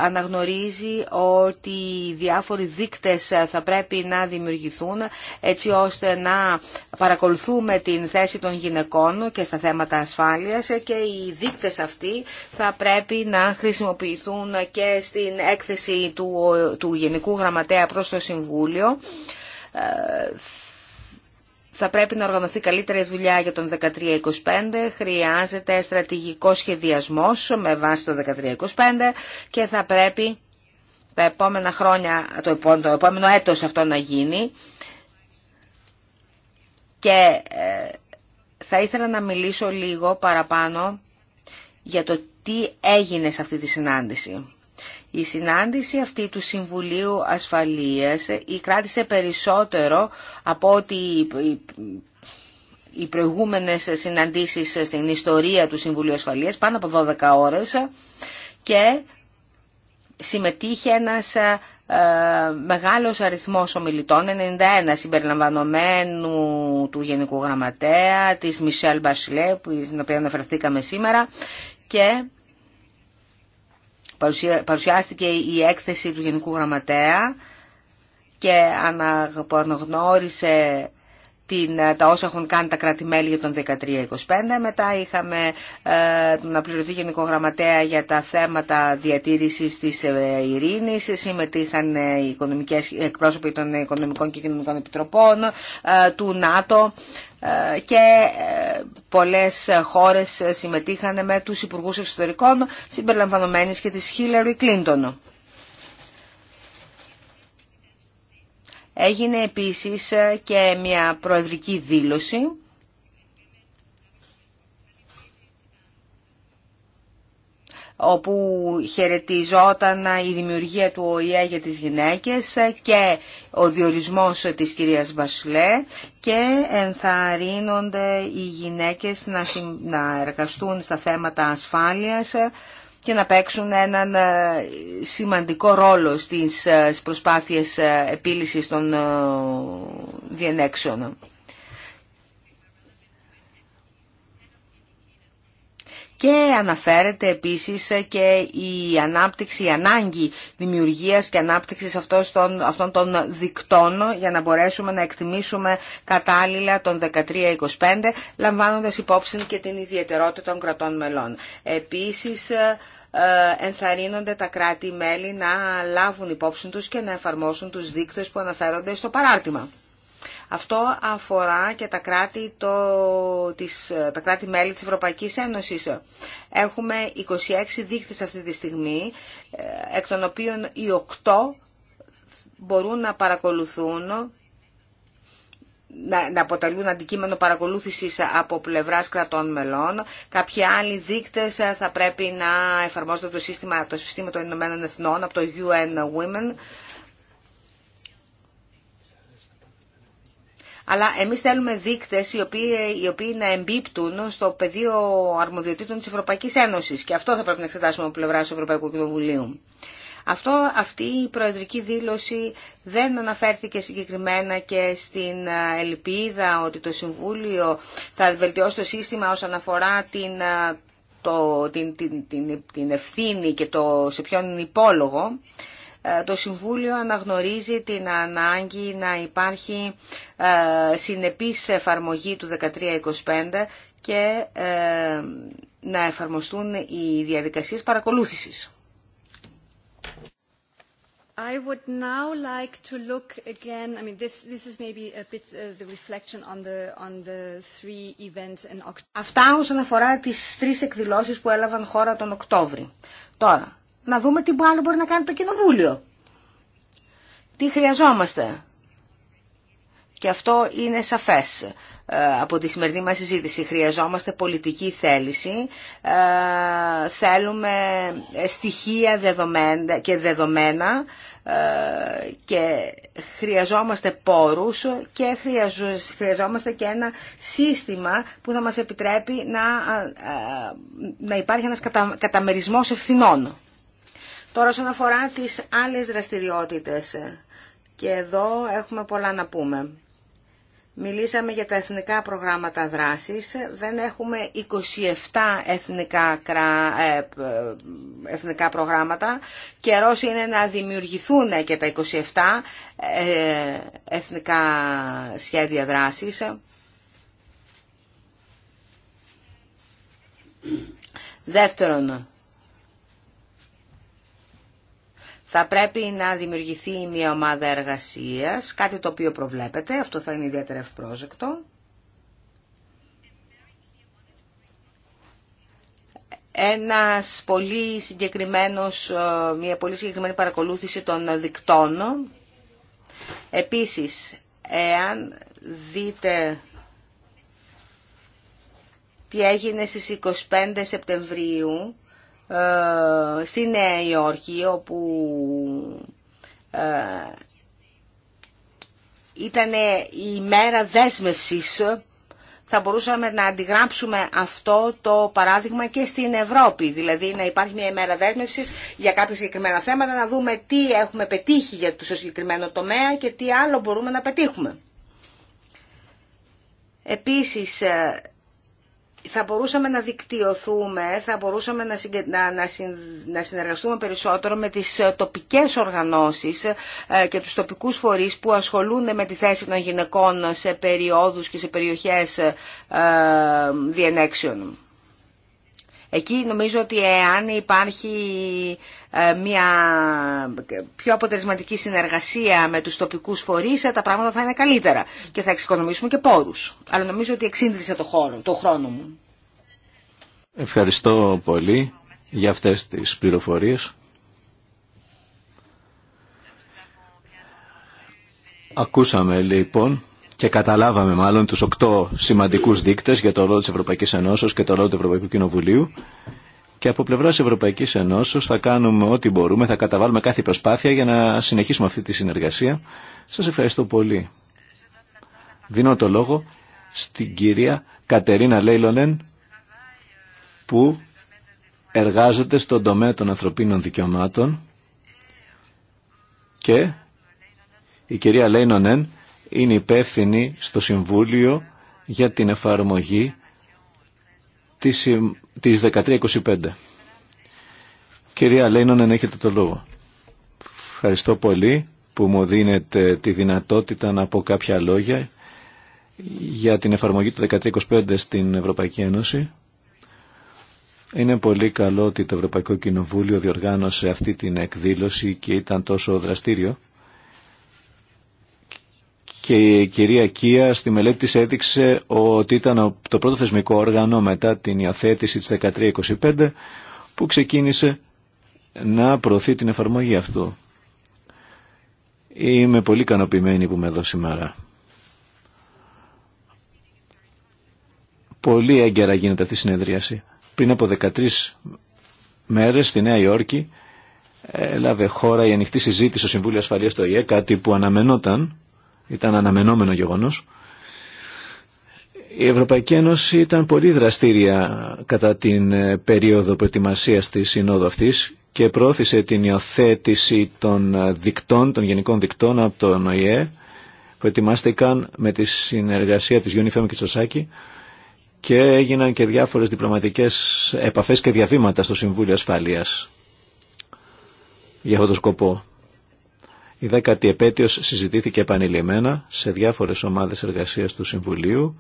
D: αναγνωρίζει ότι διάφοροι δείκτες ε, θα πρέπει να δημιουργηθούν έτσι ώστε να παρακολουθούμε την θέση των γυναικών και στα θέματα ασφάλειας και οι δείκτες αυτοί θα πρέπει να χρησιμοποιηθούν και στην έκθεση του, Γενικού Γραμματέα προς το Συμβούλιο θα πρέπει να οργανωθεί καλύτερη δουλειά για τον 1325. Χρειάζεται στρατηγικό σχεδιασμό με βάση το 1325 και θα πρέπει τα επόμενα χρόνια, το επόμενο, το επόμενο έτος αυτό να γίνει. Και ε, θα ήθελα να μιλήσω λίγο παραπάνω για το τι έγινε σε αυτή τη συνάντηση. Η συνάντηση αυτή του Συμβουλίου Ασφαλείας η κράτησε περισσότερο από ότι οι προηγούμενες συναντήσεις στην ιστορία του Συμβουλίου Ασφαλείας, πάνω από 12 ώρες και συμμετείχε ένας ε, μεγάλος αριθμός ομιλητών, 91 συμπεριλαμβανομένου του Γενικού Γραμματέα, της Μισελ Μπασλέ, που, στην οποία αναφερθήκαμε σήμερα, και παρουσιάστηκε η έκθεση του Γενικού Γραμματέα και αναγνώρισε την, ε, τα όσα έχουν κάνει τα κράτη-μέλη για τον 13-25. Μετά είχαμε ε, τον απληρωτή Γενικό Γραμματέα για τα θέματα διατήρησης της ε, ειρήνης. Συμμετείχαν ε, οι οικονομικές, εκπρόσωποι των Οικονομικών και Κοινωνικών Επιτροπών, του ΝΑΤΟ και πολλές χώρες συμμετείχαν με τους Υπουργούς Εξωτερικών συμπεριλαμβανομένης και της Χίλερου Κλίντον. Έγινε επίσης ε, και μια προεδρική δήλωση όπου χαιρετιζόταν ε, η δημιουργία του ΟΗΕ για τις γυναίκες ε, και ο διορισμός της κυρίας Μπασλέ και ενθαρρύνονται οι γυναίκες να, εργαστούν στα θέματα ασφάλειας και να παίξουν έναν ε, σημαντικό ρόλο στις ε, προσπάθειες ε, επίλυσης των διενέξεων. Και αναφέρεται επίσης και η ανάπτυξη, η ανάγκη δημιουργίας και ανάπτυξης αυτών των δικτών για να μπορέσουμε να εκτιμήσουμε κατάλληλα τον 13-25 λαμβάνοντας υπόψη και την ιδιαιτερότητα των κρατών μελών. Επίσης ε, ενθαρρύνονται τα κράτη-μέλη να λάβουν υπόψη τους και να εφαρμόσουν τους δείκτες που αναφέρονται στο παράρτημα. Αυτό αφορά και τα κράτη, το, της, ε, τα κράτη μέλη της Ευρωπαϊκής Ένωσης. Έχουμε 26 δείκτες αυτή τη στιγμή, ε, εκ των οποίων οι 8 μπορούν να παρακολουθούν να αποτελούν αντικείμενο παρακολούθησης από πλευράς κρατών μελών. Κάποιοι άλλοι δείκτες θα πρέπει να εφαρμόζονται από το σύστημα, το σύστημα των Ηνωμένων Εθνών, από το UN Women. Αλλά εμείς θέλουμε δείκτες οι οποίοι, οι οποίοι να εμπίπτουν στο πεδίο αρμοδιοτήτων της Ευρωπαϊκής Ένωσης και αυτό θα πρέπει να εξετάσουμε από πλευράς του Ευρωπαϊκού Κοινοβουλίου. Αυτό, αυτή η προεδρική δήλωση δεν αναφέρθηκε συγκεκριμένα και στην ε, ελπίδα ότι το Συμβούλιο θα βελτιώσει το σύστημα όσον αφορά την, ε, το, την, την, την, ευθύνη και το σε ποιον υπόλογο ε, το Συμβούλιο αναγνωρίζει την ανάγκη να υπάρχει συνεπής εφαρμογή του 1325 και να εφαρμοστούν οι διαδικασίες παρακολούθησης.
A: I would now like to look again. I mean, this this is maybe a bit uh, the reflection on the on the three events
D: in October. Αυτά όσον αφορά τις τρεις εκδηλώσεις που έλαβαν χώρα τον Οκτώβρη. Τώρα, να δούμε τι άλλο μπορεί να κάνει το Κοινοβούλιο. Τι χρειαζόμαστε. Και αυτό είναι σαφές. Ε, από τη σημερινή μας συζήτηση. Χρειαζόμαστε πολιτική θέληση, ε, θέλουμε στοιχεία και δεδομένα ε, και χρειαζόμαστε πόρους και χρειαζόμαστε και ένα σύστημα που θα μας επιτρέπει να, να υπάρχει ένας καταμερισμός ευθυνών. Τώρα όσον αφορά τις άλλες δραστηριότητες και εδώ έχουμε πολλά να πούμε. Μιλήσαμε για τα εθνικά προγράμματα δράσης. Δεν έχουμε 27 εθνικά, ε, ε, εθνικά προγράμματα. Καιρός είναι να δημιουργηθούν και τα 27 ε, εθνικά σχέδια δράσης. Δεύτερον, Θα πρέπει να δημιουργηθεί μια ομάδα εργασίας, κάτι το οποίο προβλέπεται, αυτό θα είναι ιδιαίτερα ευπρόζεκτο. Ένας πολύ συγκεκριμένος, ε, μια πολύ συγκεκριμένη παρακολούθηση των δικτών. Επίσης, εάν δείτε τι έγινε στις 25 Σεπτεμβρίου, στη Νέα Υόρκη όπου ε, ήταν η μέρα δέσμευσης θα μπορούσαμε να αντιγράψουμε αυτό το παράδειγμα και στην Ευρώπη. Δηλαδή να υπάρχει μια ημέρα δέσμευση για κάποια συγκεκριμένα θέματα, να δούμε τι έχουμε πετύχει για το συγκεκριμένο τομέα και τι άλλο μπορούμε να πετύχουμε. Επίσης, ε, θα μπορούσαμε να δικτυωθούμε, θα μπορούσαμε να, να, να, συνεργαστούμε περισσότερο με τις ε, τοπικές οργανώσεις ε, και τους τοπικούς φορείς που ασχολούνται με τη θέση των γυναικών σε περιόδους και σε περιοχές ε, ε Εκεί νομίζω ότι εάν υπάρχει ε, μια πιο αποτελεσματική συνεργασία με τους τοπικούς φορείς, ε, τα πράγματα θα είναι καλύτερα και θα εξοικονομήσουμε και πόρους. Αλλά νομίζω ότι εξύντρισε το, χώρο, το
A: χρόνο μου.
B: Ευχαριστώ πολύ για αυτές τις πληροφορίες. Ακούσαμε λοιπόν και καταλάβαμε μάλλον τους οκτώ σημαντικούς δείκτες για το ρόλο της Ευρωπαϊκής Ενώσεως και το ρόλο του Ευρωπαϊκού Κοινοβουλίου και από πλευράς Ευρωπαϊκής Ενώσεως θα κάνουμε ό,τι μπορούμε, θα καταβάλουμε κάθε προσπάθεια για να συνεχίσουμε αυτή τη συνεργασία. Σας ευχαριστώ πολύ. Δίνω το λόγο στην κυρία Κατερίνα Λέιλονεν που εργάζεται στον τομέα των ανθρωπίνων δικαιωμάτων και η κυρία Λέινονεν είναι υπεύθυνη στο Συμβούλιο για την εφαρμογή της 1325. Κυρία Λέινον, έχετε το λόγο. Ευχαριστώ πολύ που μου δίνετε τη δυνατότητα να πω κάποια λόγια για την εφαρμογή του 1325 στην Ευρωπαϊκή Ένωση. Είναι πολύ καλό ότι το Ευρωπαϊκό Κοινοβούλιο διοργάνωσε αυτή την εκδήλωση και ήταν τόσο δραστήριο και η κυρία Κία στη μελέτη της έδειξε ότι ήταν το πρώτο θεσμικό όργανο μετά την υιοθέτηση της 1325 που ξεκίνησε να προωθεί την εφαρμογή αυτού. Είμαι πολύ ικανοποιημένη που είμαι εδώ σήμερα. Πολύ έγκαιρα γίνεται αυτή η συνεδρίαση. Πριν από 13 μέρες στη Νέα Υόρκη ε, έλαβε χώρα η ανοιχτή συζήτηση στο Συμβούλιο Ασφαλείας του ΙΕ, κάτι που αναμενόταν ήταν αναμενόμενο γεγονός. Η Ευρωπαϊκή Ένωση ήταν πολύ δραστήρια κατά την ε, περίοδο προετοιμασίας της συνόδου αυτής και πρόθεσε την υιοθέτηση των ε, δικτών, των γενικών δικτών από το ΟΗΕ που ετοιμάστηκαν με τη συνεργασία της UNIFEM και Τσοσάκη και έγιναν και διάφορες διπλωματικές επαφές και διαβήματα στο Συμβούλιο Ασφαλείας για αυτόν τον σκοπό. Η δέκατη επέτειος συζητήθηκε επανειλημμένα σε διάφορες ομάδες εργασίας του Συμβουλίου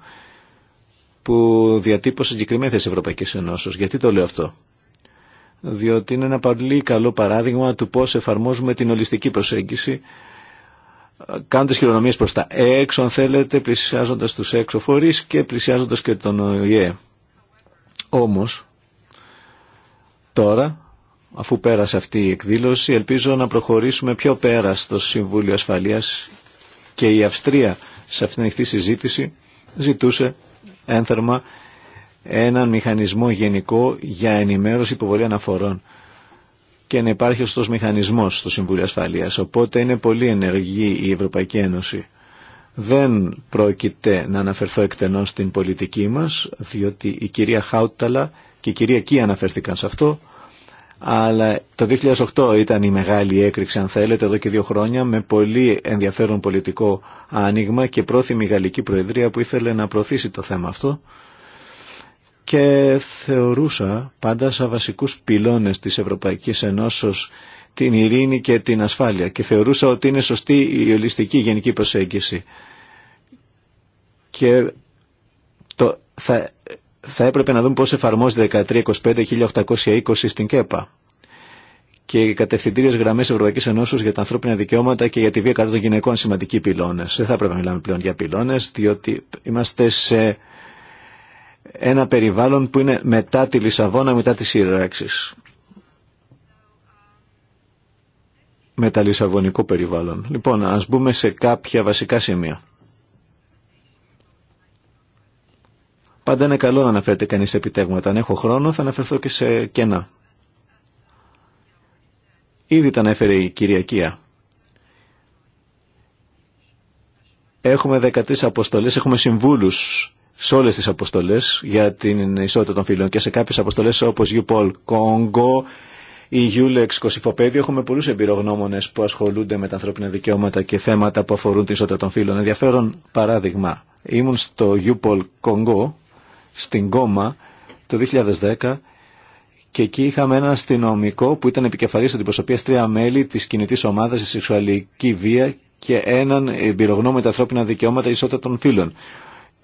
B: που διατύπωσε συγκεκριμένη θέση Ευρωπαϊκής Γιατί το λέω αυτό. Διότι είναι ένα πολύ καλό παράδειγμα του πώς εφαρμόζουμε την ολιστική προσέγγιση κάνοντας χειρονομίες προς τα έξω αν θέλετε πλησιάζοντας τους έξω φορείς και πλησιάζοντας και τον ΟΗΕ. Όμως τώρα Αφού πέρασε αυτή η εκδήλωση, ελπίζω να προχωρήσουμε πιο πέρα στο Συμβούλιο Ασφαλείας και η Αυστρία σε αυτήν την συζήτηση ζητούσε ένθερμα έναν μηχανισμό γενικό για ενημέρωση υποβολή αναφορών και να υπάρχει ωστός μηχανισμός στο Συμβούλιο Ασφαλείας. Οπότε είναι πολύ ενεργή η Ευρωπαϊκή Ένωση. Δεν πρόκειται να αναφερθώ εκτενώς στην πολιτική μας, διότι η κυρία Χάουταλα και η κυρία Κία αναφέρθηκαν σε αυτό αλλά το 2008 ήταν η μεγάλη έκρηξη αν θέλετε εδώ και δύο χρόνια με πολύ ενδιαφέρον πολιτικό άνοιγμα και πρόθυμη γαλλική προεδρία που ήθελε να προωθήσει το θέμα αυτό και θεωρούσα πάντα σαν βασικούς πυλώνες της Ευρωπαϊκής Ενώσεως την ειρήνη και την ασφάλεια και θεωρούσα ότι είναι σωστή η ολιστική γενική προσέγγιση και το, θα θα έπρεπε να δούμε πώς εφαρμόζεται 1325-1820 στην ΚΕΠΑ και οι κατευθυντήριε γραμμέ Ευρωπαϊκή Ενώσεω για τα ανθρώπινα δικαιώματα και για τη βία κατά των γυναικών σημαντικοί πυλώνε. Δεν θα έπρεπε να μιλάμε πλέον για πυλώνε, διότι είμαστε σε ένα περιβάλλον που είναι μετά τη Λισαβόνα, μετά τι Σύραξη. Μεταλισαβωνικό περιβάλλον. Λοιπόν, α μπούμε σε κάποια βασικά σημεία. Πάντα είναι καλό να αναφέρεται κανείς σε επιτεύγματα. Αν έχω χρόνο θα αναφερθώ και σε κενά. Ήδη τα ανέφερε η Κυριακία. Έχουμε 13 αποστολές, έχουμε συμβούλους σε όλες τις αποστολές για την ισότητα των φίλων και σε κάποιες αποστολές όπως UPOL Congo ή ULEX Κωσυφοπέδιο έχουμε πολλούς εμπειρογνώμονες που ασχολούνται με τα ανθρώπινα δικαιώματα και θέματα που αφορούν την ισότητα των φίλων. Ενδιαφέρον παράδειγμα. Ήμουν στο UPOL Congo στην Κόμα το 2010 και εκεί είχαμε ένα αστυνομικό που ήταν επικεφαλής αντιπροσωπείας τρία μέλη της κινητής ομάδας σε σεξουαλική βία και έναν εμπειρογνώμη με τα ανθρώπινα δικαιώματα ισότητα των φίλων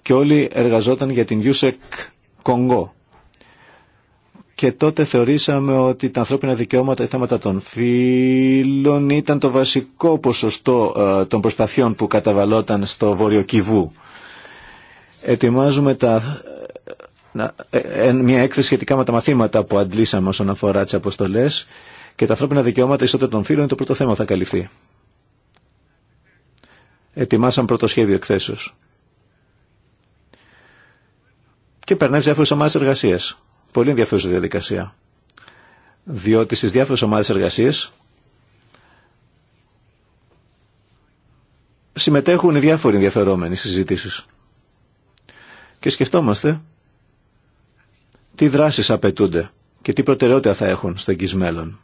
B: Και όλοι εργαζόταν για την USEC Κονγκό. Και τότε θεωρήσαμε ότι τα ανθρώπινα δικαιώματα, οι θέματα των φύλων ήταν το βασικό ποσοστό ε, των προσπαθειών που καταβαλόταν στο Βορειοκιβού. Ετοιμάζουμε τα ε, ε, μια έκθεση σχετικά με τα μαθήματα που αντλήσαμε όσον αφορά τι αποστολέ και τα ανθρώπινα δικαιώματα ισότητα των φύλων είναι το πρώτο θέμα θα καλυφθεί. Ετοιμάσαμε πρώτο σχέδιο εκθέσεως. Και περνάει σε διάφορε ομάδε εργασία. Πολύ ενδιαφέρουσα διαδικασία. Διότι στι διάφορε ομάδε εργασία συμμετέχουν οι διάφοροι ενδιαφερόμενοι συζητήσει. Και σκεφτόμαστε τι δράσεις απαιτούνται και τι προτεραιότητα θα έχουν στο εγγύς μέλλον.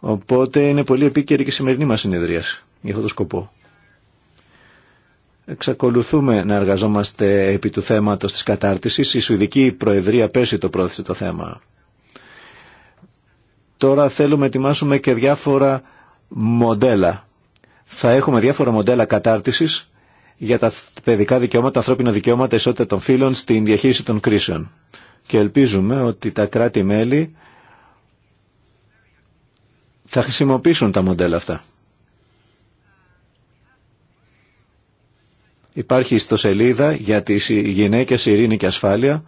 B: Οπότε είναι πολύ επίκαιρη και η σημερινή μας συνεδρίαση για αυτόν τον σκοπό. Εξακολουθούμε να εργαζόμαστε επί του θέματος της κατάρτισης. Η Σουηδική Προεδρία πέρσι το πρόθεσε το θέμα. Τώρα θέλουμε να ετοιμάσουμε και διάφορα μοντέλα. Θα έχουμε διάφορα μοντέλα κατάρτισης για τα παιδικά δικαιώματα, τα ανθρώπινα δικαιώματα, ισότητα των φύλων στην διαχείριση των κρίσεων και ελπίζουμε ότι τα κράτη-μέλη θα χρησιμοποιήσουν τα μοντέλα αυτά. Υπάρχει ιστοσελίδα για τις γυναίκες ειρήνη και ασφάλεια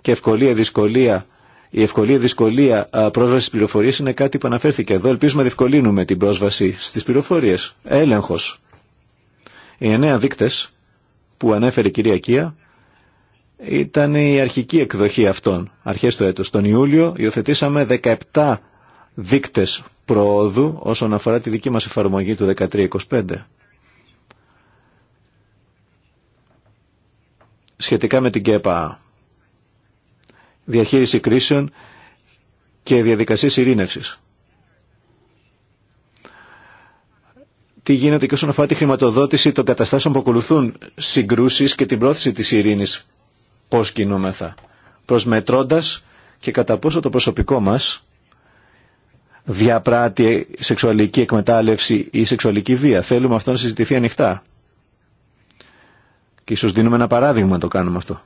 B: και ευκολία δυσκολία η ευκολία δυσκολία πρόσβαση στις πληροφορίες είναι κάτι που αναφέρθηκε εδώ. Ελπίζουμε να διευκολύνουμε την πρόσβαση στις πληροφορίες. Έλεγχος. Οι εννέα δείκτες που ανέφερε η κυρία Κία ήταν η αρχική εκδοχή αυτών. Αρχές του έτους. Τον Ιούλιο υιοθετήσαμε 17 δείκτες προόδου όσον αφορά τη δική μας εφαρμογή του 1325. Σχετικά με την ΚΕΠΑ, διαχείριση κρίσεων και διαδικασίες ειρήνευσης. τι γίνεται και όσον αφορά τη χρηματοδότηση των καταστάσεων που ακολουθούν συγκρούσεις και την πρόθεση της ειρήνης πώς κινούμεθα, προσμετρώντας και κατά πόσο το προσωπικό μας διαπράττει σεξουαλική εκμετάλλευση ή σεξουαλική βία. Θέλουμε αυτό να συζητηθεί ανοιχτά. Και ίσως δίνουμε ένα παράδειγμα να το κάνουμε αυτό.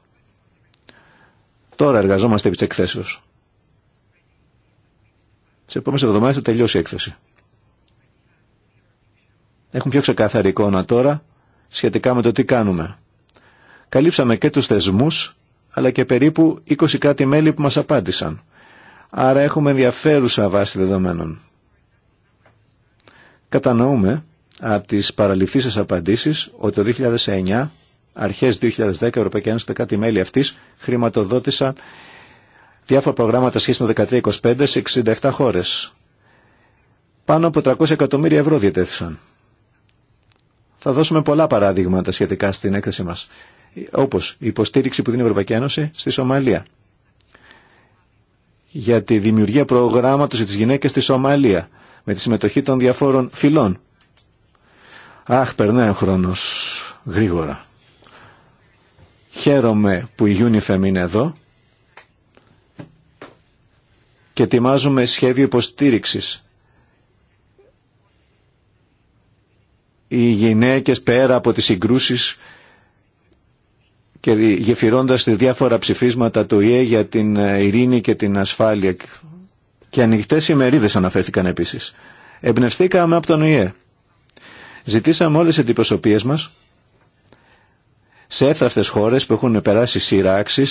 B: Τώρα εργαζόμαστε επί της εκθέσεως. Τις επόμενες εβδομάδες θα τελειώσει η έκθεση. Έχουν πιο ξεκάθαρη εικόνα τώρα σχετικά με το τι κάνουμε. Καλύψαμε και τους θεσμούς, αλλά και περίπου 20 κάτι μελη που μας απάντησαν. Άρα έχουμε ενδιαφέρουσα βάση δεδομένων. Κατανοούμε από τις παραληφθείς απαντήσεις ότι το 2009, αρχές 2010, Ευρωπαϊκή Ένωση, τα κάτι μέλη αυτής χρηματοδότησαν διάφορα προγράμματα σχέση με το 1325 σε 67 χώρες. Πάνω από 300 εκατομμύρια ευρώ διατέθησαν. Θα δώσουμε πολλά παράδειγματα σχετικά στην έκθεση μας όπως η υποστήριξη που δίνει η Ευρωπαϊκή Ένωση στη Σομαλία για τη δημιουργία προγράμματος για τις γυναίκες στη Σομαλία με τη συμμετοχή των διαφόρων φυλών. Αχ, περνάει ο χρόνος γρήγορα. Χαίρομαι που η UNIFEM είναι εδώ και ετοιμάζουμε σχέδιο υποστήριξης. Οι γυναίκες πέρα από τις συγκρούσεις και γεφυρώντας τη διάφορα ψηφίσματα του ΙΕ για την ε, ειρήνη και την ασφάλεια. Και ανοιχτέ ημερίδε αναφέρθηκαν επίση. Εμπνευστήκαμε από τον ΙΕ. Ζητήσαμε όλε τι αντιπροσωπείε μα σε έφταστε χώρε που έχουν περάσει σειράξει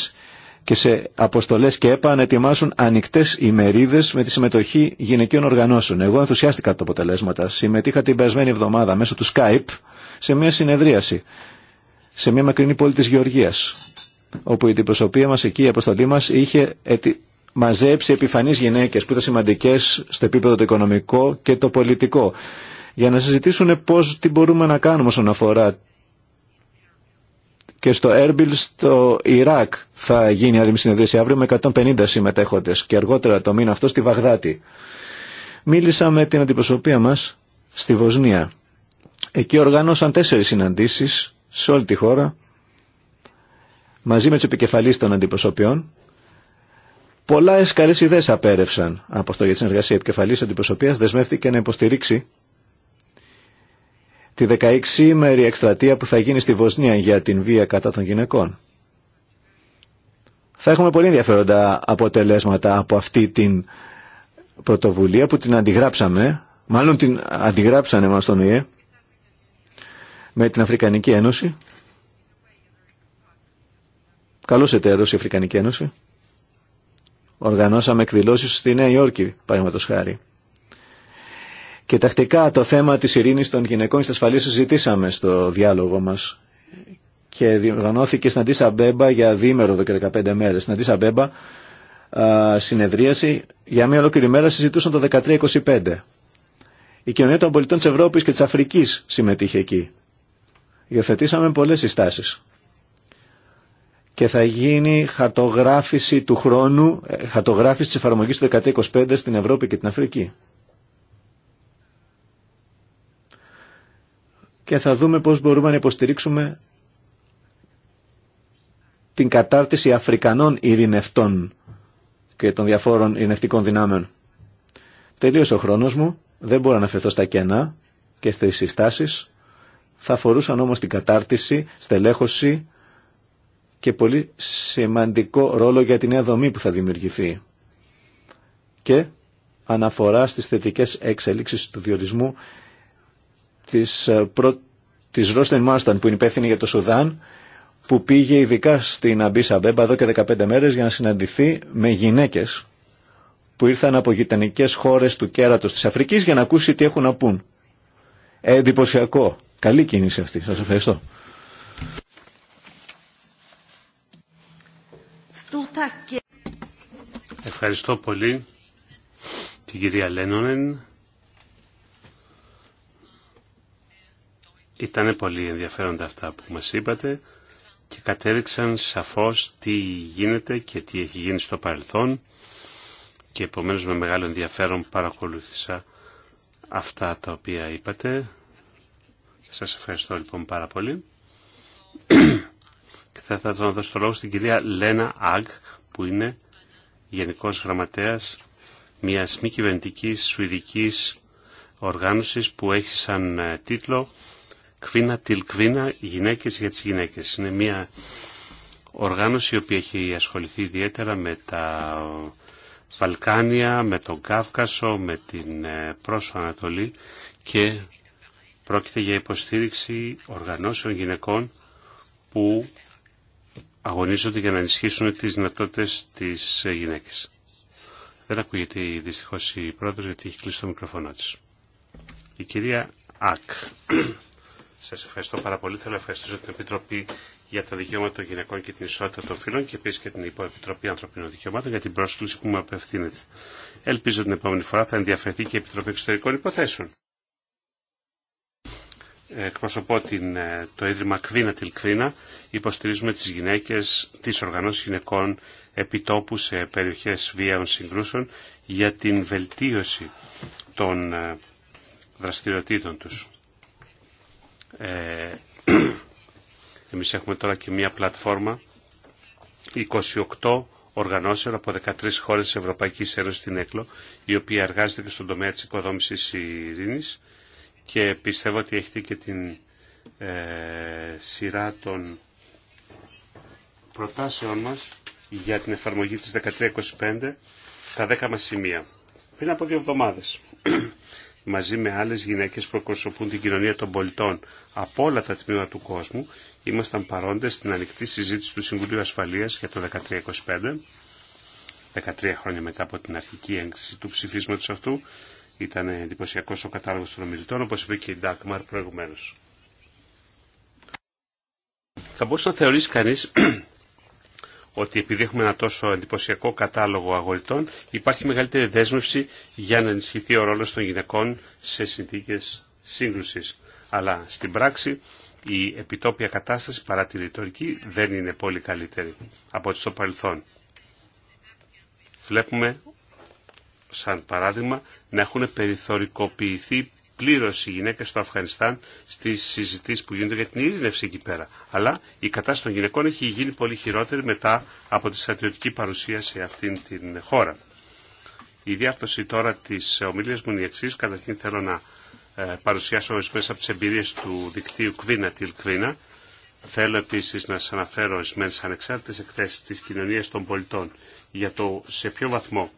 B: και σε αποστολέ και ΕΠΑ να ετοιμάσουν ανοιχτέ ημερίδε με τη συμμετοχή γυναικείων οργανώσεων. Εγώ ενθουσιάστηκα από τα αποτελέσματα. Συμμετείχα την περασμένη εβδομάδα μέσω του Skype σε μια συνεδρίαση σε μια μακρινή πόλη της Γεωργίας, όπου η αντιπροσωπεία μας εκεί, η αποστολή μας, είχε μαζέψει επιφανείς γυναίκες που ήταν σημαντικές στο επίπεδο το οικονομικό και το πολιτικό, για να συζητήσουν πώς τι μπορούμε να κάνουμε όσον αφορά και στο Έρμπιλ στο Ιράκ θα γίνει άλλη συνεδρίαση αύριο με 150 συμμετέχοντες και αργότερα το μήνα αυτό στη Βαγδάτη. Μίλησα με την αντιπροσωπεία μας στη Βοσνία. Εκεί οργάνωσαν τέσσερις συναντήσεις σε όλη τη χώρα μαζί με τους επικεφαλείς των αντιπροσωπιών. Πολλά καλές ιδέες απέρευσαν από αυτό για τη συνεργασία επικεφαλής αντιπροσωπείας δεσμεύτηκε να υποστηρίξει τη 16ημερη εκστρατεία που θα γίνει στη Βοσνία για την βία κατά των γυναικών. Θα έχουμε πολύ ενδιαφέροντα αποτελέσματα από αυτή την πρωτοβουλία που την αντιγράψαμε, μάλλον την αντιγράψανε μας τον ΙΕ, με την Αφρικανική Ένωση. Καλώ εταίρο η Αφρικανική Ένωση. Οργανώσαμε εκδηλώσεις στη Νέα Υόρκη, παραδείγματο χάρη. Και τακτικά το θέμα της ειρήνης των γυναικών και της ασφαλείας συζητήσαμε στο διάλογο μας και διοργανώθηκε στην Αντίσα Μπέμπα για διήμερο εδώ και 15 μέρες. Στην Αντίσα Μπέμπα συνεδρίαση για μια ολόκληρη μέρα συζητούσαν το 13-25. Η κοινωνία των πολιτών της Ευρώπης και της Αφρικής συμμετείχε εκεί. Υιοθετήσαμε πολλές συστάσεις και θα γίνει χαρτογράφηση του χρόνου, ε, χαρτογράφηση της εφαρμογής του 1925 στην Ευρώπη και την Αφρική. Και θα δούμε πώς μπορούμε να υποστηρίξουμε την κατάρτιση Αφρικανών ειρηνευτών και των διαφόρων ειρηνευτικών δυνάμεων. Τελείωσε ο χρόνος μου, δεν μπορώ να αναφερθώ στα κενά και στις συστάσεις θα αφορούσαν όμως την κατάρτιση, στελέχωση και πολύ σημαντικό ρόλο για τη νέα δομή που θα δημιουργηθεί. Και αναφορά στις θετικές εξελίξεις του διορισμού της, ε, προ... της Μάρσταν που είναι υπεύθυνη για το Σουδάν που πήγε ειδικά στην Αμπίσα Μπέμπα εδώ και 15 μέρες για να συναντηθεί με γυναίκες που ήρθαν από γειτονικέ χώρες του κέρατος της Αφρικής για να ακούσει τι έχουν να πούν. εντυπωσιακό Καλή κίνηση αυτή. Σας ευχαριστώ.
C: Ευχαριστώ πολύ την κυρία Λένονεν. Ήταν πολύ ενδιαφέροντα αυτά που μας είπατε και κατέδειξαν σαφώς τι γίνεται και τι έχει γίνει στο παρελθόν και επομένως με μεγάλο ενδιαφέρον παρακολούθησα αυτά τα οποία είπατε. Σας ευχαριστώ λοιπόν πάρα πολύ. και θα ήθελα να δώσω το λόγο στην κυρία Λένα Αγ, που είναι Γενικός Γραμματέας μιας μη κυβερνητική σουηδικής οργάνωσης που έχει σαν ε, τίτλο «Κβίνα τιλ κβίνα, γυναίκες για τις γυναίκες». Είναι μια οργάνωση η οποία έχει ασχοληθεί ιδιαίτερα με τα Βαλκάνια, με τον Κάυκασο, με την ε, Πρόσω Ανατολή και Πρόκειται για υποστήριξη οργανώσεων γυναικών που αγωνίζονται για να ενισχύσουν τις δυνατότητες της ε, γυναίκης. Δεν ακούγεται δυστυχώς η πρόεδρος γιατί έχει κλείσει το μικροφωνό της. Η κυρία Ακ. Σας ευχαριστώ πάρα πολύ. Θέλω να ευχαριστήσω την Επιτροπή για τα δικαιώματα των γυναικών και την ισότητα των φύλων και επίση και την Υποεπιτροπή Ανθρωπίνων Δικαιωμάτων για την πρόσκληση που μου απευθύνεται. Ελπίζω την επόμενη φορά θα ενδιαφερθεί και η Επιτροπή Εξωτερικών Υποθέσεων εκπροσωπώ την, ε, το Ίδρυμα Κρίνα Τιλ Κρίνα, υποστηρίζουμε τις γυναίκες, τις οργανώσεις γυναικών επιτόπου σε περιοχές βίαιων συγκρούσεων για την βελτίωση των ε, δραστηριοτήτων τους. Ε, εμείς έχουμε τώρα και μια πλατφόρμα 28 οργανώσεων από 13 χώρες της Ευρωπαϊκής Ένωσης στην ΕΚΛΟ, η οποία εργάζεται και στον τομέα της οικοδόμησης ειρήνης και πιστεύω ότι έχετε και την ε, σειρά των προτάσεων μας για την εφαρμογή της 1325 τα 10 μας σημεία. Πριν από δύο εβδομάδες, μαζί με άλλες γυναίκες που εκπροσωπούν την κοινωνία των πολιτών από όλα τα τμήματα του κόσμου, ήμασταν παρόντες στην ανοιχτή συζήτηση του Συμβουλίου Ασφαλείας για το 1325, 13 χρόνια μετά από την αρχική έγκριση του ψηφίσματος αυτού, ήταν εντυπωσιακό ο κατάλογος των ομιλητών, όπω είπε και η Ντάκμαρ προηγουμένω. Θα μπορούσε να θεωρήσει κανείς ότι επειδή έχουμε ένα τόσο εντυπωσιακό κατάλογο αγοριτών, υπάρχει μεγαλύτερη δέσμευση για να ενισχυθεί ο ρόλο των γυναικών σε συνθήκε σύγκρουσης. Αλλά στην πράξη η επιτόπια κατάσταση παρά τη ρητορική δεν είναι πολύ καλύτερη από ό,τι στο παρελθόν. Βλέπουμε σαν παράδειγμα, να έχουν περιθωρικοποιηθεί πλήρω οι γυναίκε στο Αφγανιστάν στι συζητήσει που γίνονται για την ειρήνευση εκεί πέρα. Αλλά η κατάσταση των γυναικών έχει γίνει πολύ χειρότερη μετά από τη στρατιωτική παρουσία σε αυτήν την χώρα. Η διάφθοση τώρα τη ομιλία μου είναι η εξή. Καταρχήν θέλω να ε, παρουσιάσω ορισμένε από τι εμπειρίε του δικτύου Κβίνα Τιλ Κβίνα. Θέλω επίση να σα αναφέρω ορισμένε ανεξάρτητε εκθέσει τη κοινωνία των πολιτών για το σε ποιο βαθμό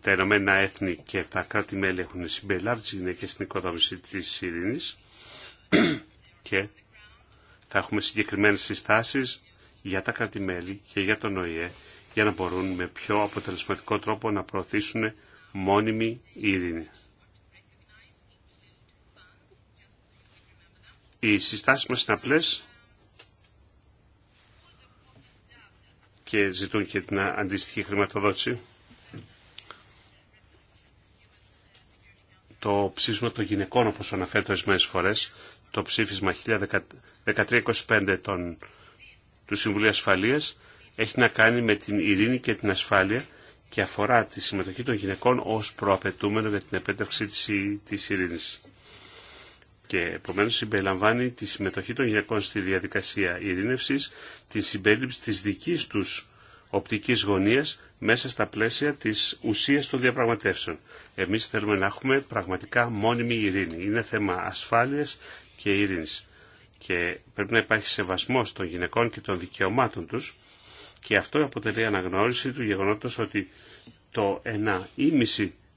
C: τα Ηνωμένα Έθνη και τα κράτη-μέλη έχουν συμπεριλάβει τις γυναίκες στην οικοδόμηση της ειρήνης και θα έχουμε συγκεκριμένες συστάσεις για τα κράτη-μέλη και για τον ΟΗΕ για να μπορούν με πιο αποτελεσματικό τρόπο να προωθήσουν μόνιμη ειρήνη. Οι συστάσεις μας είναι απλές και ζητούν και την αντίστοιχη χρηματοδότηση. το ψήφισμα των γυναικών, όπως αναφέρεται ορισμένες φορές, το ψήφισμα 1325 των, του Συμβουλίου Ασφαλείας, έχει να κάνει με την ειρήνη και την ασφάλεια και αφορά τη συμμετοχή των γυναικών ως προαπαιτούμενο για την επέταξη της ειρήνης. Και επομένως συμπεριλαμβάνει τη συμμετοχή των γυναικών στη διαδικασία ειρήνευσης, τη συμπέριληψη της δικής τους οπτικής γωνίας μέσα στα πλαίσια της ουσίας των διαπραγματεύσεων. Εμείς θέλουμε να έχουμε πραγματικά μόνιμη ειρήνη. Είναι θέμα ασφάλειας και ειρήνης. Και πρέπει να υπάρχει σεβασμός των γυναικών και των δικαιωμάτων τους και αυτό αποτελεί αναγνώριση του γεγονότος ότι το ένα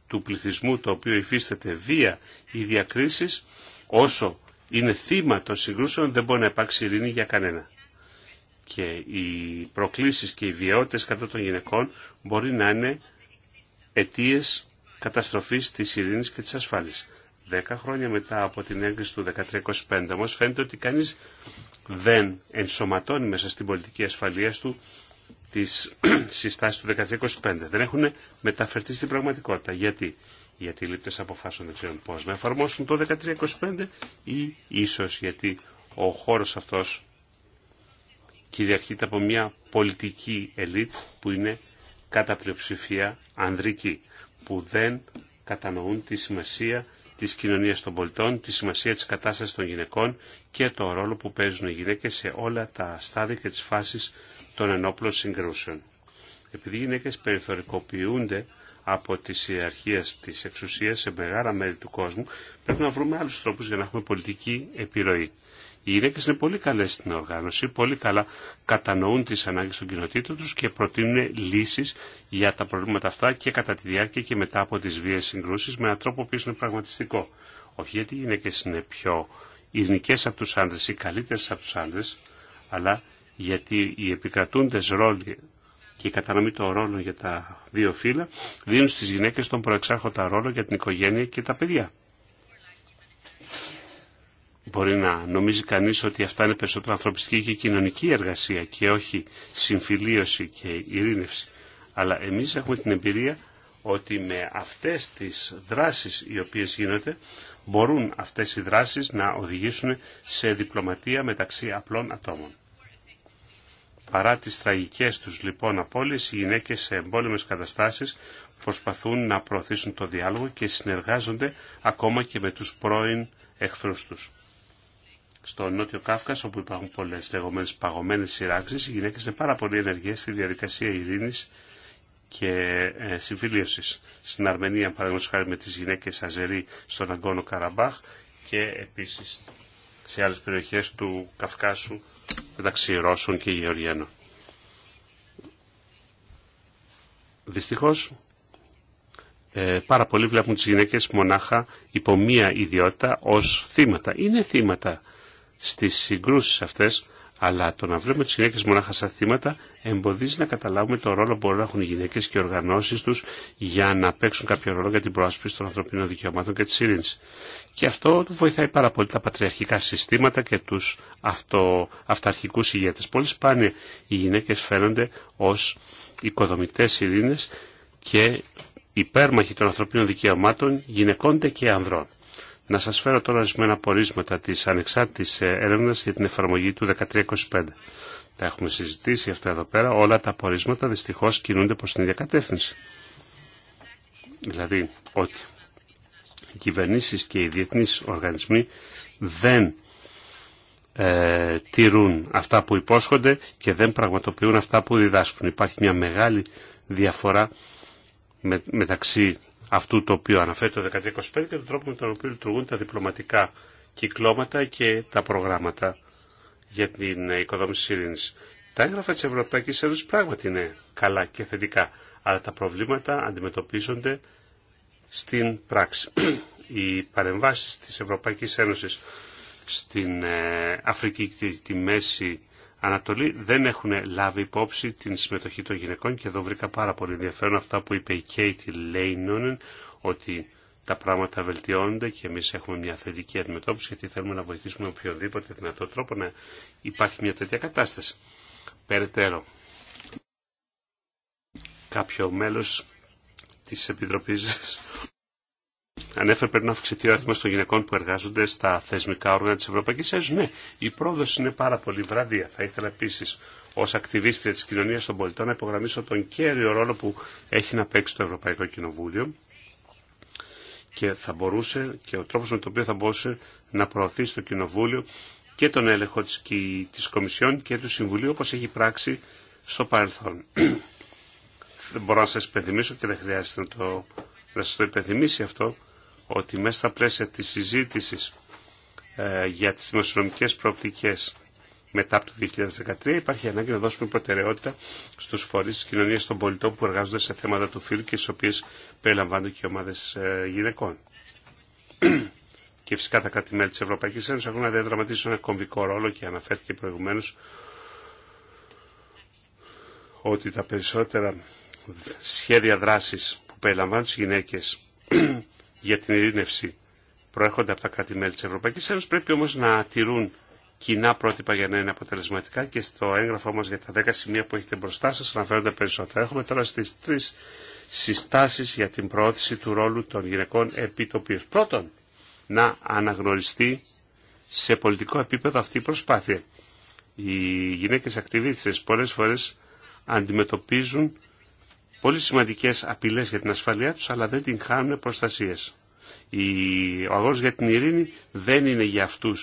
C: του πληθυσμού το οποίο υφίσταται βία ή διακρίσεις όσο είναι θύμα των συγκρούσεων δεν μπορεί να υπάρξει ειρήνη για κανένα και οι προκλήσεις και οι βιαιότητες κατά των γυναικών μπορεί να είναι αιτίε καταστροφής της ειρήνης και της ασφάλειας. Δέκα χρόνια μετά από την έγκριση του 1325 όμως φαίνεται ότι κανείς δεν ενσωματώνει μέσα στην πολιτική ασφαλείας του τις συστάσεις του 1325. Δεν έχουν μεταφερθεί στην πραγματικότητα. Γιατί, γιατί οι λήπτες αποφάσουν δεν ξέρουν πώς να εφαρμόσουν το 1325 ή ίσως γιατί ο χώρος αυτός κυριαρχείται από μια πολιτική ελίτ που είναι κατά πλειοψηφία ανδρική, που δεν κατανοούν τη σημασία της κοινωνίας των πολιτών, τη σημασία της κατάστασης των γυναικών και το ρόλο που παίζουν οι γυναίκες σε όλα τα στάδια και τις φάσεις των ενόπλων συγκρούσεων. Επειδή οι γυναίκες περιθωρικοποιούνται από τις ιεραρχίες της εξουσίας σε μεγάλα μέρη του κόσμου, πρέπει να βρούμε άλλους τρόπους για να έχουμε πολιτική επιρροή. Οι γυναίκε είναι πολύ καλέ στην οργάνωση, πολύ καλά κατανοούν τι ανάγκε των κοινοτήτων του και προτείνουν λύσει για τα προβλήματα αυτά και κατά τη διάρκεια και μετά από τι βίε συγκρούσει με έναν τρόπο που είναι πραγματιστικό. Όχι γιατί οι γυναίκε είναι πιο ειρηνικέ από του άντρε ή καλύτερε από του άντρε, αλλά γιατί οι επικρατούντε ρόλοι και η κατανομή των ρόλων για τα δύο φύλλα δίνουν στι γυναίκε τον προεξάρχοντα ρόλο για την οικογένεια και τα παιδιά. Μπορεί να νομίζει κανείς ότι αυτά είναι περισσότερο ανθρωπιστική και κοινωνική εργασία και όχι συμφιλίωση και ειρήνευση. Αλλά εμείς έχουμε την εμπειρία ότι με αυτές τις δράσεις οι οποίες γίνονται μπορούν αυτές οι δράσεις να οδηγήσουν σε διπλωματία μεταξύ απλών ατόμων. Παρά τις τραγικές τους λοιπόν απώλειες, οι γυναίκες σε εμπόλεμες καταστάσεις προσπαθούν να προωθήσουν το διάλογο και συνεργάζονται ακόμα και με τους πρώην εχθρούς τους στο Νότιο Κάφκας, όπου υπάρχουν πολλές λεγόμενες παγωμένες σειράξεις, οι γυναίκες είναι πάρα πολύ ενεργές στη διαδικασία ειρήνης και ε, συμφιλίωσης. Στην Αρμενία, παραδείγματος χάρη με τις γυναίκες Αζερί στον Αγκόνο Καραμπάχ και επίσης σε άλλες περιοχές του Καυκάσου μεταξύ Ρώσων και Γεωργιανών. Δυστυχώς, ε, πάρα πολλοί βλέπουν τις γυναίκες μονάχα υπό μία ιδιότητα ως θύματα. Είναι θύματα στις συγκρούσεις αυτές, αλλά το να βλέπουμε τις γυναίκες μονάχα σαν θύματα εμποδίζει να καταλάβουμε το ρόλο που μπορούν να έχουν οι γυναίκες και οι οργανώσεις τους για να παίξουν κάποιο ρόλο για την προάσπιση των ανθρωπίνων δικαιωμάτων και της ειρήνης. Και αυτό του βοηθάει πάρα πολύ τα πατριαρχικά συστήματα και τους αυτο, αυταρχικούς ηγέτες. Πολύ σπάνια οι γυναίκες φαίνονται ως οικοδομητές ειρήνες και υπέρμαχοι των ανθρωπίνων δικαιωμάτων γυναικών και ανδρών. Να σας φέρω τώρα ορισμένα πορίσματα της ανεξάρτητης έρευνας για την εφαρμογή του 1325. Τα έχουμε συζητήσει αυτά εδώ πέρα. Όλα τα πορίσματα δυστυχώς κινούνται προς την ίδια κατεύθυνση. Δηλαδή ότι οι κυβερνήσεις και οι διεθνείς οργανισμοί δεν ε, τηρούν αυτά που υπόσχονται και δεν πραγματοποιούν αυτά που διδάσκουν. Υπάρχει μια μεγάλη διαφορά μεταξύ αυτού το οποίο αναφέρει το 1925 και τον τρόπο με τον οποίο λειτουργούν τα διπλωματικά κυκλώματα και τα προγράμματα για την οικοδόμηση ειρήνης. Τα έγγραφα της Ευρωπαϊκής Ένωσης πράγματι είναι καλά και θετικά, αλλά τα προβλήματα αντιμετωπίζονται στην πράξη. Οι παρεμβάσεις της Ευρωπαϊκής Ένωσης στην ε, Αφρική και τη Μέση Ανατολή δεν έχουν λάβει υπόψη την συμμετοχή των γυναικών και εδώ βρήκα πάρα πολύ ενδιαφέρον αυτά που είπε η Κέιτι Λέινονεν ότι τα πράγματα βελτιώνονται και εμείς έχουμε μια θετική αντιμετώπιση γιατί θέλουμε να βοηθήσουμε οποιοδήποτε δυνατό τρόπο να υπάρχει μια τέτοια κατάσταση. Περαιτέρω, κάποιο μέλος της Επιτροπής Ανέφερε πρέπει να αυξηθεί ο αριθμό των γυναικών που εργάζονται στα θεσμικά όργανα τη Ευρωπαϊκή Ένωση. Ναι, η πρόοδο είναι πάρα πολύ βραδία. Θα ήθελα επίση ω ακτιβίστρια τη κοινωνία των πολιτών να υπογραμμίσω τον κέριο ρόλο που έχει να παίξει το Ευρωπαϊκό Κοινοβούλιο και θα μπορούσε και ο τρόπο με τον οποίο θα μπορούσε να προωθεί στο Κοινοβούλιο και τον έλεγχο της, της Κομισιόν και του Συμβουλίου όπως έχει πράξει στο παρελθόν. δεν μπορώ να σα υπενθυμίσω και δεν χρειάζεται να, το, να το υπενθυμίσει αυτό ότι μέσα στα πλαίσια της συζήτησης ε, για τις δημοσιονομικές προοπτικές μετά από το 2013 υπάρχει ανάγκη να δώσουμε προτεραιότητα στους φορείς της κοινωνίας των πολιτών που εργάζονται σε θέματα του φύλου και στις οποίες περιλαμβάνονται και ομάδες ε, γυναικών. και φυσικά τα κράτη-μέλη της Ευρωπαϊκής Ένωσης έχουν να διαδραματίσουν ένα κομβικό ρόλο και αναφέρθηκε προηγουμένως ότι τα περισσότερα σχέδια δράσης που περιλαμβάνουν τις γυναίκες για την ειρήνευση προέρχονται από τα κράτη-μέλη της Ευρωπαϊκής Ένωσης, πρέπει όμως να τηρούν κοινά πρότυπα για να είναι αποτελεσματικά και στο έγγραφό μας για τα 10 σημεία που έχετε μπροστά σας αναφέρονται περισσότερα. Έχουμε τώρα στις τρεις συστάσεις για την προώθηση του ρόλου των γυναικών επί Πρώτον, να αναγνωριστεί σε πολιτικό επίπεδο αυτή η προσπάθεια. Οι γυναίκες ακτιβίτες πολλές φορές αντιμετωπίζουν πολύ σημαντικέ απειλέ για την ασφαλεία του, αλλά δεν την χάνουν προστασίε. Ο αγώνα για την ειρήνη δεν είναι για αυτού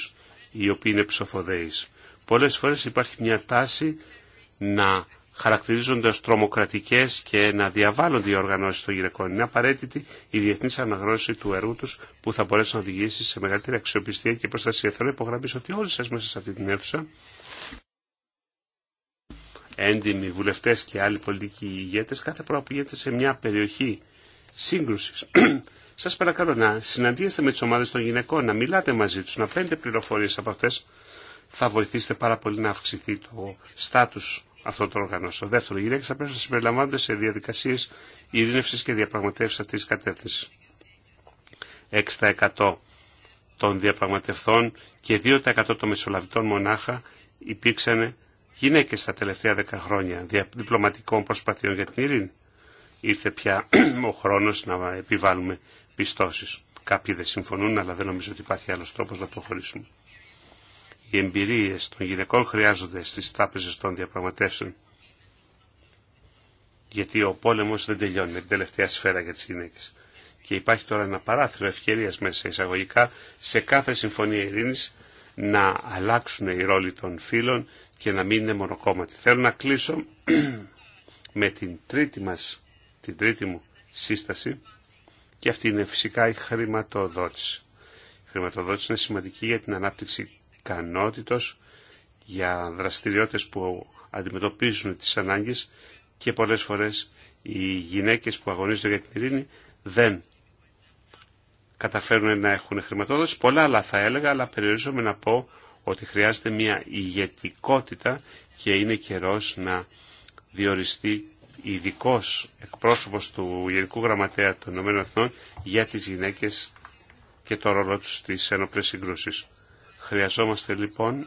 C: οι οποίοι είναι ψοφοδέοι. Πολλέ φορέ υπάρχει μια τάση να χαρακτηρίζονται ως τρομοκρατικές και να διαβάλλονται οι οργανώσεις των γυναικών. Είναι απαραίτητη η διεθνής αναγνώριση του έργου τους που θα μπορέσει να οδηγήσει σε μεγαλύτερη αξιοπιστία και προστασία. Θέλω να υπογραμμίσω ότι όλοι σας μέσα σε αυτή την αίθουσα έντιμοι βουλευτές και άλλοι πολιτικοί ηγέτες κάθε φορά που γίνεται σε μια περιοχή σύγκρουσης. Σας παρακαλώ να συναντήσετε με τις ομάδες των γυναικών, να μιλάτε μαζί τους, να παίρνετε πληροφορίες από αυτές. Θα βοηθήσετε πάρα πολύ να αυξηθεί το στάτους αυτό το όργανο. Στο δεύτερο, οι γυναίκε θα πρέπει να συμπεριλαμβάνονται σε διαδικασίες ειρήνευσης και διαπραγματεύσει αυτή τη κατεύθυνση. 6% των διαπραγματευτών και 2% των μεσολαβητών μονάχα υπήρξαν γυναίκες τα τελευταία δέκα χρόνια διπλωματικών προσπαθειών για την ειρήνη. Ήρθε πια ο χρόνος να επιβάλλουμε πιστώσεις. Κάποιοι δεν συμφωνούν, αλλά δεν νομίζω ότι υπάρχει άλλος τρόπος να προχωρήσουμε. Οι εμπειρίες των γυναικών χρειάζονται στις τάπεζες των διαπραγματεύσεων. Γιατί ο πόλεμος δεν τελειώνει με την τελευταία σφαίρα για τις γυναίκες. Και υπάρχει τώρα ένα παράθυρο ευκαιρίας μέσα εισαγωγικά σε κάθε συμφωνία ειρήνης να αλλάξουν οι ρόλοι των φίλων και να μην είναι μονοκόμματοι. Θέλω να κλείσω με την τρίτη μας, την τρίτη μου σύσταση και αυτή είναι φυσικά η χρηματοδότηση. Η χρηματοδότηση είναι σημαντική για την ανάπτυξη ικανότητος, για δραστηριότητες που αντιμετωπίζουν τις ανάγκες και πολλές φορές οι γυναίκες που αγωνίζονται για την ειρήνη δεν καταφέρουν να έχουν χρηματοδότηση. Πολλά άλλα θα έλεγα, αλλά περιορίζομαι να πω ότι χρειάζεται μια ηγετικότητα και είναι καιρός να διοριστεί ειδικό εκπρόσωπος του Γενικού Γραμματέα των Ηνωμένων για τις γυναίκες και το ρόλο τους στις ένοπλες συγκρούσεις. Χρειαζόμαστε λοιπόν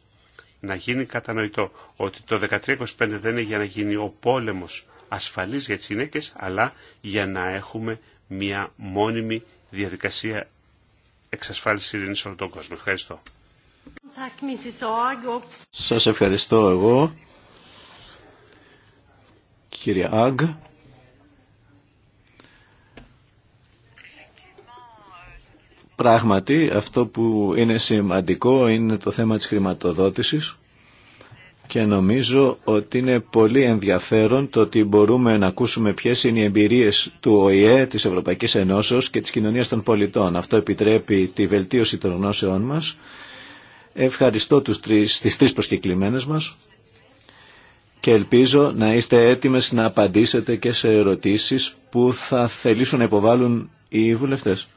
C: να γίνει κατανοητό ότι το 1325 δεν είναι για να γίνει ο πόλεμος ασφαλής για τις γυναίκες, αλλά για να έχουμε μια μόνιμη διαδικασία εξασφάλισης ειρήνης όλων τον κόσμο. Ευχαριστώ.
B: Σας ευχαριστώ εγώ, κύριε Αγ. Πράγματι, αυτό που είναι σημαντικό είναι το θέμα της χρηματοδότησης και νομίζω ότι είναι πολύ ενδιαφέρον το ότι μπορούμε να ακούσουμε ποιες είναι οι εμπειρίες του ΟΗΕ, της Ευρωπαϊκής Ενώσεως και της κοινωνίας των πολιτών. Αυτό επιτρέπει τη βελτίωση των γνώσεών μας. Ευχαριστώ τους τρεις, τις τρεις προσκεκλημένες μας και ελπίζω να είστε έτοιμες να απαντήσετε και σε ερωτήσεις που θα θελήσουν να υποβάλουν οι βουλευτές.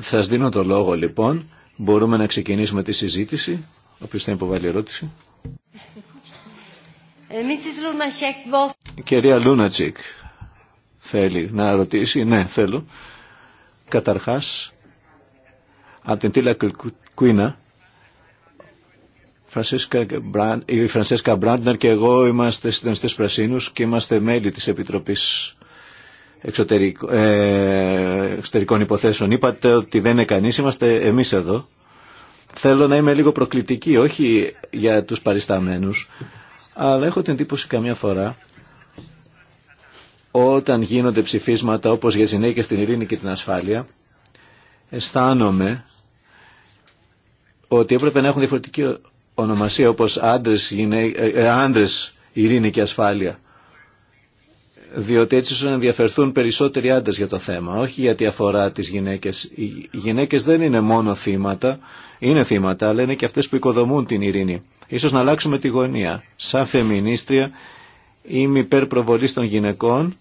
B: Σας δίνω το λόγο λοιπόν. Μπορούμε να ξεκινήσουμε τη συζήτηση. Όποιος θα υποβάλει ερώτηση. Ε, η κυρία Λούνατζικ θέλει να ρωτήσει. Ναι, θέλω. Καταρχάς, από την Τίλα Κουίνα, η Φρανσέσκα Μπράντνερ και εγώ είμαστε συντονιστές Πρασίνους και είμαστε μέλη της Επιτροπής ε, Εξωτερικών Υποθέσεων. Είπατε ότι δεν είναι κανείς, είμαστε εμείς εδώ. Θέλω να είμαι λίγο προκλητική, όχι για τους παρισταμένους, αλλά έχω την εντύπωση καμιά φορά όταν γίνονται ψηφίσματα όπως για τις και την ειρήνη και την ασφάλεια, αισθάνομαι ότι έπρεπε να έχουν διαφορετική ονομασία όπως άντρες, γυναί... Ε, ε, άντρες ειρήνη και ασφάλεια διότι έτσι ώστε να ενδιαφερθούν περισσότεροι άντρε για το θέμα, όχι γιατί αφορά τι γυναίκε. Οι γυναίκε δεν είναι μόνο θύματα, είναι θύματα, αλλά είναι και αυτέ που οικοδομούν την ειρήνη. Ίσως να αλλάξουμε τη γωνία. Σαν φεμινίστρια Η μη προβολή των γυναικών.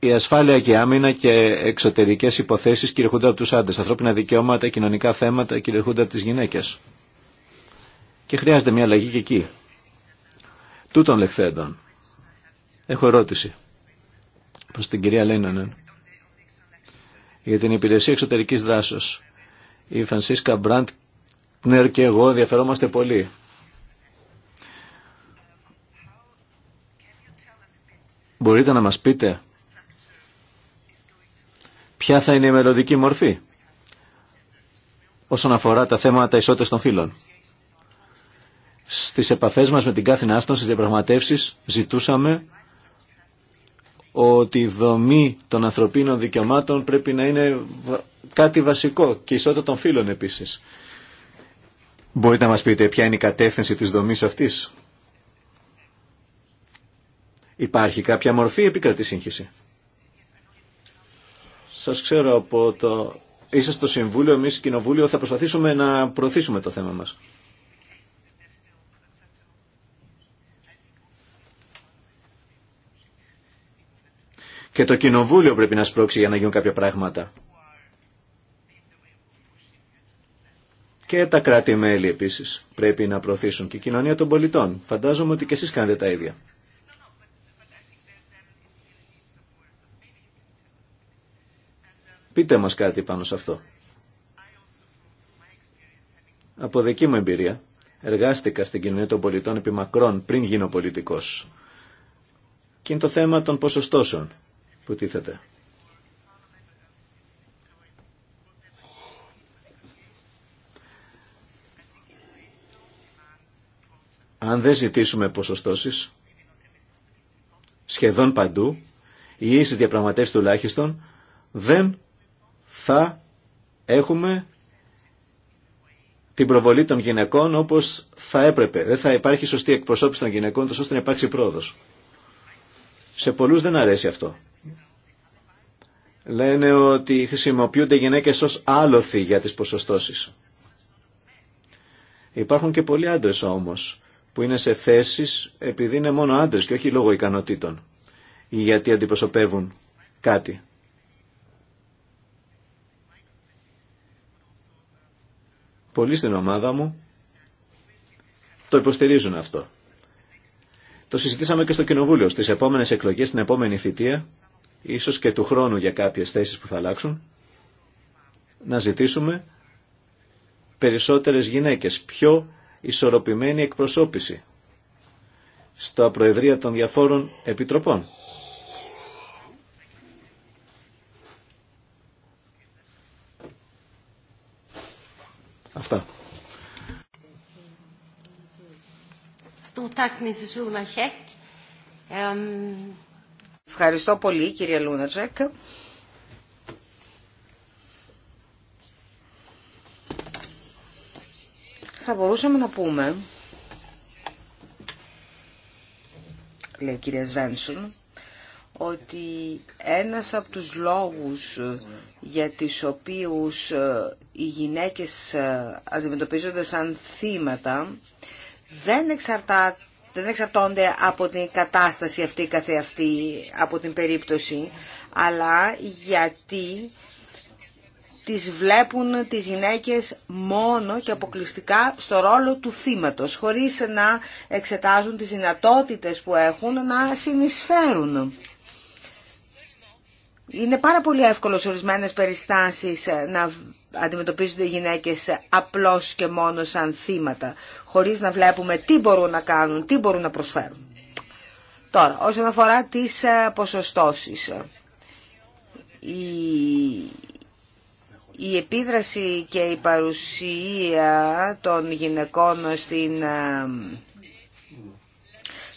B: Η ασφάλεια και η άμυνα και εξωτερικές υποθέσεις κυριαρχούνται από τους άντρες. Ανθρώπινα δικαιώματα, κοινωνικά θέματα κυριαρχούνται από τις γυναίκες και χρειάζεται μια αλλαγή και εκεί. Τούτων λεχθέντων. Έχω ερώτηση προς την κυρία Λένανεν για την υπηρεσία εξωτερικής δράσεως. Η Φρανσίσκα Νερ και εγώ ενδιαφερόμαστε πολύ. Μπορείτε να μας πείτε ποια θα είναι η μελλοντική μορφή όσον αφορά τα θέματα ισότητας των φύλων. Στις επαφές μας με την κάθε Άστον, στις διαπραγματεύσεις, ζητούσαμε ότι η δομή των ανθρωπίνων δικαιωμάτων πρέπει να είναι κάτι βασικό και ισότητα των φίλων επίσης. Μπορείτε να μας πείτε ποια είναι η κατεύθυνση της δομής αυτής. Υπάρχει κάποια μορφή επικρατή σύγχυση. Σας ξέρω από το... Είσαι στο Συμβούλιο, εμείς Κοινοβούλιο θα προσπαθήσουμε να προωθήσουμε το θέμα μας. Και το κοινοβούλιο πρέπει να σπρώξει για να γίνουν κάποια πράγματα. Και τα κράτη-μέλη επίσης πρέπει να προωθήσουν και η κοινωνία των πολιτών. Φαντάζομαι ότι και εσείς κάνετε τα ίδια. Πείτε μας κάτι πάνω σε αυτό. Από δική μου εμπειρία, εργάστηκα στην κοινωνία των πολιτών επί μακρόν πριν γίνω πολιτικός. Και είναι το θέμα των ποσοστώσεων που τίθεται. Αν δεν ζητήσουμε ποσοστώσεις, σχεδόν παντού, η ίσες διαπραγματεύσεις τουλάχιστον, δεν θα έχουμε την προβολή των γυναικών όπως θα έπρεπε. Δεν θα υπάρχει σωστή εκπροσώπηση των γυναικών, τόσο ώστε να υπάρξει πρόοδος. Σε πολλούς δεν αρέσει αυτό λένε ότι χρησιμοποιούνται γυναίκες ως άλοθη για τις ποσοστώσεις. Υπάρχουν και πολλοί άντρες όμως που είναι σε θέσεις επειδή είναι μόνο άντρες και όχι λόγω ικανοτήτων ή γιατί αντιπροσωπεύουν κάτι. Πολλοί στην ομάδα μου το υποστηρίζουν αυτό. Το συζητήσαμε και στο Κοινοβούλιο. Στις επόμενες εκλογές, στην επόμενη θητεία, ίσως και του χρόνου για κάποιες θέσεις που θα αλλάξουν, να ζητήσουμε περισσότερες γυναίκες, πιο ισορροπημένη εκπροσώπηση στα Προεδρία των διαφόρων επιτροπών.
A: Αυτά. Stort Ευχαριστώ πολύ κυρία Λούνατζεκ.
D: Θα μπορούσαμε να πούμε, λέει η κυρία Σβένσον, ότι ένας από τους λόγους για τις οποίους ε, οι γυναίκες ε, αντιμετωπίζονται σαν θύματα δεν εξαρτάται δεν εξαρτώνται από την κατάσταση αυτή αυτή από την περίπτωση, αλλά γιατί τις βλέπουν τις γυναίκες μόνο και αποκλειστικά στο ρόλο του θύματος, χωρίς να εξετάζουν τις δυνατότητες που έχουν να συνεισφέρουν. Είναι πάρα πολύ εύκολο σε ορισμένες περιστάσεις να αντιμετωπίζονται οι γυναίκες απλώς και μόνο σαν θύματα, χωρίς να βλέπουμε τι μπορούν να κάνουν, τι μπορούν να προσφέρουν. Τώρα, όσον αφορά τις ε, ποσοστώσεις, η, η επίδραση και η παρουσία των γυναικών στην, ε,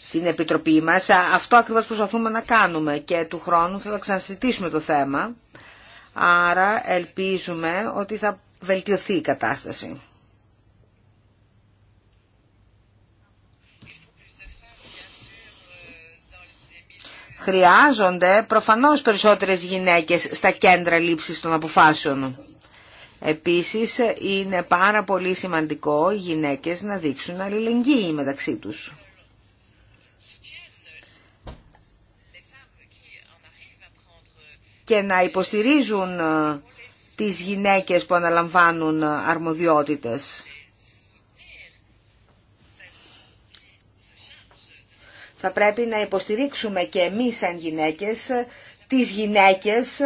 D: στην Επιτροπή μας, αυτό ακριβώς προσπαθούμε να κάνουμε και του χρόνου θα ξανασυζητήσουμε το θέμα Άρα ελπίζουμε ότι θα βελτιωθεί η κατάσταση. Χρειάζονται προφανώς περισσότερες γυναίκες στα κέντρα λήψης των αποφάσεων. Επίσης είναι πάρα πολύ σημαντικό οι γυναίκες να δείξουν αλληλεγγύη μεταξύ τους. και να υποστηρίζουν ε, τις γυναίκες που αναλαμβάνουν ε, αρμοδιότητες. Θα πρέπει να υποστηρίξουμε και εμείς σαν γυναίκες ε, τις γυναίκες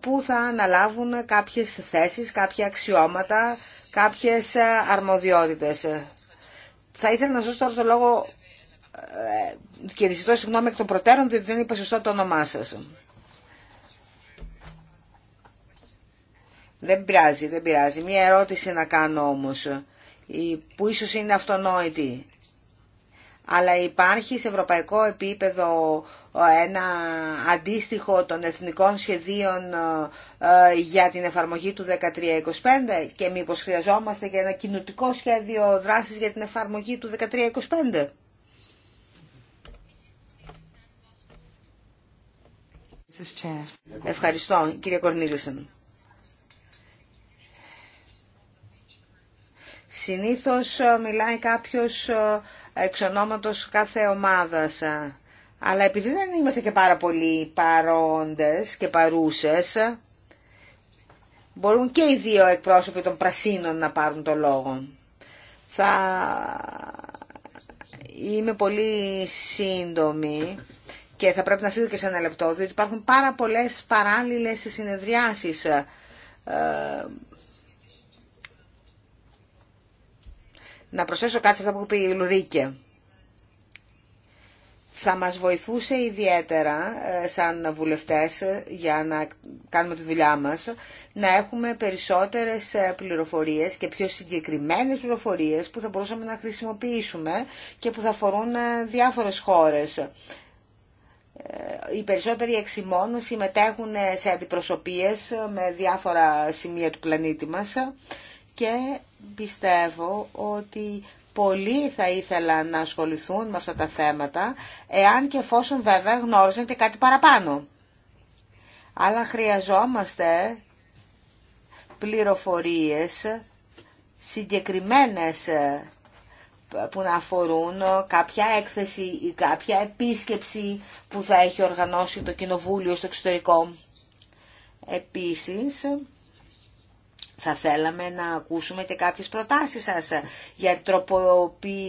D: που θα αναλάβουν κάποιες θέσεις, κάποια αξιώματα, κάποιες αρμοδιότητες. Θα ήθελα να σας τώρα το λόγο και ζητώ συγγνώμη εκ των προτέρων, διότι δεν είπα σωστά το όνομά σας. Δεν πειράζει, δεν πειράζει. Μία ερώτηση να κάνω όμως, που ίσως είναι αυτονόητη. Αλλά υπάρχει σε ευρωπαϊκό επίπεδο ε, ένα αντίστοιχο των εθνικών σχεδίων ε, για την εφαρμογή του 1325 και μήπως χρειαζόμαστε και ένα κοινοτικό σχέδιο δράσης για την εφαρμογή του 1325. Ευχαριστώ, κύριε Κορνίλισεν. Συνήθως ε, μιλάει κάποιος ε, εξ κάθε ομάδας. Ε. Αλλά επειδή δεν είμαστε και πάρα πολλοί παρόντες και παρούσες, μπορούν και οι δύο εκπρόσωποι των πρασίνων να πάρουν το λόγο. Θα είμαι πολύ σύντομη και θα πρέπει να φύγω και σε ένα λεπτό, διότι υπάρχουν πάρα πολλές παράλληλες συνεδριάσεις να προσθέσω κάτι σε αυτά που είπε η Λουρίκε. Θα μας βοηθούσε ιδιαίτερα ε, σαν βουλευτές για να κάνουμε τη δουλειά μας να έχουμε περισσότερες ε, πληροφορίες και πιο συγκεκριμένες πληροφορίες που θα μπορούσαμε να χρησιμοποιήσουμε και που θα αφορούν ε, διάφορες χώρες οι περισσότεροι εξημών συμμετέχουν σε αντιπροσωπείες με διάφορα σημεία του πλανήτη μας και πιστεύω ότι πολλοί θα ήθελαν να ασχοληθούν με αυτά τα θέματα, εάν και εφόσον βέβαια γνώριζαν και κάτι παραπάνω. Αλλά χρειαζόμαστε πληροφορίες συγκεκριμένες ε, που να αφορούν κάποια έκθεση ή κάποια επίσκεψη που θα έχει οργανώσει το Κοινοβούλιο στο εξωτερικό. Επίσης, θα θέλαμε να ακούσουμε και κάποιες προτάσεις σας για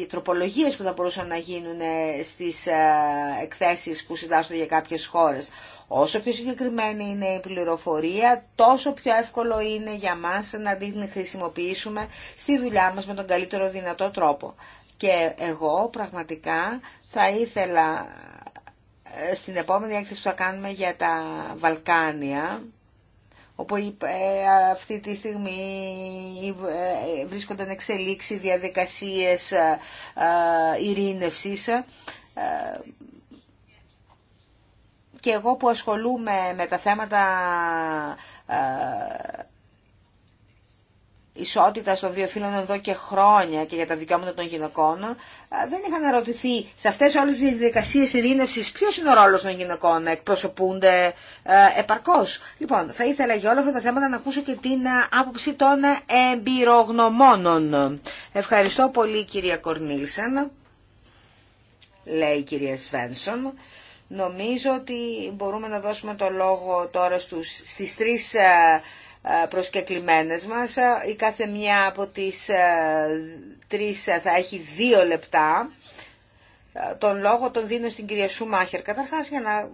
D: τροπολογίες που θα μπορούσαν να γίνουν ε, στις ε, εκθέσεις που συντάσσονται για κάποιες χώρες. Όσο πιο συγκεκριμένη είναι η πληροφορία, τόσο πιο εύκολο είναι για μας να την χρησιμοποιήσουμε στη δουλειά μας με τον καλύτερο δυνατό τρόπο. Και εγώ πραγματικά θα ήθελα ε, στην επόμενη έκθεση που θα κάνουμε για τα Βαλκάνια, όπου ε, αυτή τη στιγμή ε, ε, βρίσκονταν εξελίξει διαδικασίες ειρήνευσης. Και εγώ που ασχολούμαι με τα θέματα ισότητα των δύο φύλων εδώ και χρόνια και για τα δικαιώματα των γυναικών, δεν είχαν ερωτηθεί σε αυτές όλες τις διαδικασίες ειρήνευση ποιο είναι ο ρόλος των γυναικών, εκπροσωπούνται επαρκώ. Λοιπόν, θα ήθελα για όλα αυτά τα θέματα να ακούσω και την άποψη των εμπειρογνωμόνων. Ευχαριστώ πολύ κυρία Κορνίλσεν, λέει η κυρία Σβένσον. Νομίζω ότι μπορούμε να δώσουμε το λόγο τώρα στους, στις τρεις ε, προσκεκλημένες μας. Ε, η κάθε μια από τις ε, τρεις θα έχει δύο λεπτά. Τον λόγο τον δίνω στην κυρία Σούμαχερ καταρχάς για να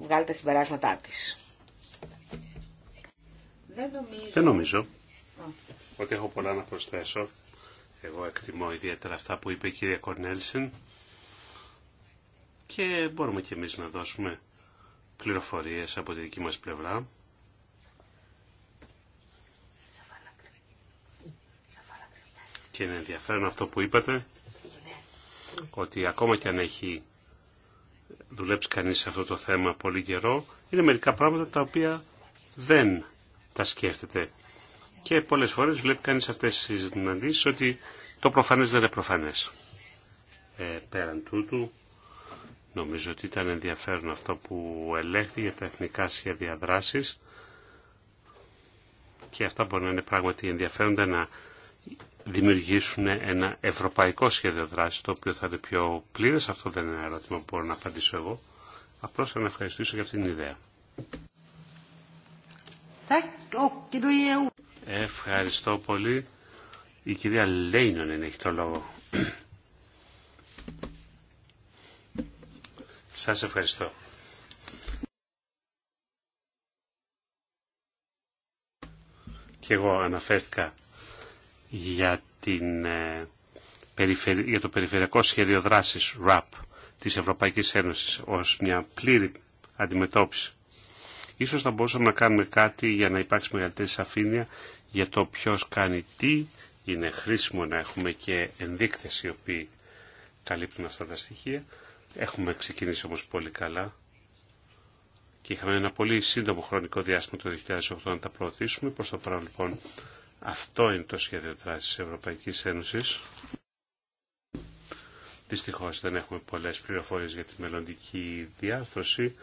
D: βγάλει τα συμπεράσματά της.
C: Δεν νομίζω, Δεν νομίζω ότι έχω πολλά να προσθέσω. Εγώ εκτιμώ ιδιαίτερα αυτά που είπε η κυρία Κορνέλσεν και μπορούμε και εμείς να δώσουμε πληροφορίες από τη δική μας πλευρά. Και είναι ενδιαφέρον αυτό που είπατε, ότι ακόμα και αν έχει δουλέψει κανείς σε αυτό το θέμα πολύ καιρό, είναι μερικά πράγματα τα οποία δεν τα σκέφτεται. Και πολλές φορές βλέπει κανείς αυτές τις συναντήσεις ότι το προφανές δεν είναι προφανές. Ε, πέραν τούτου, νομίζω ότι ήταν ενδιαφέρον αυτό που ελέγχθη για τα εθνικά σχέδια δράσης και αυτά μπορεί να είναι πράγματι ενδιαφέροντα να δημιουργήσουν ένα ευρωπαϊκό σχέδιο δράση, το οποίο θα είναι πιο πλήρε. Αυτό δεν είναι ένα ερώτημα που μπορώ να απαντήσω εγώ. Απλώ θα ευχαριστήσω για αυτήν την ιδέα. Ευχαριστώ πολύ. Η κυρία Λέινον έχει το λόγο. Σας ευχαριστώ. Και εγώ αναφέρθηκα για, την, ε, για το περιφερειακό σχέδιο δράσης RAP της Ευρωπαϊκής Ένωσης ως μια πλήρη αντιμετώπιση. Ίσως θα μπορούσαμε να κάνουμε κάτι για να υπάρξει μεγαλύτερη σαφήνεια για το ποιος κάνει τι. Είναι χρήσιμο να έχουμε και ενδείκτες οι οποίοι καλύπτουν αυτά τα στοιχεία. Έχουμε ξεκινήσει όμως πολύ καλά και είχαμε ένα πολύ σύντομο χρονικό διάστημα το 2008 να τα προωθήσουμε. Προς το παρόν λοιπόν αυτό είναι το σχέδιο δράση τη Ευρωπαϊκής Ένωσης. Δυστυχώς δεν έχουμε πολλές πληροφορίε για τη μελλοντική διάρθρωση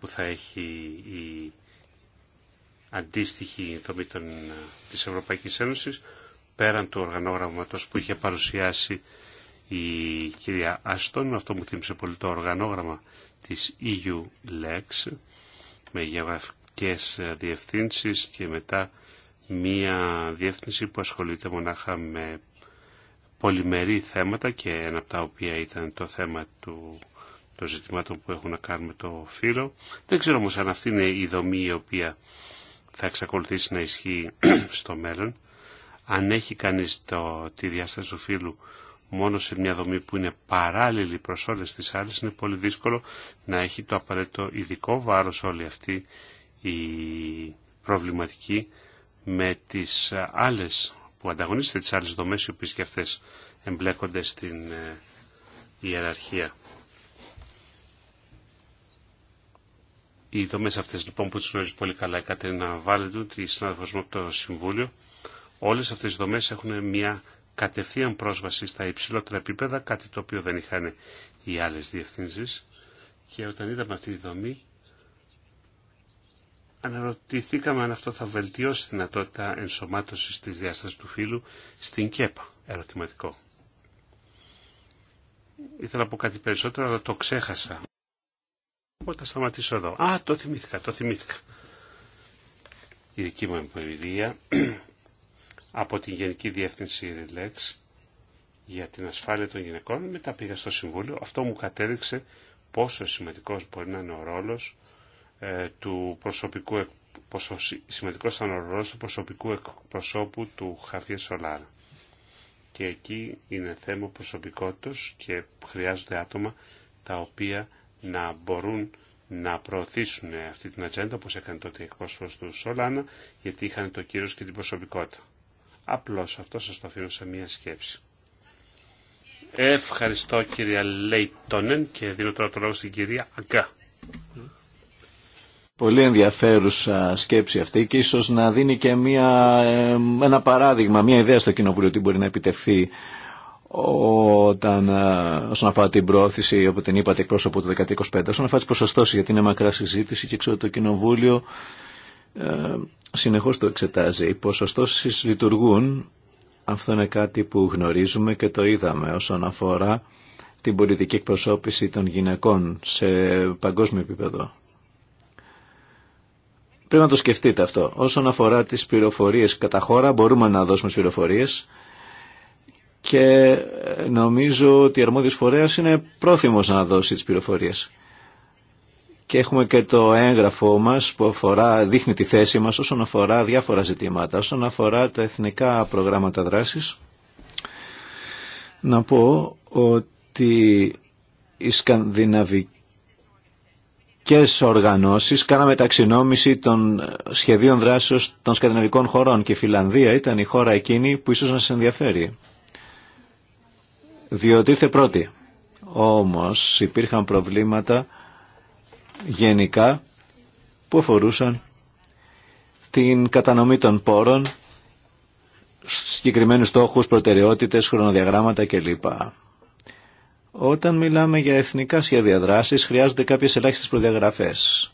C: που θα έχει η αντίστοιχη δομή των, της Ευρωπαϊκής Ένωσης πέραν του οργανόγραμματος που είχε παρουσιάσει η κυρία Άστον, αυτό μου θύμισε πολύ το οργανόγραμμα της EU-LEX με γεωγραφικές διευθύνσεις και μετά μία διεύθυνση που ασχολείται μονάχα με πολυμερή θέματα και ένα από τα οποία ήταν το θέμα του των ζητημάτων που έχουν να κάνουν με το φύλλο. Δεν ξέρω όμως αν αυτή είναι η δομή η οποία θα εξακολουθήσει να ισχύει στο μέλλον. Αν έχει κανείς το, τη διάσταση του φύλλου μόνο σε μια δομή που είναι παράλληλη προς όλες τις άλλες, είναι πολύ δύσκολο να έχει το απαραίτητο ειδικό βάρος όλη αυτή η προβληματική με τις άλλες που ανταγωνίζεται τις άλλες δομές οι οποίες και αυτές εμπλέκονται στην ε, ιεραρχία. Οι δομές αυτές λοιπόν που τις γνωρίζει πολύ καλά η Κατερίνα Βάλεντου, τη συνάδελφος μου από το Συμβούλιο, όλες αυτές οι δομές έχουν μια κατευθείαν πρόσβαση στα υψηλότερα επίπεδα, κάτι το οποίο δεν είχαν οι άλλες διευθύνσεις. Και όταν είδαμε αυτή τη δομή Αναρωτηθήκαμε αν αυτό θα βελτιώσει τη δυνατότητα ενσωμάτωσης της διάστασης του φύλου στην ΚΕΠΑ. Ερωτηματικό. Ήθελα να πω κάτι περισσότερο, αλλά το ξέχασα. Οπότε θα σταματήσω εδώ. Α, το θυμήθηκα, το θυμήθηκα. Η δική μου εμπειρία από την Γενική Διεύθυνση ΡΕΛΕΞ για την ασφάλεια των γυναικών, μετά πήγα στο Συμβούλιο. Αυτό μου κατέδειξε πόσο σημαντικός μπορεί να είναι ο ρόλος ε, του προσωπικού σημαντικός ρόλος του προσωπικού εκπροσώπου του Χαφιέ Σολάρα. Και εκεί είναι θέμα προσωπικότητας και χρειάζονται άτομα τα οποία να μπορούν να προωθήσουν αυτή την ατζέντα όπως έκανε τότε η εκπρόσωπος του Σολάνα γιατί είχαν το κύριο και την προσωπικότητα. Απλώς αυτό σας το αφήνω σε μία σκέψη. Ευχαριστώ κυρία Λέιτονεν και δίνω τώρα το λόγο στην κυρία Αγκά. Mm.
B: Πολύ ενδιαφέρουσα σκέψη αυτή και ίσως να δίνει και μια, ένα παράδειγμα, μια ιδέα στο Κοινοβούλιο τι μπορεί να επιτευχθεί όταν, ε, όσον αφορά την πρόθεση, όπου την είπατε εκπρόσωπο του 1925, όσον αφορά τι ποσοστώσει, γιατί είναι μακρά συζήτηση και ξέρω το Κοινοβούλιο ε, συνεχώς το εξετάζει. Οι ποσοστώσεις λειτουργούν, αυτό είναι κάτι που γνωρίζουμε και το είδαμε όσον αφορά την πολιτική εκπροσώπηση των γυναικών σε παγκόσμιο επίπεδο. Πρέπει να το σκεφτείτε αυτό. Όσον αφορά τις πληροφορίες κατά χώρα, μπορούμε να δώσουμε τις πληροφορίες και ε, νομίζω ότι η αρμόδιος φορέας είναι πρόθυμος να δώσει τις πληροφορίες. Και έχουμε και το έγγραφό μας που αφορά, δείχνει τη θέση μας όσον αφορά διάφορα ζητήματα, όσον αφορά τα εθνικά προγράμματα δράσης. Να πω ότι η σκανδιναβική. Και οργανώσεις κάναμε ταξινόμηση των σχεδίων δράσεως των σκανδιναβικών χωρών και η Φιλανδία ήταν η χώρα εκείνη που ίσως να σας ενδιαφέρει. Διότι ήρθε πρώτη. Όμως υπήρχαν προβλήματα γενικά που αφορούσαν την κατανομή των πόρων, συγκεκριμένους στόχους, προτεραιότητες, χρονοδιαγράμματα κλπ. Όταν μιλάμε για εθνικά σχέδια δράσης χρειάζονται κάποιες ελάχιστες προδιαγραφές.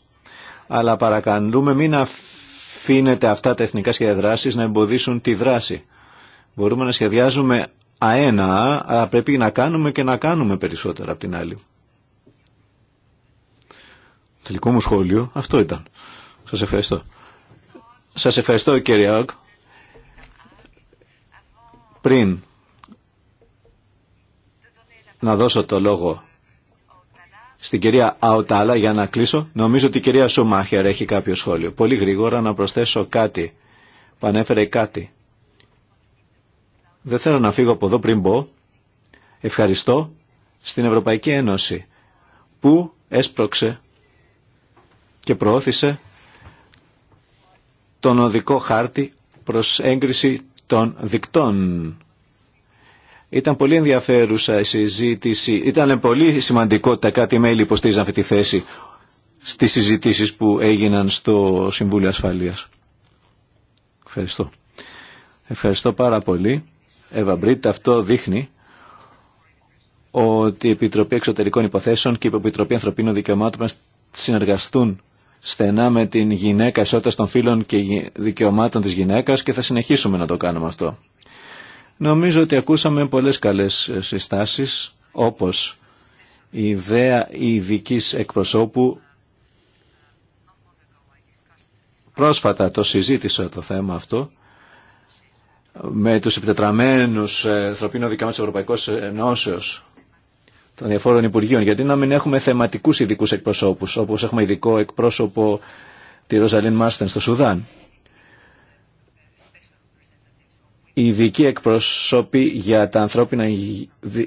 B: Αλλά παρακαλούμε μην αφήνετε αυτά τα εθνικά σχέδια δράσης να εμποδίσουν τη δράση. Μπορούμε να σχεδιάζουμε αένα, αλλά πρέπει να κάνουμε και να κάνουμε περισσότερα από την άλλη. Τελικό μου σχόλιο, αυτό ήταν. Σας ευχαριστώ. Σας ευχαριστώ κύριε Άγκ. Πριν να δώσω το λόγο στην κυρία Αουτάλα για να κλείσω. Νομίζω ότι η κυρία Σουμάχερ έχει κάποιο σχόλιο. Πολύ γρήγορα να προσθέσω κάτι που ανέφερε κάτι. Δεν θέλω να φύγω από εδώ πριν μπω. Ευχαριστώ στην Ευρωπαϊκή Ένωση που έσπρωξε και προώθησε τον οδικό χάρτη προς έγκριση των δικτών ήταν πολύ ενδιαφέρουσα η συζήτηση. Ήταν πολύ σημαντικό τα κάτι μέλη υποστήριζαν αυτή τη θέση στις συζητήσεις που έγιναν στο Συμβούλιο Ασφαλείας. Ευχαριστώ. Ευχαριστώ πάρα πολύ. Εύα Μπρίτ, αυτό δείχνει ότι η Επιτροπή Εξωτερικών Υποθέσεων και η Επιτροπή Ανθρωπίνων Δικαιωμάτων συνεργαστούν στενά με την γυναίκα ισότητα των φίλων και δικαιωμάτων της γυναίκας και θα συνεχίσουμε να το κάνουμε αυτό. Νομίζω ότι ακούσαμε πολλές καλές ε, συστάσεις, όπως η ιδέα ειδική εκπροσώπου. Πρόσφατα το συζήτησα το θέμα αυτό με τους επιτετραμένους ε, ανθρωπίνων δικαιωμάτων της Ευρωπαϊκής Ενώσεως των διαφόρων Υπουργείων. Γιατί να μην έχουμε θεματικούς ειδικού εκπροσώπους, όπως έχουμε ειδικό εκπρόσωπο τη Ροζαλίν Μάστεν στο Σουδάν. ειδικοί εκπροσώπη για τα, ανθρώπινα,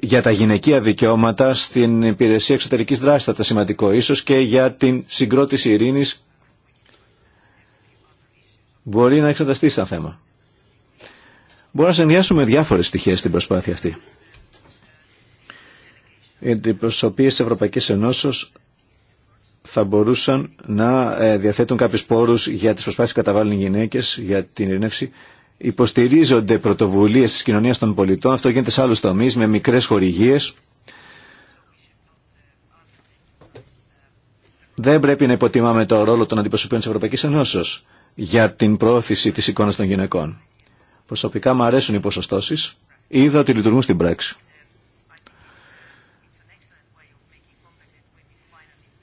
B: για τα γυναικεία δικαιώματα στην υπηρεσία εξωτερικής δράσης θα ήταν σημαντικό ίσως και για την συγκρότηση ειρήνης μπορεί να εξεταστεί σαν θέμα. Μπορούμε να συνδυάσουμε διάφορες στοιχεία στην προσπάθεια αυτή. Οι αντιπροσωπείες της Ευρωπαϊκής Ενώσης θα μπορούσαν να ε, διαθέτουν κάποιους πόρους για τις προσπάθειες που καταβάλουν οι γυναίκες, για την ειρήνευση υποστηρίζονται πρωτοβουλίες της κοινωνίας των πολιτών. Αυτό γίνεται σε άλλους τομείς με μικρές χορηγίες. Δεν πρέπει να υποτιμάμε το ρόλο των αντιπροσωπείων της Ευρωπαϊκής Ενώσεως για την πρόθεση της εικόνας των γυναικών. Προσωπικά μου αρέσουν οι ποσοστώσεις. Είδα ότι λειτουργούν στην πράξη.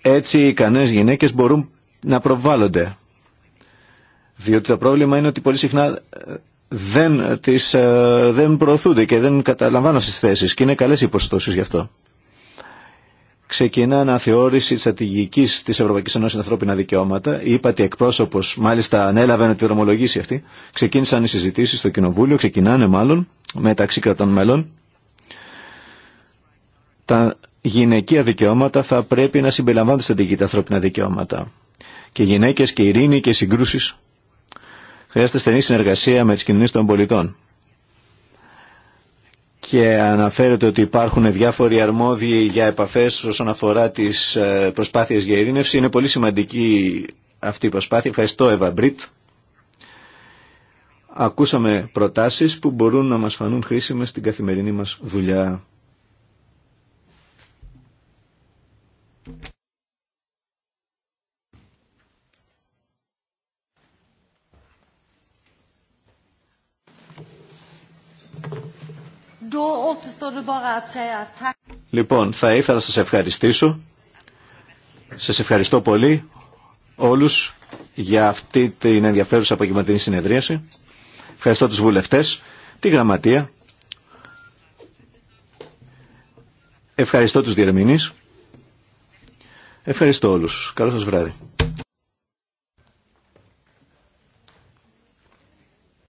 B: Έτσι οι ικανές γυναίκες μπορούν να προβάλλονται διότι το πρόβλημα είναι ότι πολύ συχνά ε, δεν, τις, ε, δεν προωθούνται και δεν καταλαμβάνουν τις θέσεις και είναι καλές οι γι' αυτό. Ξεκινά αναθεώρηση τη στρατηγική τη Ευρωπαϊκή Ένωση Ανθρώπινα Δικαιώματα. Είπα ότι εκπρόσωπο, μάλιστα ανέλαβε να τη δρομολογήσει αυτή. Ξεκίνησαν οι συζητήσει στο Κοινοβούλιο, ξεκινάνε μάλλον μεταξύ κρατών μέλων. Τα γυναικεία δικαιώματα θα πρέπει να συμπεριλαμβάνονται στην στρατηγική τα ανθρώπινα δικαιώματα. Και γυναίκε και ειρήνη και συγκρούσει Χρειάζεται στενή συνεργασία με τις κοινωνίες των πολιτών. Και αναφέρεται ότι υπάρχουν διάφοροι αρμόδιοι για επαφές όσον αφορά τις ε, προσπάθειες για ειρήνευση. Είναι πολύ σημαντική αυτή η προσπάθεια. Ευχαριστώ, Εύα Μπρίτ. Ακούσαμε προτάσεις που μπορούν να μας φανούν χρήσιμες στην καθημερινή μας δουλειά. Λοιπόν, θα ήθελα να σας ευχαριστήσω. Σας ευχαριστώ πολύ όλους για αυτή την ενδιαφέρουσα απογευματινή συνεδρίαση. Ευχαριστώ τους βουλευτές, τη γραμματεία. Ευχαριστώ τους διερμηνείς. Ευχαριστώ όλους. Καλό σας βράδυ.